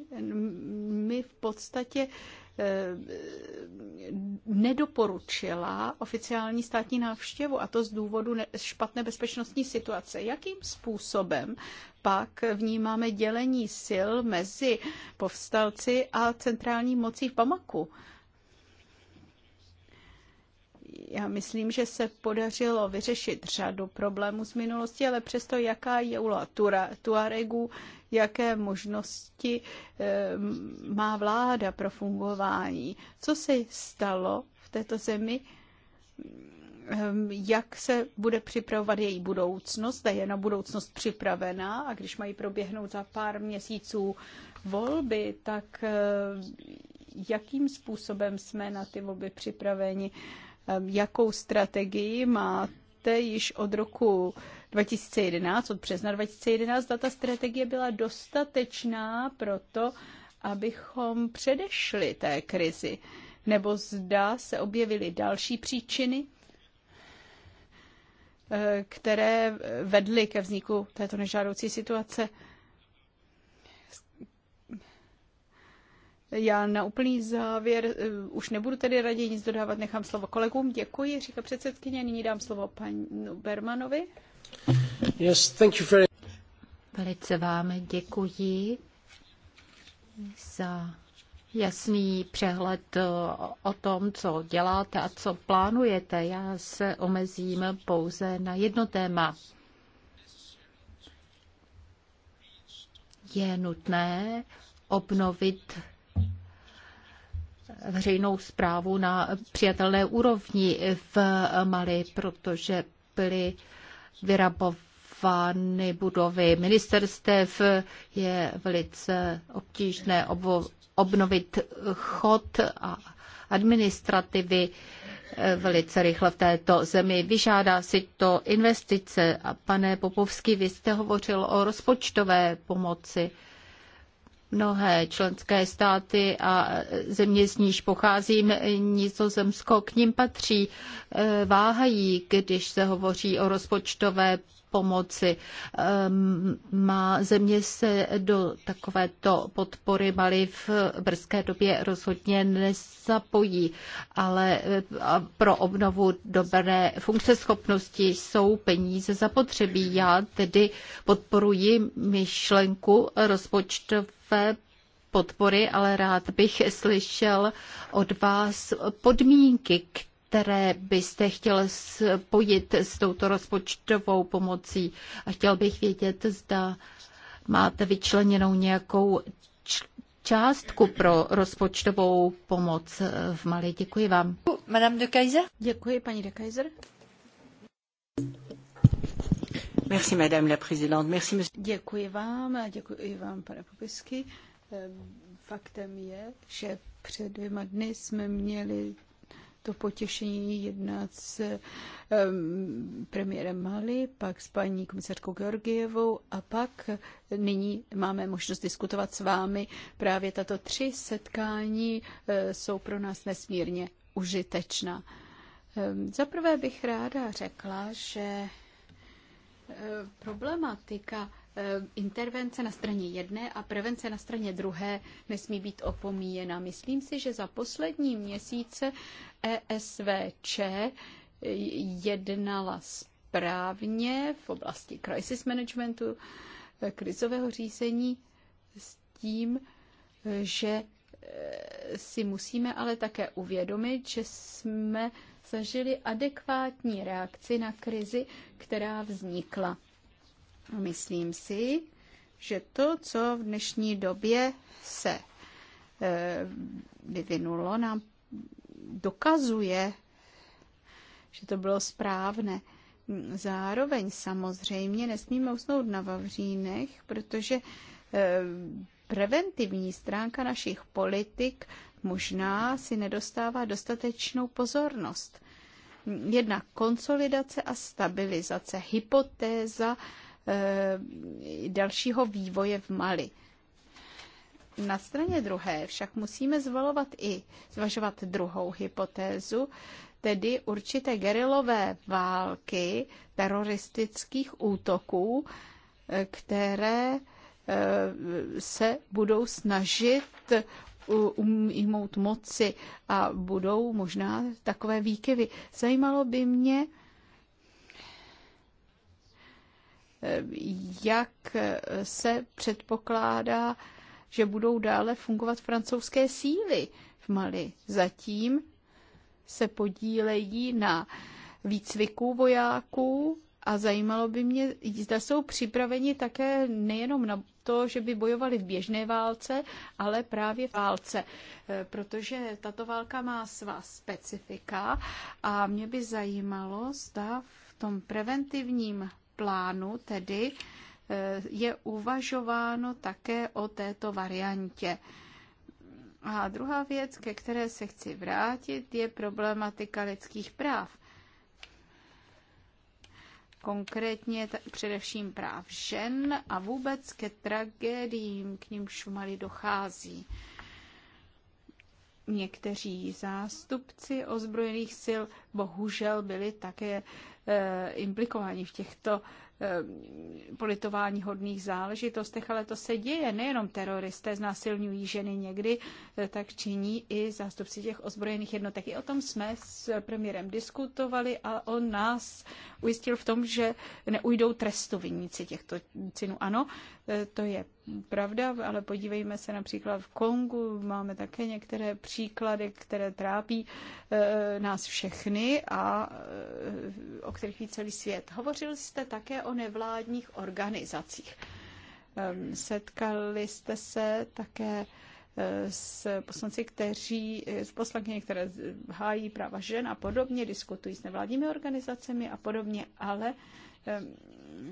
mi v podstatě eh, nedoporučila oficiální státní návštěvu a to z důvodu špatné bezpečnostní situace. Jakým způsobem pak vnímáme dělení sil mezi povstalci a centrální mocí v Bamaku? já myslím, že se podařilo vyřešit řadu problémů z minulosti, ale přesto jaká je úloha Tuaregu, jaké možnosti eh, má vláda pro fungování. Co se stalo v této zemi? Eh, jak se bude připravovat její budoucnost, a je na budoucnost připravená a když mají proběhnout za pár měsíců volby, tak eh, jakým způsobem jsme na ty volby připraveni. Ehm, jakou strategii máte již od roku 2011, od března 2011, ta strategie byla dostatečná pro to, abychom předešli té krizi? Nebo zda se objevily další příčiny, ehm, které vedly ke vzniku této nežádoucí situace? Já na úplný závěr eh, už nebudu tedy raději nic dodávat, nechám slovo kolegům. Děkuji, říká předsedkyně. Nyní dám slovo panu Bermanovi. Yes, thank you very... Velice vám děkuji za jasný přehled eh, o tom, co děláte a co plánujete. Já se omezím pouze na jedno téma. Je nutné obnovit veřejnou zprávu na přijatelné úrovni v Mali, protože byly vyrabovány budovy ministerstev. Je velice obtížné obnovit chod a administrativy eh, velice rychle v této zemi. Vyžádá si to investice. A pane Popovský, vy jste hovořil o rozpočtové pomoci. Mnohé členské státy a země, z níž pocházím, Nizozemsko k ním patří, eh, váhají, když se hovoří o rozpočtové pomoci. Ehm, má země se do takovéto podpory Mali v brzké době rozhodně nezapojí, ale eh, pro obnovu dobré funkceschopnosti jsou peníze zapotřebí. Já tedy podporuji myšlenku rozpočtové podpory, ale rád bych slyšel od vás podmínky, které které byste chtěl spojit s touto rozpočtovou pomocí. A chtěl bych vědět, zda máte vyčleněnou nějakou částku pro rozpočtovou pomoc v Mali. Děkuji vám. Madame de Kaiser. Děkuji, paní de Kaiser. Merci, madame la présidente. Merci, monsieur. Děkuji vám, děkuji vám, pane Popisky. Faktem je, že před dvěma dny jsme měli to potěšení jednat s um, premiérem Mali, pak s paní komisařkou Georgievou a pak nyní máme možnost diskutovat s vámi. Právě tato tři setkání uh, jsou pro nás nesmírně užitečná. Um, Za prvé bych ráda řekla, že e, problematika Eh, intervence na straně jedné a prevence na straně druhé nesmí být opomíjena. Myslím si, že za poslední měsíce ESVČ jednala správně v oblasti crisis managementu, eh, krizového řízení s tím, eh, že si musíme ale také uvědomit, že jsme zažili adekvátní reakci na krizi, která vznikla. Myslím si, že to, co v dnešní době se e, vyvinulo, nám dokazuje, že to bylo správné. Zároveň samozřejmě nesmíme usnout na vavřínech, protože e, preventivní stránka našich politik možná si nedostává dostatečnou pozornost. Jedna konsolidace a stabilizace, hypotéza Eh, dalšího vývoje v Mali. Na straně druhé však musíme zvolovat i zvažovat druhou hypotézu, tedy určité gerilové války teroristických útoků, eh, které eh, se budou snažit umýmout moci a budou možná takové výkyvy. Zajímalo by mě, jak se předpokládá, že budou dále fungovat francouzské síly v Mali. Zatím se podílejí na výcviku vojáků a zajímalo by mě, zda jsou připraveni také nejenom na to, že by bojovali v běžné válce, ale právě v válce, eh, protože tato válka má svá specifika a mě by zajímalo, zda v tom preventivním plánu tedy eh, je uvažováno také o této variantě. A druhá věc, ke které se chci vrátit, je problematika lidských práv. Konkrétně především práv žen a vůbec ke tragédiím, k nímž v Mali dochází. Někteří zástupci ozbrojených sil bohužel byli také Eh, implikováni v těchto eh, politování hodných záležitostech, ale to se děje. Nejenom teroristé znásilňují ženy někdy, eh, tak činí i zástupci těch ozbrojených jednotek. I o tom jsme s premiérem diskutovali a on nás ujistil v tom, že neujdou trestu vinníci těchto činů. Ano, E, to je pravda, ale podívejme se například v Kongu, máme také některé příklady, které trápí e, nás všechny a e, o kterých ví celý svět. Hovořil jste také o nevládních organizacích. Setkali jste se také s poslanci, kteří, s poslankyně, které hájí práva žen a podobně, diskutují s nevládními organizacemi a podobně, ale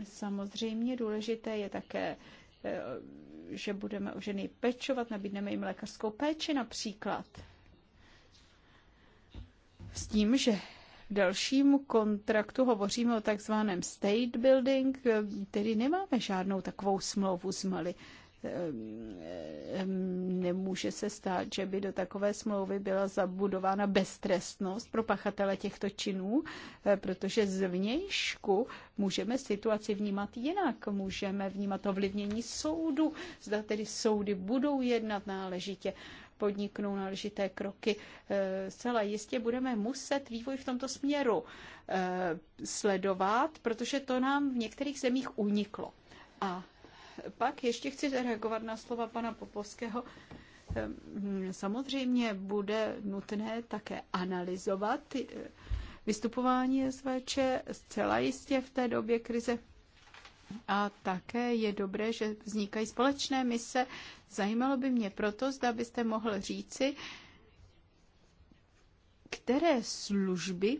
Samozřejmě důležité je také, eh, že budeme o ženy pečovat, nabídneme jim lékařskou péči například. S tím, že v dalším kontraktu hovoříme o takzvaném state building, eh, tedy nemáme žádnou takovou smlouvu s Mali. Ehm, ehm, nemůže se stát, že by do takové smlouvy byla zabudována beztrestnost pro pachatele těchto činů, eh, protože zvnějšku můžeme situaci vnímat jinak. Můžeme vnímat ovlivnění soudu, zda tedy soudy budou jednat náležitě podniknou náležité kroky. Eh, zcela jistě budeme muset vývoj v tomto směru eh, sledovat, protože to nám v některých zemích uniklo. A pak ještě chci zareagovat na slova pana Popovského. Ehm, samozřejmě bude nutné také analyzovat e, vystupování SVČ zcela jistě v té době krize. A také je dobré, že vznikají společné mise. Zajímalo by mě proto, zda byste mohl říci, které služby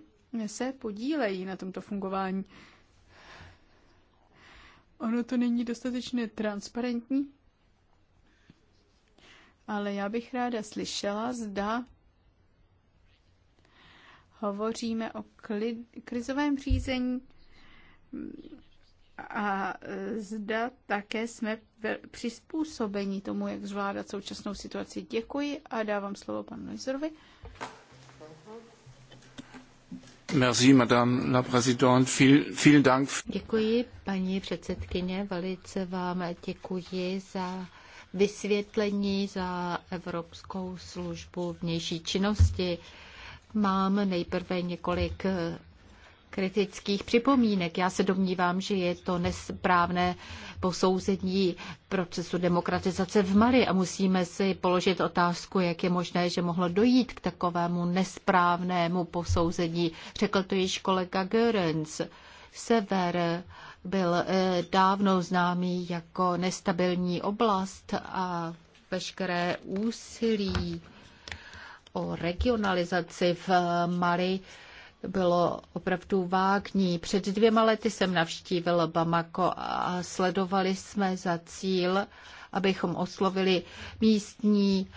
se podílejí na tomto fungování ono to není dostatečně transparentní, ale já bych ráda slyšela, zda hovoříme o krizovém řízení a zda také jsme přizpůsobeni tomu, jak zvládat současnou situaci. Děkuji a dávám slovo panu Lizorovi. Merci, madame la présidente. Vielen Dank. Děkuji, paní předsedkyně. Velice vám děkuji za vysvětlení za Evropskou službu vnější činnosti. Mám nejprve několik kritických připomínek. Já se domnívám, že je to nesprávné posouzení procesu demokratizace v Mali a musíme si položit otázku, jak je možné, že mohlo dojít k takovému nesprávnému posouzení. Řekl to již kolega Görens. Sever byl eh, dávno známý jako nestabilní oblast a veškeré úsilí o regionalizaci v Mali bylo opravdu vágní. Před dvěma lety jsem navštívil Bamako a sledovali jsme za cíl, abychom oslovili místní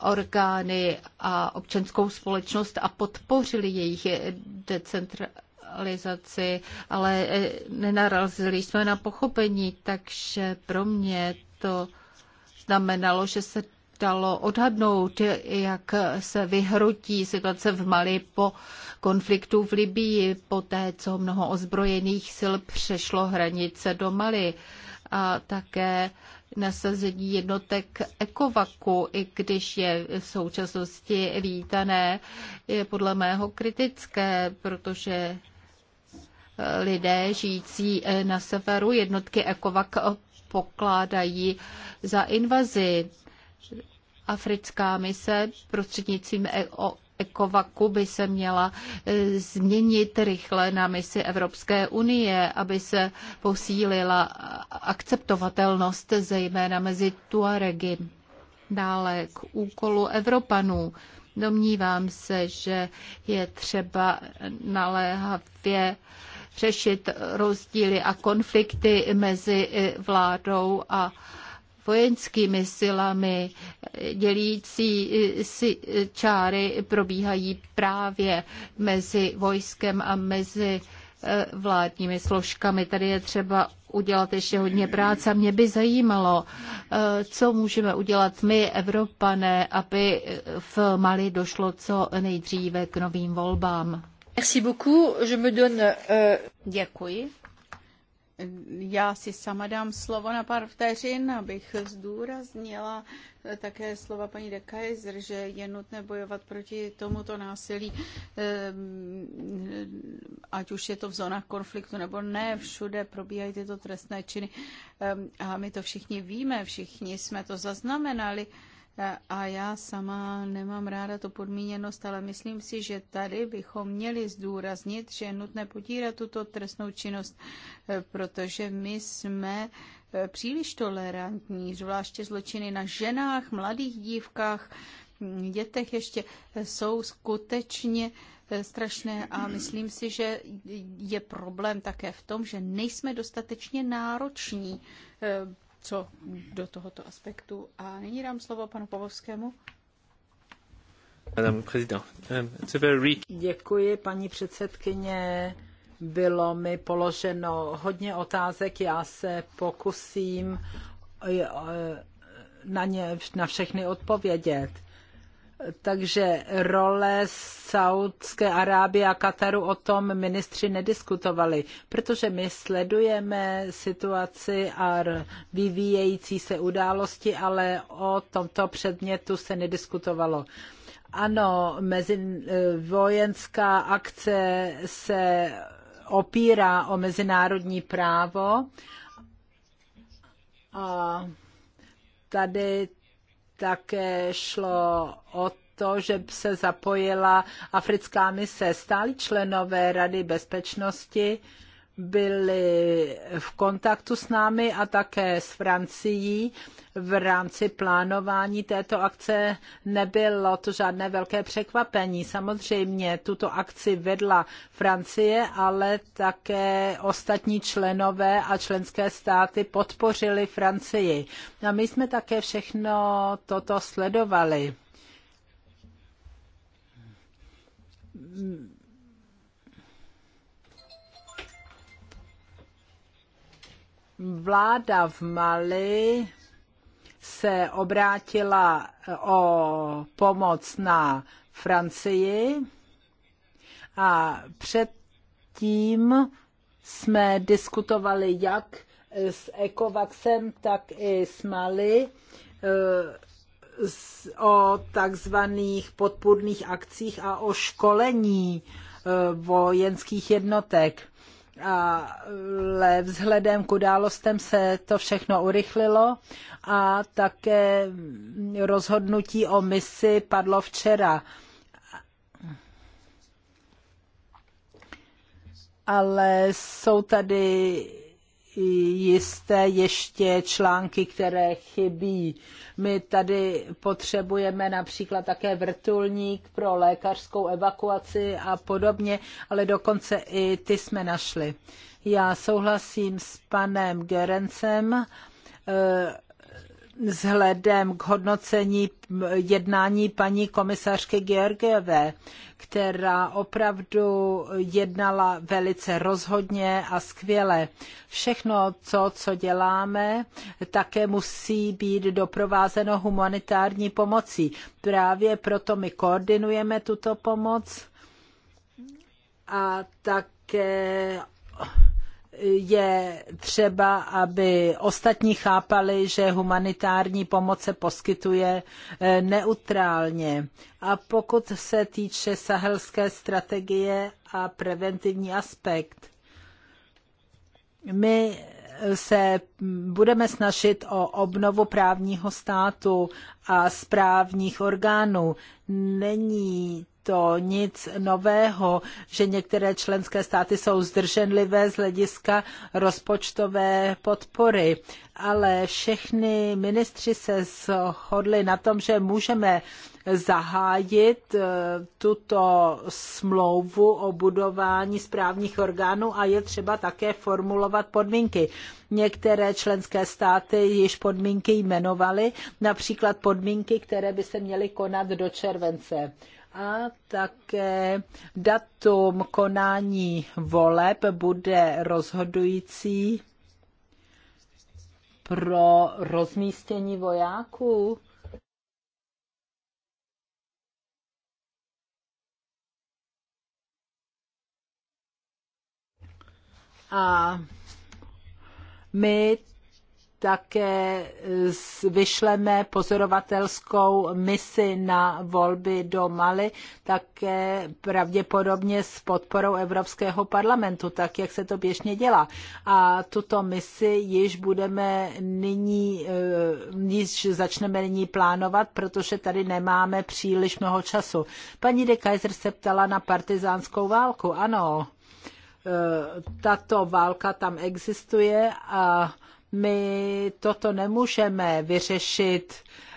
orgány a občanskou společnost a podpořili jejich decentralizaci, ale eh, nenarazili jsme na pochopení, takže pro mě to znamenalo, že se dalo odhadnout, jak se vyhrotí situace v Mali po konfliktu v Libii, po té, co mnoho ozbrojených sil přešlo hranice do Mali a také nasazení jednotek ekovaku, i když je v současnosti vítané, je podle mého kritické, protože lidé žijící na severu jednotky ekovak pokládají za invazi africká mise prostřednictvím ECOVACu by se měla e, změnit rychle na misi Evropské unie, aby se posílila akceptovatelnost zejména mezi Tuaregy. Dále k úkolu Evropanů. Domnívám se, že je třeba naléhavě řešit rozdíly a konflikty mezi e, vládou a vojenskými silami. Dělící si čáry probíhají právě mezi vojskem a mezi eh, vládními složkami. Tady je třeba udělat ještě hodně práce. mě by zajímalo, eh, co můžeme udělat my, Evropané, aby v Mali došlo co nejdříve k novým volbám. Merci beaucoup. Je me donne, euh, Děkuji. Já si sama dám slovo na pár vteřin, abych zdůraznila také slova paní de Kaiser, že je nutné bojovat proti tomuto násilí, ehm, ať už je to v zónách konfliktu nebo ne, všude probíhají tyto trestné činy. Ehm, a my to všichni víme, všichni jsme to zaznamenali a já sama nemám ráda tu podmíněnost, ale myslím si, že tady bychom měli zdůraznit, že je nutné potírat tuto trestnou činnost, eh, protože my jsme eh, příliš tolerantní, zvláště zločiny na ženách, mladých dívkách, mm, dětech ještě eh, jsou skutečně strašné a myslím si, že je problém také v tom, že nejsme dostatečně nároční co do tohoto aspektu. A nyní dám slovo panu Povovskému. Um, Děkuji, paní předsedkyně. Bylo mi položeno hodně otázek, já se pokusím eh, na ně na všechny odpovědět. Takže role Saudské Arábie a Kataru o tom ministři nediskutovali, protože my sledujeme situaci a vyvíjející se události, ale o tomto předmětu se nediskutovalo. Ano, mezi, e, vojenská akce se opírá o mezinárodní právo a tady také šlo o to, že se zapojila africká mise. Stálí členové Rady bezpečnosti byli v kontaktu s námi a také s Francií v rámci plánování této akce. Nebylo to žádné velké překvapení. Samozřejmě tuto akci vedla Francie, ale také ostatní členové a členské státy podpořili Francii. A my jsme také všechno toto sledovali Vláda v Mali se obrátila eh, o pomoc na Francii a předtím jsme diskutovali jak s Ecovaxem, tak i s Mali eh, o takzvaných podpůrných akcích a o školení eh, vojenských jednotek ale vzhledem k událostem se to všechno urychlilo a také rozhodnutí o misi padlo včera. Ale jsou tady jisté ještě články, které chybí. My tady potřebujeme například také vrtulník pro lékařskou evakuaci a podobně, ale dokonce i ty jsme našli. Já souhlasím s panem Gerencem, eh, vzhledem k hodnocení jednání paní komisařky Georgieve, která opravdu jednala velice rozhodně a skvěle. Všechno, co, co děláme, také musí být doprovázeno humanitární pomocí. Právě proto my koordinujeme tuto pomoc a také je třeba, aby ostatní chápali, že humanitární pomoc se poskytuje eh, neutrálně. A pokud se týče sahelské strategie a preventivní aspekt, my eh, se budeme snažit o obnovu právního státu a správních orgánů. Není to nic nového, že některé členské státy jsou zdrženlivé z hlediska rozpočtové podpory, ale všichni ministři se shodli na tom, že můžeme zahájit e, tuto smlouvu o budování správních orgánů a je třeba také formulovat podmínky. Některé členské státy již podmínky jmenovaly, například podmínky, které by se měly konat do července. A také datum konání voleb bude rozhodující pro rozmístění vojáků. A my také vyšleme pozorovatelskou misi na volby do Mali, také pravděpodobně s podporou Evropského parlamentu, tak jak se to běžně dělá. A tuto misi již budeme nyní, eh, již začneme nyní plánovat, protože tady nemáme příliš mnoho času. Paní de Kaiser se ptala na partizánskou válku. Ano, eh, tato válka tam existuje a my toto nemůžeme vyřešit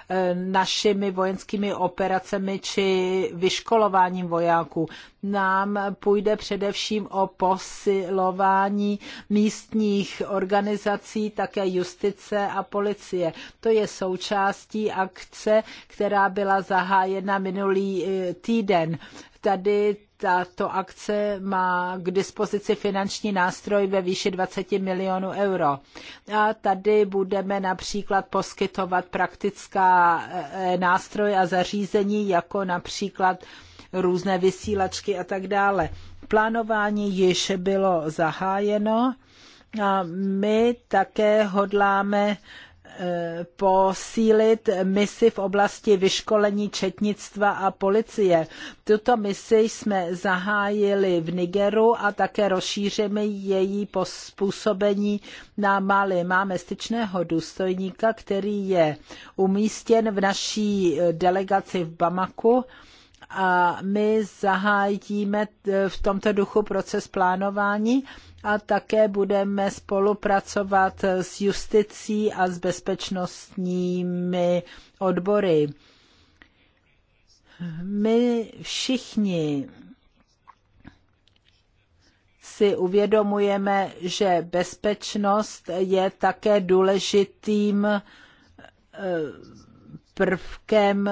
eh, našimi vojenskými operacemi či vyškolováním vojáků. Nám půjde především o posilování místních organizací, také justice a policie. To je součástí akce, která byla zahájena minulý eh, týden. Tady tato akce má k dispozici finanční nástroj ve výši 20 milionů euro. A tady budeme například poskytovat praktická e, e, nástroje a zařízení, jako například různé vysílačky a tak dále. Plánování již bylo zahájeno a my také hodláme Eh, posílit misi v oblasti vyškolení četnictva a policie. Tuto misi jsme zahájili v Nigeru a také rozšíříme její působení na Mali. Máme styčného důstojníka, který je umístěn v naší delegaci v Bamaku a my zahájíme e, v tomto duchu proces plánování a také budeme spolupracovat s justicí a s bezpečnostními odbory. My všichni si uvědomujeme, že bezpečnost je také důležitým e, prvkem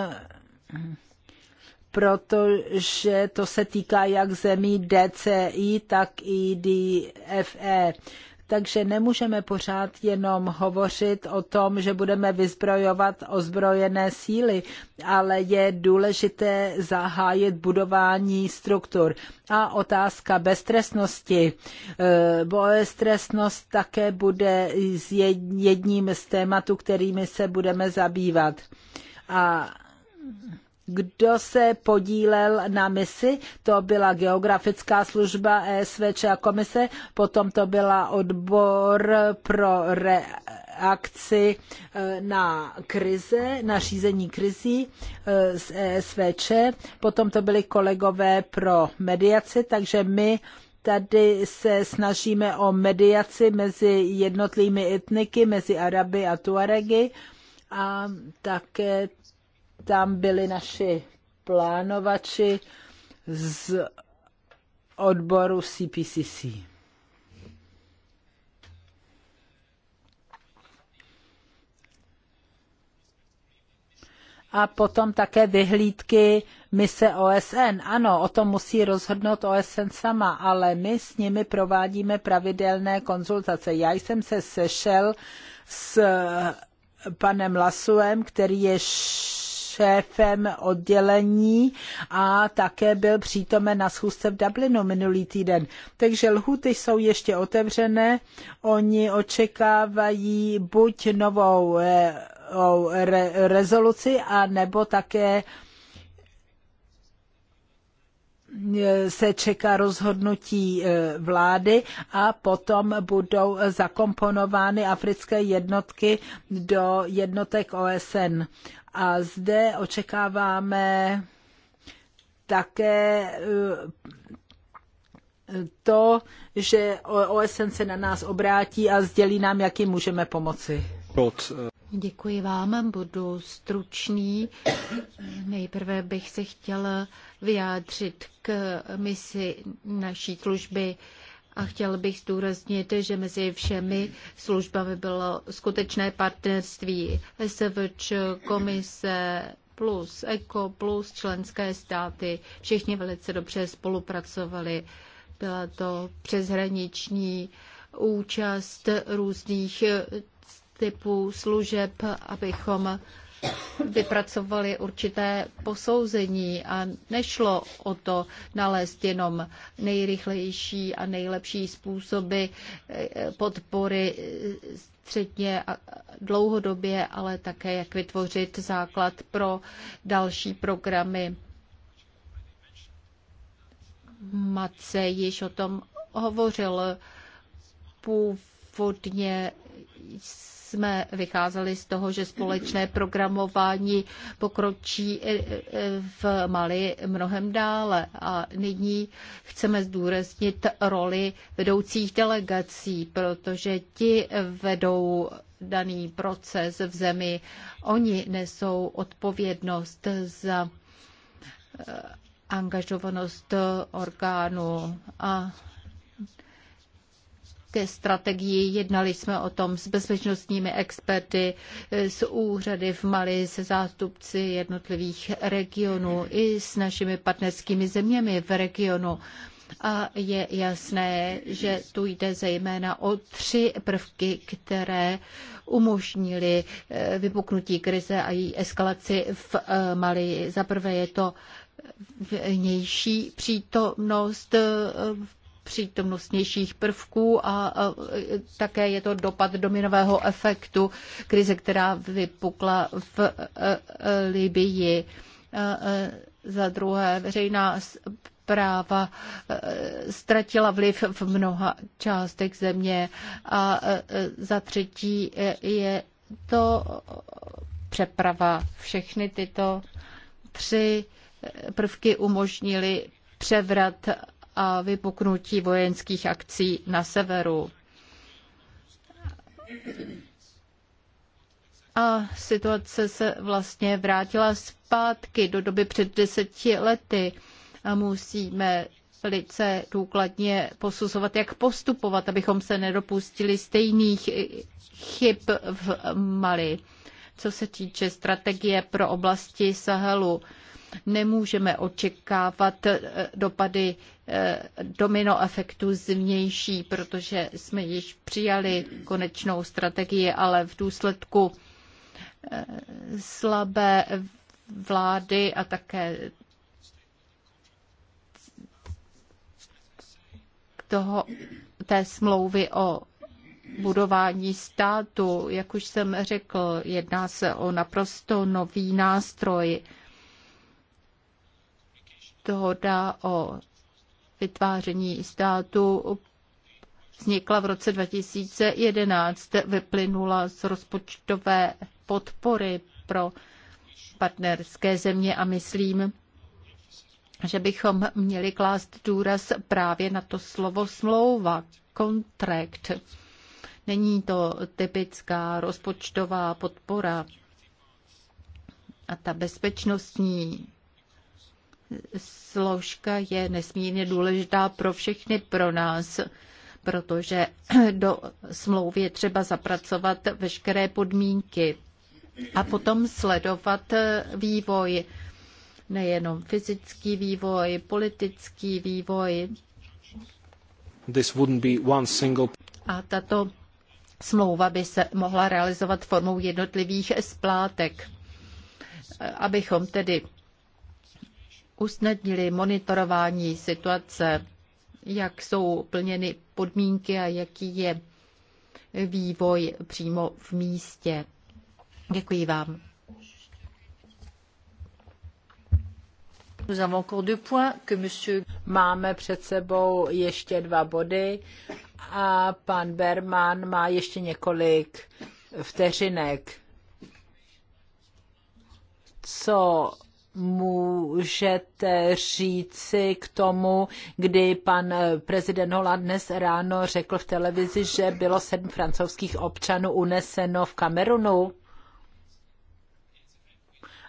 protože to se týká jak zemí DCI, tak i DFE. Takže nemůžeme pořád jenom hovořit o tom, že budeme vyzbrojovat ozbrojené síly, ale je důležité zahájit budování struktur. A otázka beztrestnosti. E, Beztrestnost také bude jedním z tématů, kterými se budeme zabývat. A kdo se podílel na misi. To byla geografická služba ESVČ a komise, potom to byla odbor pro reakci eh, na krize, na řízení krizí eh, z ESVČ, potom to byli kolegové pro mediaci, takže my tady se snažíme o mediaci mezi jednotlivými etniky, mezi Araby a Tuaregy a také tam byli naši plánovači z odboru CPCC. A potom také vyhlídky mise OSN. Ano, o tom musí rozhodnout OSN sama, ale my s nimi provádíme pravidelné konzultace. Já jsem se sešel s panem Lasuem, který je šéfem oddělení a také byl přítomen na schůzce v Dublinu minulý týden. Takže lhuty jsou ještě otevřené. Oni očekávají buď novou eh, rezoluci a nebo také E, se čeká rozhodnutí e, vlády a potom budou zakomponovány africké jednotky do jednotek OSN. A zde očekáváme také e, to, že OSN se na nás obrátí a sdělí nám, jim můžeme pomoci. Děkuji vám, budu stručný. Nejprve bych se chtěla vyjádřit k misi naší služby a chtěl bych zdůraznit, že mezi všemi službami bylo skutečné partnerství SVČ, komise, plus ECO, plus členské státy. Všichni velice dobře spolupracovali. Byla to přeshraniční účast různých typů služeb, abychom vypracovali určité posouzení a nešlo o to nalézt jenom nejrychlejší a nejlepší způsoby eh, podpory eh, středně a dlouhodobě, ale také jak vytvořit základ pro další programy. Matce již o tom hovořil původně jsme vycházeli z toho, že společné programování pokročí v Mali mnohem dále. A nyní chceme zdůraznit roli vedoucích delegací, protože ti vedou daný proces v zemi. Oni nesou odpovědnost za eh, angažovanost orgánu a ke strategii. Jednali jsme o tom s bezpečnostními experty, s úřady v Mali, se zástupci jednotlivých regionů i s našimi partnerskými zeměmi v regionu. A je jasné, že tu jde zejména o tři prvky, které umožnili eh, vypuknutí krize a její eskalaci v eh, Mali. Za prvé je to vnější přítomnost eh, přítomnost vnějších prvků a také je to dopad dominového efektu krize, která vypukla v e, e, Libii. E, za druhé, veřejná práva ztratila vliv v mnoha částech země a za třetí je to přeprava. Všechny tyto tři prvky umožnily převrat a vypuknutí vojenských akcí na severu. A situace se vlastně vrátila zpátky do doby před deseti lety a musíme velice důkladně posuzovat, jak postupovat, abychom se nedopustili stejných chyb v Mali. Co se týče strategie pro oblasti Sahelu, nemůžeme očekávat dopady domino efektu zvnější, protože jsme již přijali konečnou strategii, ale v důsledku eh, slabé vlády a také toho, té smlouvy o budování státu, jak už jsem řekl, jedná se o naprosto nový nástroj. Dohoda o vytváření státu vznikla v roce 2011, vyplynula z rozpočtové podpory pro partnerské země a myslím, že bychom měli klást důraz právě na to slovo smlouva, kontrakt. Není to typická rozpočtová podpora. A ta bezpečnostní složka je nesmírně důležitá pro všechny, pro nás, protože do smlouvy je třeba zapracovat veškeré podmínky a potom sledovat eh, vývoj, nejenom fyzický vývoj, politický vývoj. This wouldn't be one single... A tato smlouva by se mohla realizovat formou jednotlivých splátek. Eh, abychom tedy usnadnili monitorování situace, jak jsou plněny podmínky a jaký je vývoj přímo v místě. Děkuji vám. Máme před sebou ještě dva body a pan Berman má ještě několik vteřinek. Co můžete říci k tomu, kdy pan prezident Hollande dnes ráno řekl v televizi, že bylo sedm francouzských občanů uneseno v Kamerunu?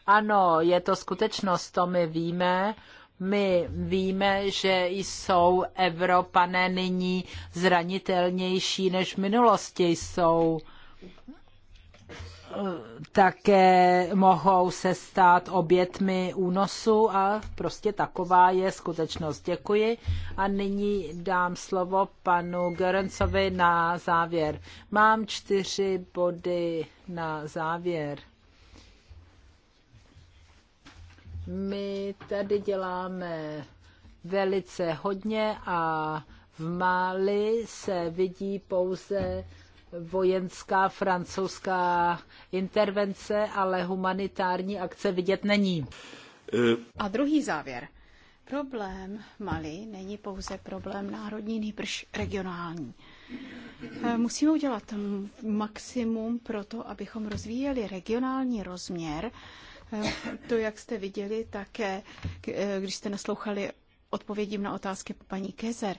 Ano, je to skutečnost, to my víme. My víme, že jsou Evropané nyní zranitelnější než v minulosti jsou také mohou se stát obětmi únosu a prostě taková je skutečnost. Děkuji a nyní dám slovo panu Gerencovi na závěr. Mám čtyři body na závěr. My tady děláme velice hodně a v Mali se vidí pouze vojenská francouzská intervence, ale humanitární akce vidět není. A druhý závěr. Problém Mali není pouze problém národní, nejbrž regionální. Eh, musíme udělat maximum pro to, abychom rozvíjeli regionální rozměr. Eh, to, jak jste viděli také, eh, když jste naslouchali odpovědím na otázky paní Kezer,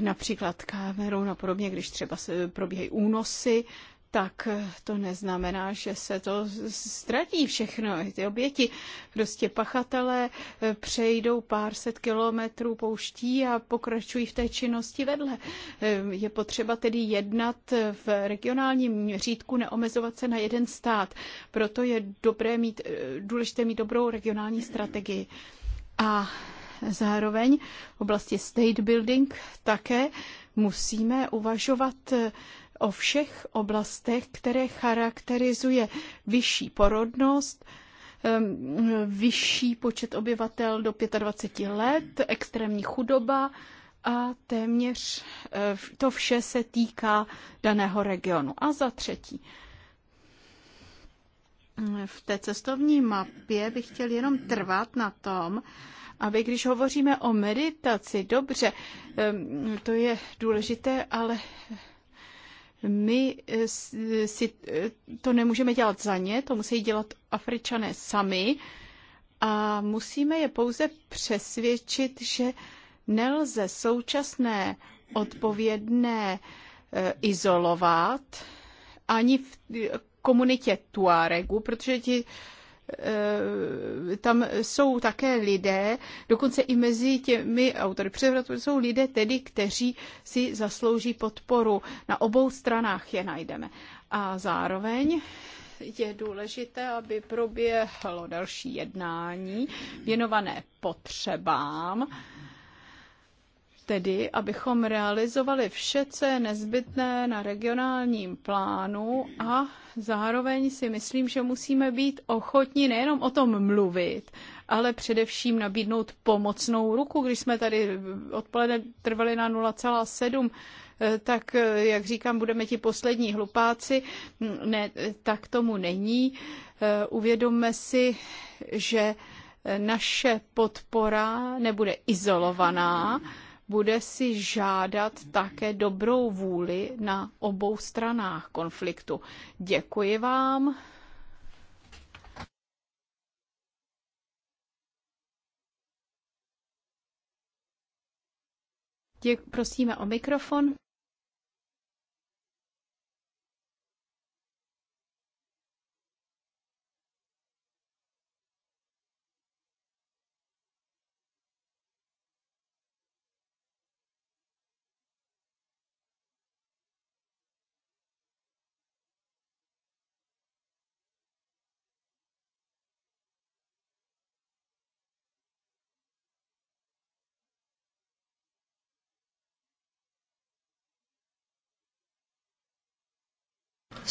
například kámerou a podobně, když třeba se probíhají únosy, tak to neznamená, že se to ztratí všechno, ty oběti. Prostě pachatelé eh, přejdou pár set kilometrů pouští a pokračují v té činnosti vedle. Eh, je potřeba tedy jednat v regionálním měřítku, neomezovat se na jeden stát. Proto je dobré mít, eh, důležité mít dobrou regionální strategii. A Zároveň v oblasti state building také musíme uvažovat o všech oblastech, které charakterizuje vyšší porodnost, vyšší počet obyvatel do 25 let, extrémní chudoba a téměř e, to vše se týká daného regionu. A za třetí, v té cestovní mapě bych chtěl jenom trvat na tom, a vy, když hovoříme o meditaci, dobře, to je důležité, ale my eh, si eh, to nemůžeme dělat za ně, to musí dělat Afričané sami a musíme je pouze přesvědčit, že nelze současné odpovědné eh, izolovat ani v komunitě Tuaregu, protože ti Eh, tam jsou také lidé, dokonce i mezi těmi autory převratu jsou lidé tedy, kteří si zaslouží podporu. Na obou stranách je najdeme. A zároveň je důležité, aby proběhlo další jednání věnované potřebám tedy abychom realizovali vše, co je nezbytné na regionálním plánu a zároveň si myslím, že musíme být ochotní nejenom o tom mluvit, ale především nabídnout pomocnou ruku. Když jsme tady odpoledne trvali na 0,7, tak, jak říkám, budeme ti poslední hlupáci. Ne, tak tomu není. Uvědomme si, že naše podpora nebude izolovaná, bude si žádat také dobrou vůli na obou stranách konfliktu. Děkuji vám. Děk, prosíme o mikrofon.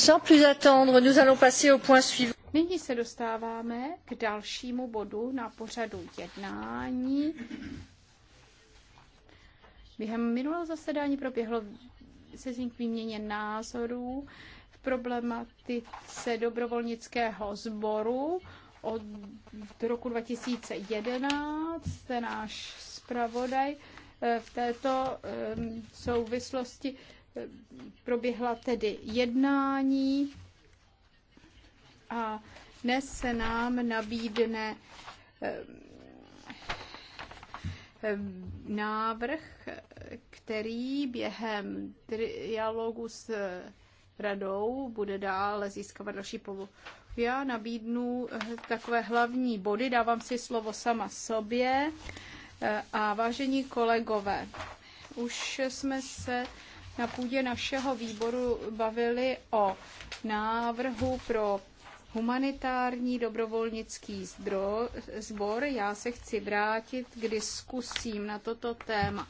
Sans plus attendre, nous allons passer au point suivant. Nyní se dostáváme k dalšímu bodu na pořadu jednání. Během minulého zasedání proběhlo sezení k výměně názorů v problematice dobrovolnického sboru od roku 2011. Náš zpravodaj eh, v této eh, souvislosti Proběhla tedy jednání a dnes se nám nabídne eh, návrh, který během dialogu s radou bude dále získávat další povu. Já nabídnu eh, takové hlavní body, dávám si slovo sama sobě. Eh, a vážení kolegové, už jsme se na půdě našeho výboru bavili o návrhu pro humanitární dobrovolnický sbor. Já se chci vrátit k diskusím na toto téma.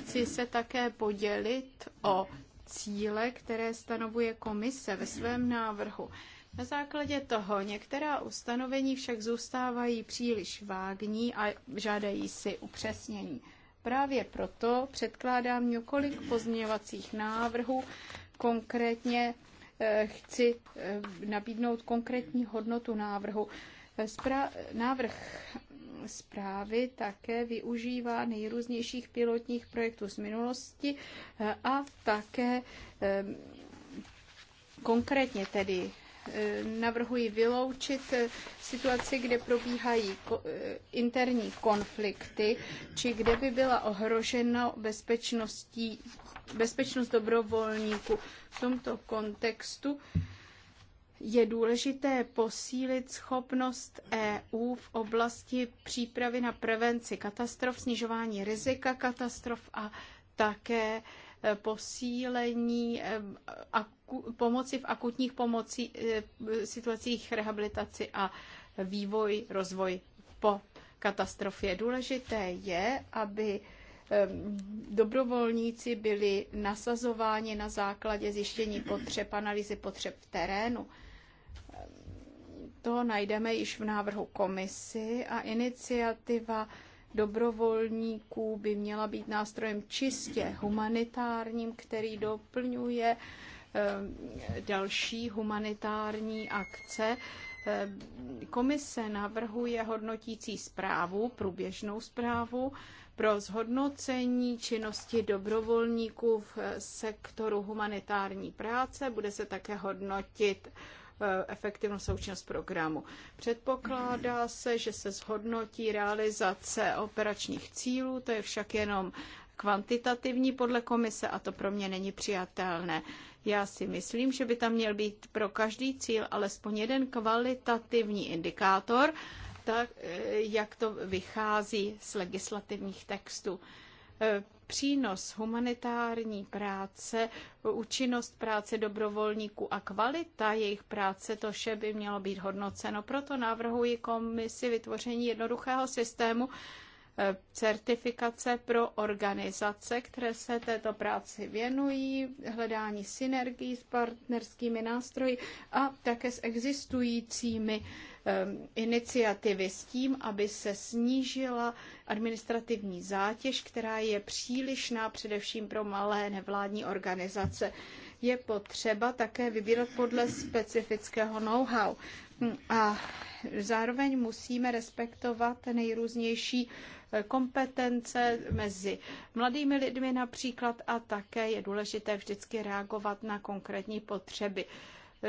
Chci se také podělit o cíle, které stanovuje komise ve svém návrhu. Na základě toho některá ustanovení však zůstávají příliš vágní a žádají si upřesnění právě proto předkládám několik pozměňovacích návrhů. Konkrétně eh, chci eh, nabídnout konkrétní hodnotu návrhu. Spra- návrh zprávy také využívá nejrůznějších pilotních projektů z minulosti eh, a také konkrétně tedy Eh, navrhuji vyloučit eh, situaci, kde probíhají eh, interní konflikty, či kde by byla ohrožena bezpečností, bezpečnost dobrovolníků. V tomto kontextu je důležité posílit schopnost EU v oblasti přípravy na prevenci katastrof, snižování rizika katastrof a také Eh, posílení eh, pomoci v akutních pomoci, eh, situacích rehabilitaci a vývoj, rozvoj po katastrofě. Důležité je, aby dobrovolníci byli nasazováni na základě zjištění potřeb, analýzy potřeb v terénu. To najdeme již v návrhu komisy a iniciativa dobrovolníků by měla být nástrojem čistě humanitárním, který doplňuje eh, další humanitární akce. Eh, komise navrhuje hodnotící zprávu, průběžnou zprávu pro zhodnocení činnosti dobrovolníků v sektoru humanitární práce. Bude se také hodnotit Eh, efektivnost účinnost programu. Předpokládá se, že se zhodnotí realizace operačních cílů, to je však jenom kvantitativní podle komise a to pro mě není přijatelné. Já si myslím, že by tam měl být pro každý cíl alespoň jeden kvalitativní indikátor, tak eh, jak to vychází z legislativních textů. Eh, přínos humanitární práce, účinnost práce dobrovolníků a kvalita jejich práce, to vše by mělo být hodnoceno. Proto navrhuji komisi vytvoření jednoduchého systému, Eh, certifikace pro organizace, které se této práci věnují, hledání synergií s partnerskými nástroji a také s existujícími eh, iniciativy s tím, aby se snížila administrativní zátěž, která je přílišná především pro malé nevládní organizace. Je potřeba také vybírat podle specifického know-how. A zároveň musíme respektovat nejrůznější uh, kompetence mezi mladými lidmi například a také je důležité vždycky reagovat na konkrétní potřeby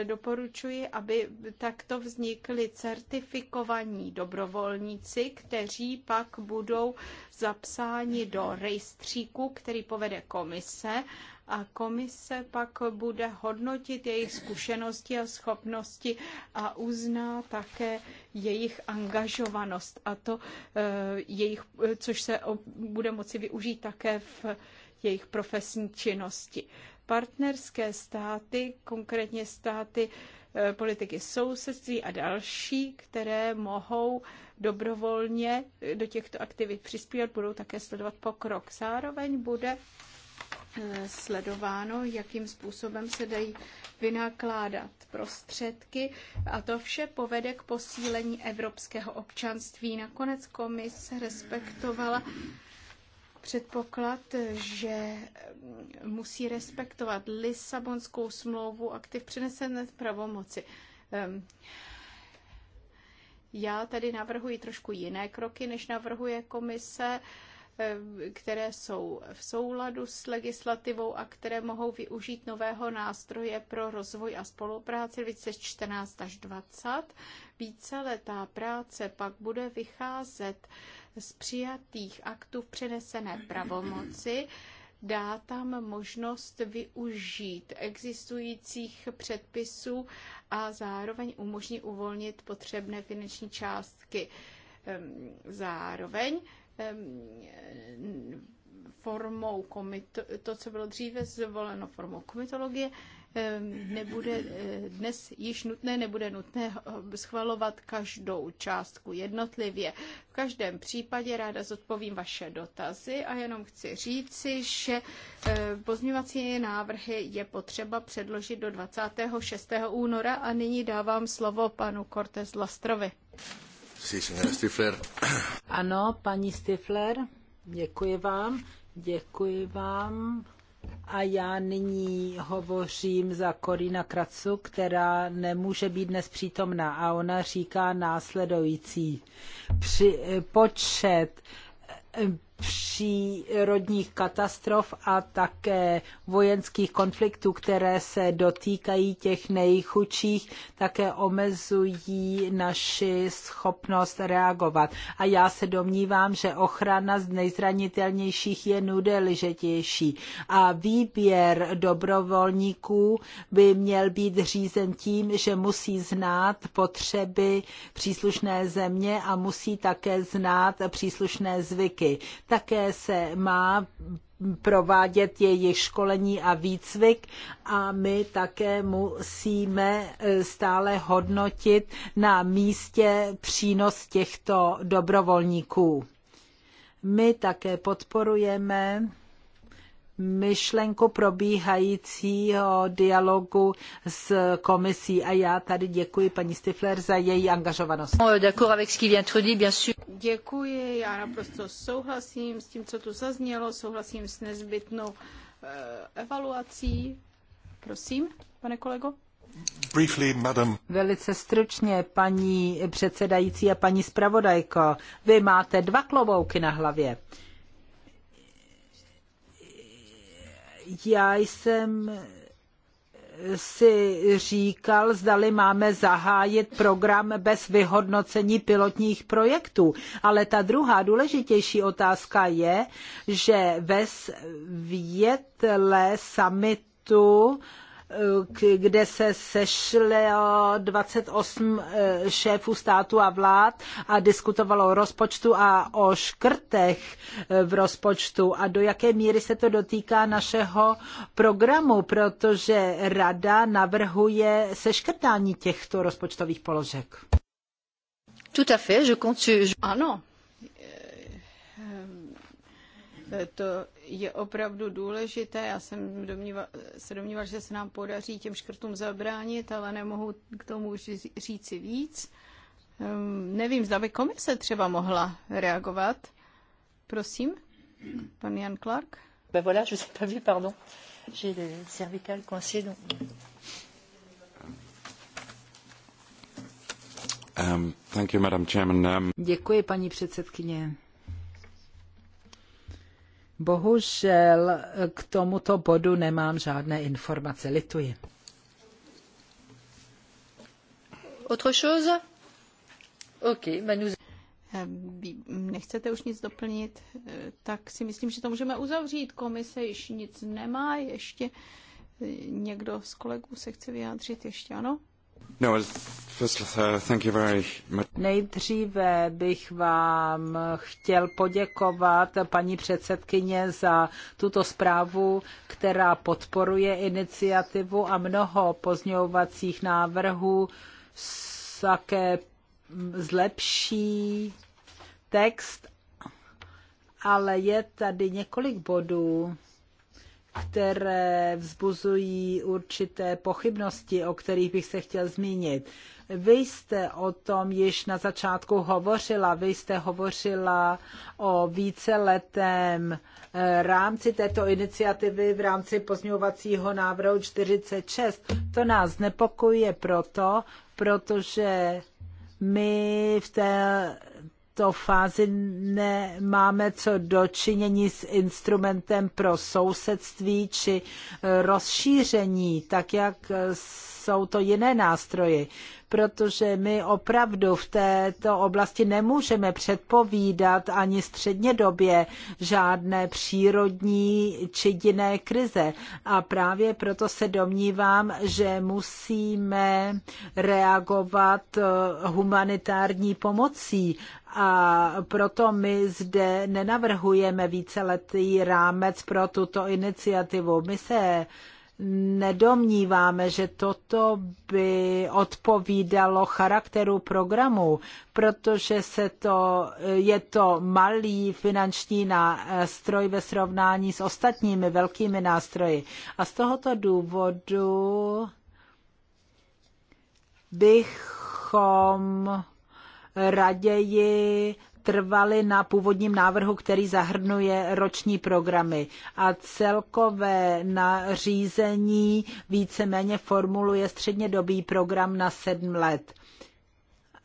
doporučuji, aby takto vznikli certifikovaní dobrovolníci, kteří pak budou zapsáni do rejstříku, který povede komise a komise pak bude hodnotit jejich zkušenosti a schopnosti a uzná také jejich angažovanost a to eh, jejich, což se bude moci využít také v jejich profesní činnosti. Partnerské státy, konkrétně státy eh, politiky sousedství a další, které mohou dobrovolně do těchto aktivit přispívat, budou také sledovat pokrok. Zároveň bude Eh, sledováno, jakým způsobem se dají vynakládat prostředky a to vše povede k posílení evropského občanství. Nakonec komise respektovala předpoklad, že musí respektovat Lisabonskou smlouvu aktiv přenesené pravomoci. Ehm, já tady navrhuji trošku jiné kroky, než navrhuje komise. Eh, které jsou v souladu s legislativou a které mohou využít nového nástroje pro rozvoj a spolupráci 2014 až 2020. Víceletá práce pak bude vycházet z přijatých aktů v přenesené pravomoci, dá tam možnost využít existujících předpisů a zároveň umožní uvolnit potřebné finanční částky. Ehm, zároveň formou komito, to, co bylo dříve zvoleno formou komitologie, nebude eh, dnes již nutné, nebude nutné schvalovat každou částku jednotlivě. V každém případě ráda zodpovím vaše dotazy a jenom chci říci, že eh, pozměvací návrhy je potřeba předložit do 26. února a nyní dávám slovo panu Cortez Lastrovi. Sí, señora Stifler. Ano, paní Stifler, děkuji vám, děkuji vám. A já nyní hovořím za Korina Kracu, která nemůže být dnes přítomná a ona říká následující. Při, eh, počet eh, přírodních katastrof a také vojenských konfliktů, které se dotýkají těch nejchudších, také omezují naši schopnost reagovat. A já se domnívám, že ochrana z nejzranitelnějších je nudeližetější. A výběr dobrovolníků by měl být řízen tím, že musí znát potřeby příslušné země a musí také znát příslušné zvyky také se má provádět jejich školení a výcvik a my také musíme eh, stále hodnotit na místě přínos těchto dobrovolníků. My také podporujeme myšlenku probíhajícího dialogu s komisí a já tady děkuji paní Stifler za její angažovanost. Oh, děkuji, já naprosto souhlasím s tím, co tu zaznělo, souhlasím s nezbytnou eh, evaluací. Prosím, pane kolego. Briefly, madam. Velice stručně, paní předsedající a paní zpravodajko, vy máte dva klobouky na hlavě. Já jsem si říkal, zdali máme zahájit program bez vyhodnocení pilotních projektů. Ale ta druhá důležitější otázka je, že ve světle summitu kde se sešlo 28 eh, šéfů státu a vlád a diskutovalo o rozpočtu a o škrtech eh, v rozpočtu a do jaké míry se to dotýká našeho programu, protože rada navrhuje seškrtání těchto rozpočtových položek. Tout à fait, je compte... Ano, to je opravdu důležité. Já jsem domníval, se domníval, že se nám podaří těm škrtům zabránit, ale nemohu k tomu říci víc. Ehm, nevím, zda by komise třeba mohla reagovat. Prosím, pan Jan Clark. Ben voilà, je sais pas vu, pardon. J'ai le cervical coincé, donc... Um, you, um... Děkuji, paní předsedkyně. Bohužel k tomuto bodu nemám žádné informace. Lituji. Autre chose? OK, bah nous... Eh, nechcete už nic doplnit, eh, tak si myslím, že to můžeme uzavřít. Komise již nic nemá. Ještě eh, někdo z kolegů se chce vyjádřit? Ještě ano? No, Nejdříve bych vám chtěl poděkovat, paní předsedkyně, za tuto zprávu, která podporuje iniciativu a mnoho pozňovacích návrhů také zlepší text, ale je tady několik bodů, které vzbuzují určité pochybnosti, o kterých bych se chtěl zmínit. Vy jste o tom již na začátku hovořila, vy jste hovořila o víceletém eh, rámci této iniciativy v rámci pozměňovacího návrhu 46. To nás nepokojuje proto, protože my v té této fázi nemáme co dočinění s instrumentem pro sousedství či rozšíření, tak jak jsou to jiné nástroje, protože my opravdu v této oblasti nemůžeme předpovídat ani střednědobě žádné přírodní či jiné krize. A právě proto se domnívám, že musíme reagovat eh, humanitární pomocí a proto my zde nenavrhujeme víceletý rámec pro tuto iniciativu. My se nedomníváme, že toto by odpovídalo charakteru programu, protože se to, je to malý finanční nástroj eh, ve srovnání s ostatními velkými nástroji. A z tohoto důvodu bychom raději trvali na původním návrhu, který zahrnuje roční programy. A celkové nařízení víceméně formuluje střednědobý program na sedm let.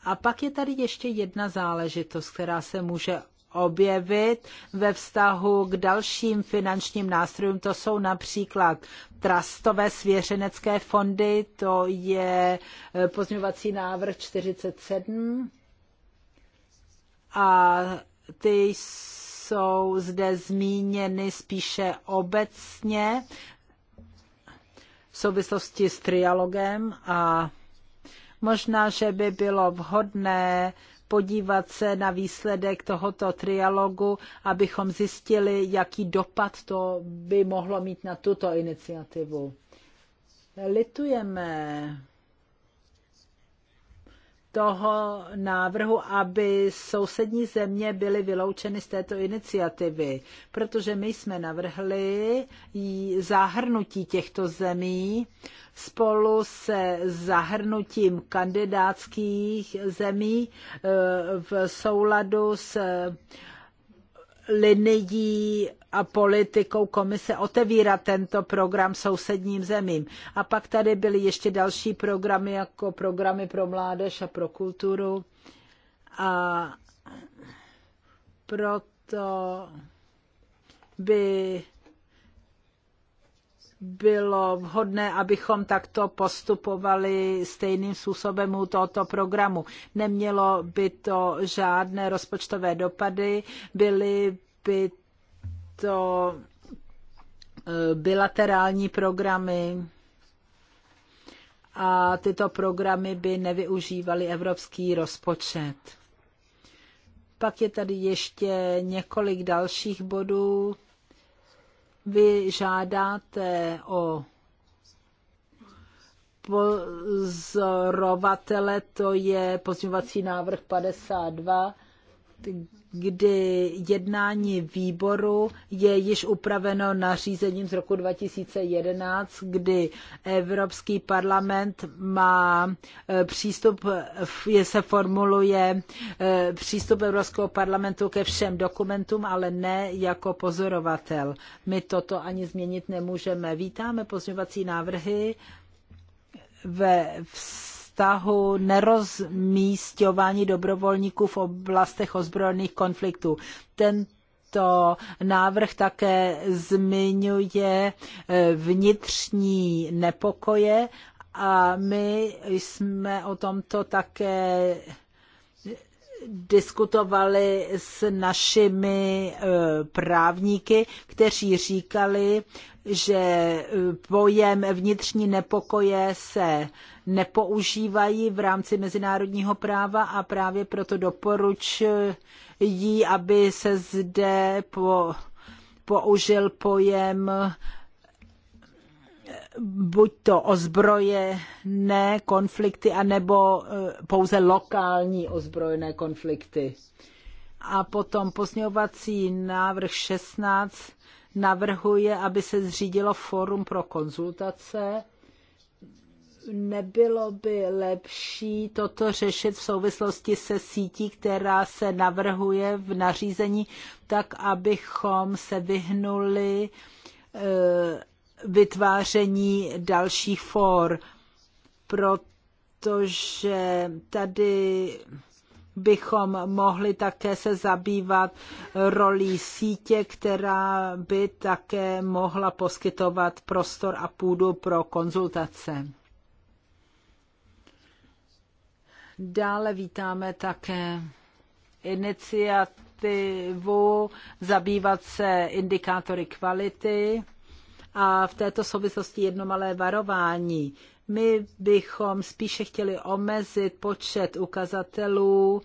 A pak je tady ještě jedna záležitost, která se může objevit ve vztahu k dalším finančním nástrojům. To jsou například trastové svěřenecké fondy, to je eh, pozměňovací návrh 47 a ty jsou zde zmíněny spíše obecně v souvislosti s trialogem a možná, že by bylo vhodné podívat se na výsledek tohoto trialogu, abychom zjistili, jaký dopad to by mohlo mít na tuto iniciativu. Litujeme toho návrhu, aby sousední země byly vyloučeny z této iniciativy, protože my jsme navrhli zahrnutí těchto zemí spolu se zahrnutím kandidátských zemí eh, v souladu s linií a politikou komise otevírat tento program sousedním zemím. A pak tady byly ještě další programy, jako programy pro mládež a pro kulturu. A proto by bylo vhodné, abychom takto postupovali stejným způsobem u tohoto programu. Nemělo by to žádné rozpočtové dopady, byly by to eh, bilaterální programy a tyto programy by nevyužívaly evropský rozpočet. Pak je tady ještě několik dalších bodů vy žádáte o pozorovatele, to je pozměňovací návrh 52, kdy jednání výboru je již upraveno nařízením z roku 2011, kdy Evropský parlament má e, přístup, je se formuluje e, přístup Evropského parlamentu ke všem dokumentům, ale ne jako pozorovatel. My toto ani změnit nemůžeme. Vítáme pozměňovací návrhy ve v vztahu nerozmístování dobrovolníků v oblastech ozbrojených konfliktů. tento návrh také zmiňuje e, vnitřní nepokoje a my jsme o tomto také diskutovali s našimi e, právníky, kteří říkali, že eh, pojem vnitřní nepokoje se nepoužívají v rámci mezinárodního práva a právě proto doporučuji, aby se zde po, použil pojem eh, buď to ozbrojené konflikty, anebo eh, pouze lokální ozbrojené konflikty. A potom pozměňovací návrh 16 navrhuje, aby se zřídilo fórum pro konzultace. Nebylo by lepší toto řešit v souvislosti se sítí, která se navrhuje v nařízení, tak abychom se vyhnuli eh, vytváření dalších for, protože tady bychom mohli také se zabývat rolí sítě, která by také mohla poskytovat prostor a půdu pro konzultace. Dále vítáme také iniciativu zabývat se indikátory kvality. A v této souvislosti jedno malé varování. My bychom spíše chtěli omezit počet ukazatelů,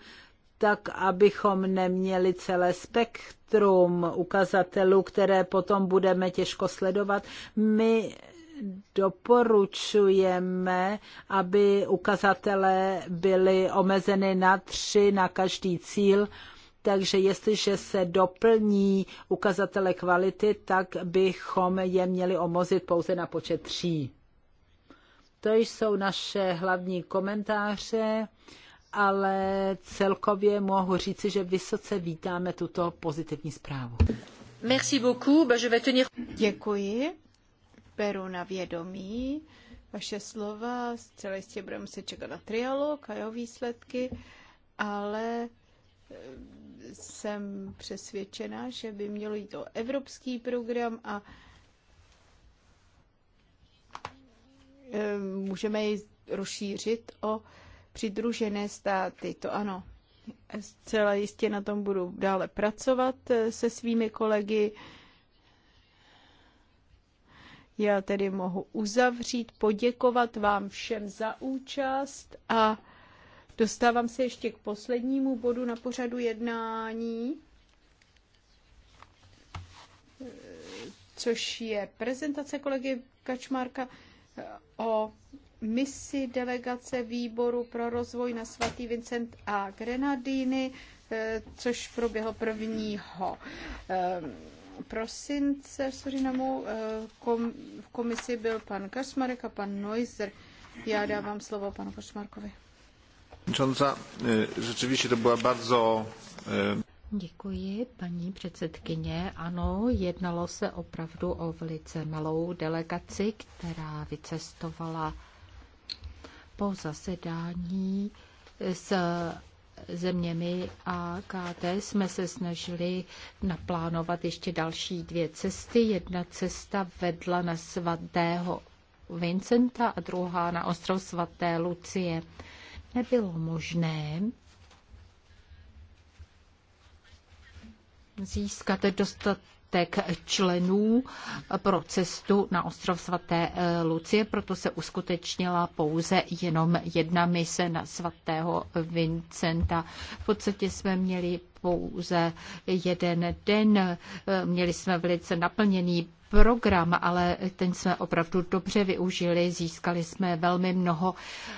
tak abychom neměli celé spektrum ukazatelů, které potom budeme těžko sledovat. My doporučujeme, aby ukazatele byly omezeny na tři na každý cíl, takže jestliže se doplní ukazatele kvality, tak bychom je měli omozit pouze na počet tří. To jsou naše hlavní komentáře, ale celkově mohu říci, že vysoce vítáme tuto pozitivní zprávu. Merci beaucoup. Je vais tenir... Děkuji. Beru na vědomí vaše slova. Zcela jistě budeme se čekat na trialog a jeho výsledky, ale eh, jsem přesvědčena, že by mělo jít o evropský program a Eh, můžeme ji rozšířit o přidružené státy, to ano. Zcela jistě na tom budu dále pracovat eh, se svými kolegy. Já tedy mohu uzavřít, poděkovat vám všem za účast a dostávám se ještě k poslednímu bodu na pořadu jednání, eh, což je prezentace kolegy Kačmárka o misi delegace výboru pro rozvoj na svatý Vincent a Grenadíny, eh, což proběhlo prvního eh, prosince v Surinamu. Eh, v komisi byl pan Kašmarek a pan Neuser. Já dávám slovo panu Kašmarkovi. Rzeczywiście to była bardzo Děkuji, paní předsedkyně. Ano, jednalo se opravdu o velice malou delegaci, která vycestovala po zasedání s zeměmi a KT jsme se snažili naplánovat ještě další dvě cesty. Jedna cesta vedla na svatého Vincenta a druhá na ostrov svaté Lucie. Nebylo možné získat dostatek členů pro cestu na ostrov svaté eh, Lucie, proto se uskutečnila pouze jenom jedna mise na svatého Vincenta. V podstatě jsme měli pouze jeden den. Eh, měli jsme velice naplněný program, ale ten jsme opravdu dobře využili. Získali jsme velmi mnoho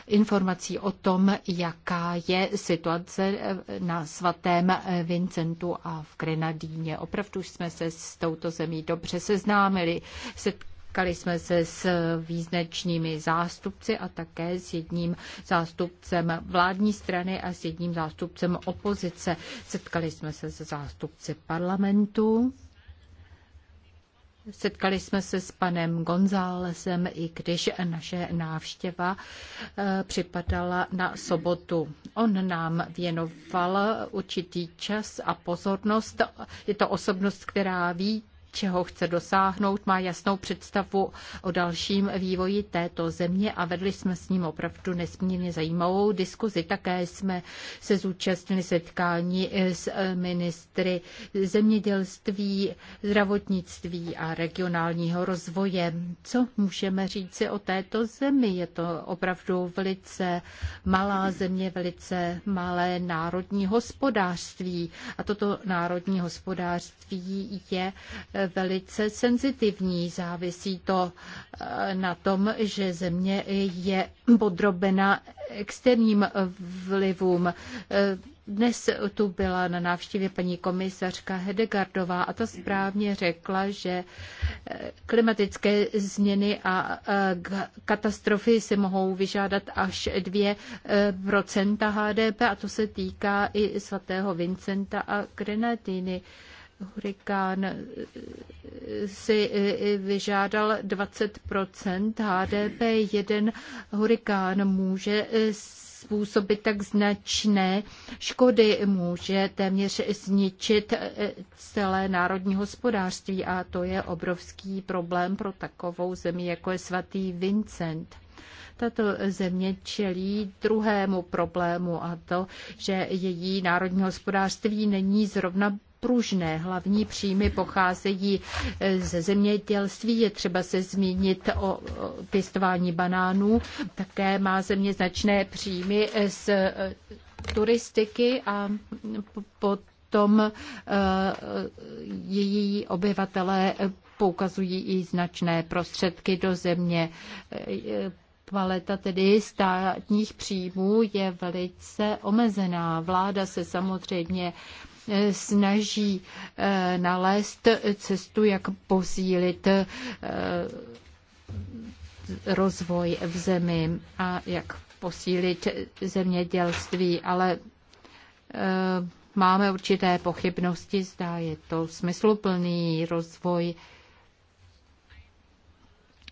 informací o tom, jaká je situace eh, na svatém eh, Vincentu a v Grenadíně. Opravdu jsme se s touto zemí dobře seznámili. Setkali jsme se s význačnými zástupci a také s jedním zástupcem vládní strany a s jedním zástupcem opozice. Setkali jsme se s zástupci parlamentu Setkali jsme se s panem Gonzálesem, i když naše návštěva eh, připadala na sobotu. On nám věnoval určitý čas a pozornost. Je to osobnost, která ví, čeho chce dosáhnout, má jasnou představu o dalším vývoji této země a vedli jsme s ním opravdu nesmírně zajímavou diskuzi. Také jsme se zúčastnili setkání s ministry zemědělství, zdravotnictví a regionálního rozvoje. Co můžeme říci o této zemi? Je to opravdu velice malá země, velice malé národní hospodářství a toto národní hospodářství je velice senzitivní. Závisí to eh, na tom, že země je podrobena externím vlivům. Eh, dnes tu byla na návštěvě paní komisařka Hedegardová a ta správně řekla, že eh, klimatické změny a katastrofy si mohou vyžádat až 2% HDP a to se týká i svatého Vincenta a Grenadiny hurikán eh, si eh, eh, vyžádal 20 HDP. Jeden hurikán může způsobit tak značné škody, může téměř zničit celé národní hospodářství a to je obrovský problém pro takovou zemi, jako je svatý Vincent. Tato země čelí druhému problému a to, že její národní hospodářství není zrovna pružné. Hlavní příjmy pocházejí e, ze zemědělství. Je třeba se zmínit o pěstování banánů. Také má země značné příjmy e, z e, turistiky a potom její obyvatelé poukazují i značné prostředky do země. Kvalita tedy státních příjmů je velice omezená. Vláda se samozřejmě snaží eh, nalézt cestu, jak posílit eh, rozvoj v zemi a jak posílit zemědělství, ale eh, máme určité pochybnosti, zda je to smysluplný rozvoj.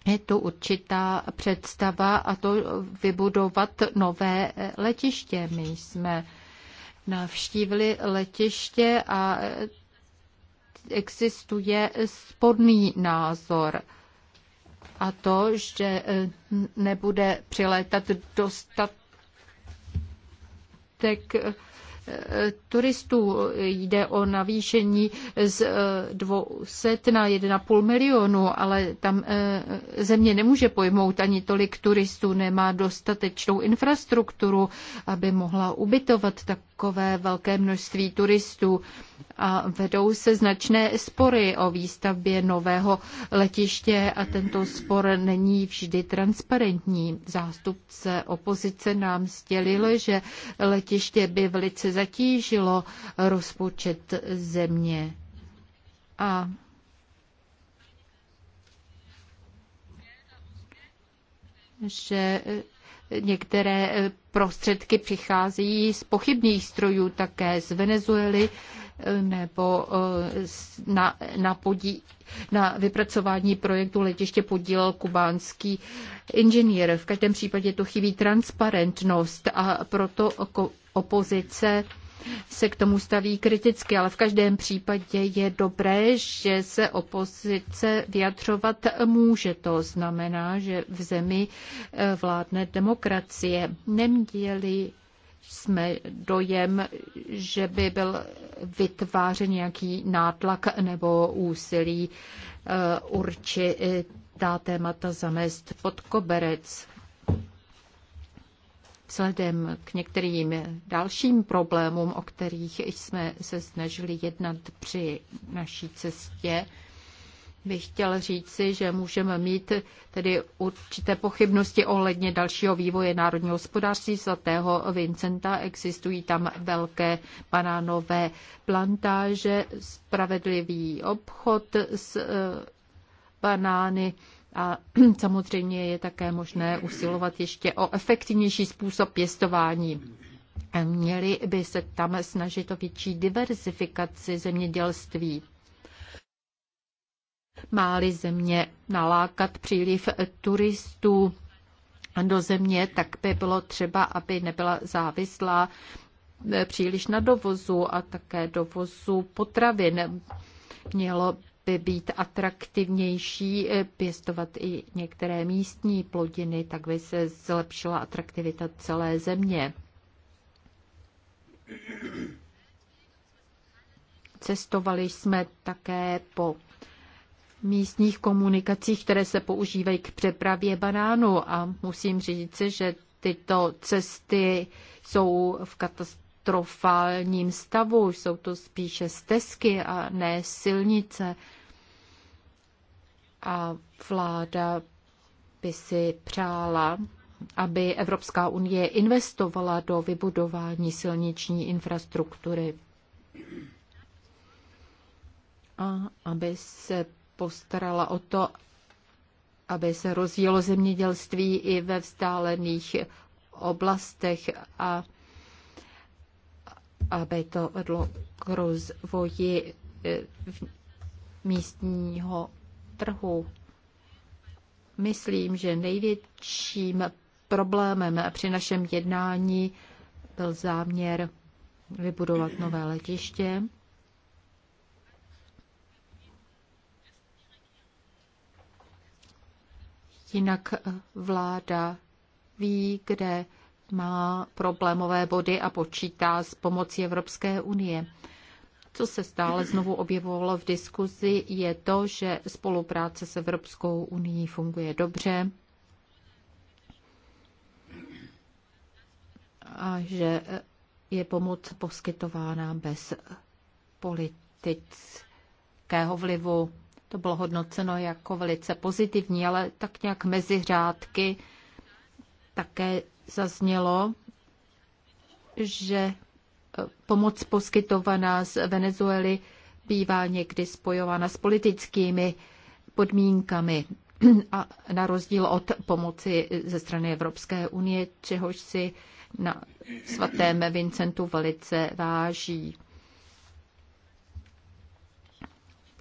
Je tu určitá představa a to vybudovat nové letiště. My jsme navštívili letiště a existuje spodný názor a to, že eh, nebude přilétat dostatek eh, turistů. Jde o navýšení z 200 eh, na 1,5 milionu, ale tam země nemůže pojmout ani tolik turistů, nemá dostatečnou infrastrukturu, aby mohla ubytovat tak takové velké množství turistů a vedou se značné spory o výstavbě nového letiště a tento spor není vždy transparentní. Zástupce opozice nám sdělil, že letiště by velice zatížilo rozpočet země. A že Některé eh, prostředky přichází z pochybných strojů, také z Venezuely eh, nebo eh, na, na, podí, na vypracování projektu letiště podílel kubánský inženýr. V každém případě to chybí transparentnost a proto opozice se k tomu staví kriticky, ale v každém případě je dobré, že se opozice vyjadřovat může. To znamená, že v zemi eh, vládne demokracie. Neměli jsme dojem, že by byl vytvářen nějaký nátlak nebo úsilí eh, určitá eh, témata zamést pod koberec. Vzhledem k některým dalším problémům, o kterých jsme se snažili jednat při naší cestě, bych chtěl říci, že můžeme mít tedy určité pochybnosti ohledně dalšího vývoje národního hospodářství svatého Vincenta. Existují tam velké banánové plantáže, spravedlivý obchod s eh, banány a samozřejmě je také možné usilovat ještě o efektivnější způsob pěstování. Měli by se tam snažit o větší diversifikaci zemědělství. Máli země nalákat příliv turistů do země, tak by bylo třeba, aby nebyla závislá eh, příliš na dovozu a také dovozu potravin. Mělo by být atraktivnější eh, pěstovat i některé místní plodiny, tak by se zlepšila atraktivita celé země. Cestovali jsme také po místních komunikacích, které se používají k přepravě banánu a musím říct, že tyto cesty jsou v katastrofě katastrofálním stavu. Jsou to spíše stezky a ne silnice. A vláda by si přála, aby Evropská unie investovala do vybudování silniční infrastruktury a aby se postarala o to, aby se rozjelo zemědělství i ve vzdálených oblastech a aby to vedlo k rozvoji eh, místního trhu. Myslím, že největším problémem při našem jednání byl záměr vybudovat nové letiště. Jinak vláda ví, kde má problémové body a počítá s pomocí Evropské unie. Co se stále znovu objevovalo v diskuzi, je to, že spolupráce s Evropskou unii funguje dobře a že je pomoc poskytována bez politického vlivu. To bylo hodnoceno jako velice pozitivní, ale tak nějak mezi řádky také zaznělo, že e, pomoc poskytovaná z Venezuely bývá někdy spojována s politickými podmínkami a na rozdíl od pomoci ze strany Evropské unie, čehož si na svatém Vincentu velice váží.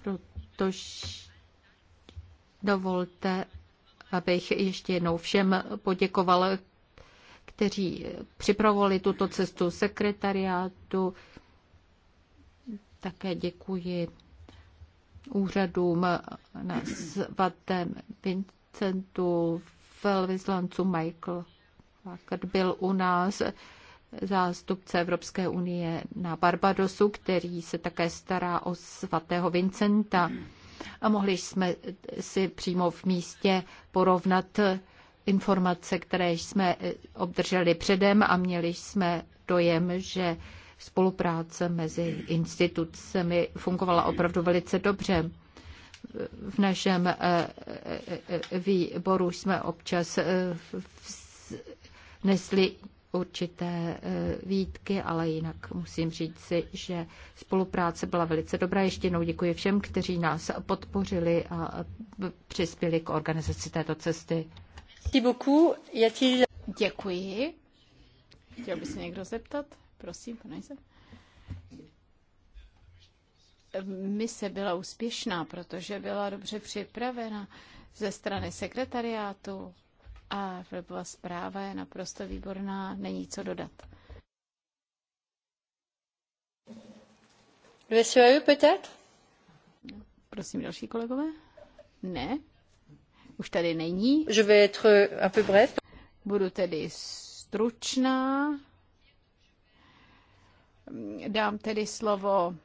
Protož dovolte, abych ještě jednou všem poděkoval, kteří připravovali tuto cestu sekretariátu. Také děkuji úřadům na svatém Vincentu, velvyslancu Michael Vakert byl u nás zástupce Evropské unie na Barbadosu, který se také stará o svatého Vincenta. A mohli jsme si přímo v místě porovnat informace, které jsme e, obdrželi předem a měli jsme dojem, že spolupráce mezi institucemi fungovala opravdu velice dobře. V našem e, e, výboru jsme občas nesli určité výtky, ale jinak musím říct si, že spolupráce byla velice dobrá. Ještě jednou děkuji všem, kteří nás podpořili a přispěli k organizaci této cesty. Děkuji. Chtěl by se někdo zeptat? Prosím, pane Mise byla úspěšná, protože byla dobře připravena ze strany sekretariátu a webová zpráva je naprosto výborná, není co dodat. Prosím, další kolegové? Ne, už tady není. Je vais être un peu bref. Budu tedy stručná. Dám tedy slovo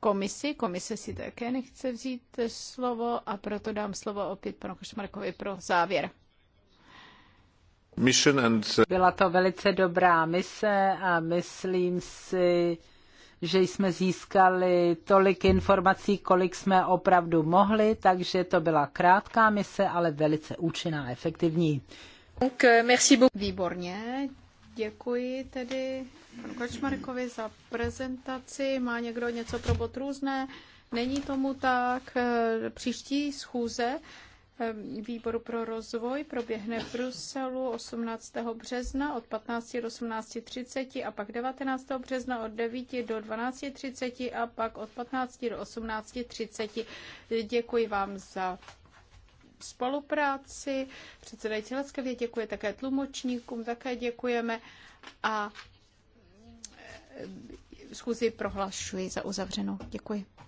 komisi. Komise si také nechce vzít slovo a proto dám slovo opět panu Košmarkovi pro závěr. Byla to velice dobrá mise a myslím si, že jsme získali tolik informací, kolik jsme opravdu mohli, takže to byla krátká mise, ale velice účinná a efektivní. Výborně, děkuji tedy panu Kočmarkovi za prezentaci. Má někdo něco pro bod různé? Není tomu tak. Příští schůze Ehm, výboru pro rozvoj proběhne v Bruselu 18. března od 15 do 18.30 a pak 19. března od 9 do 12.30 a pak od 15 do 18.30. Děkuji vám za spolupráci. Předsedající Leskavě děkuje také tlumočníkům, také děkujeme a ehm, schůzi prohlašuji za uzavřenou. Děkuji.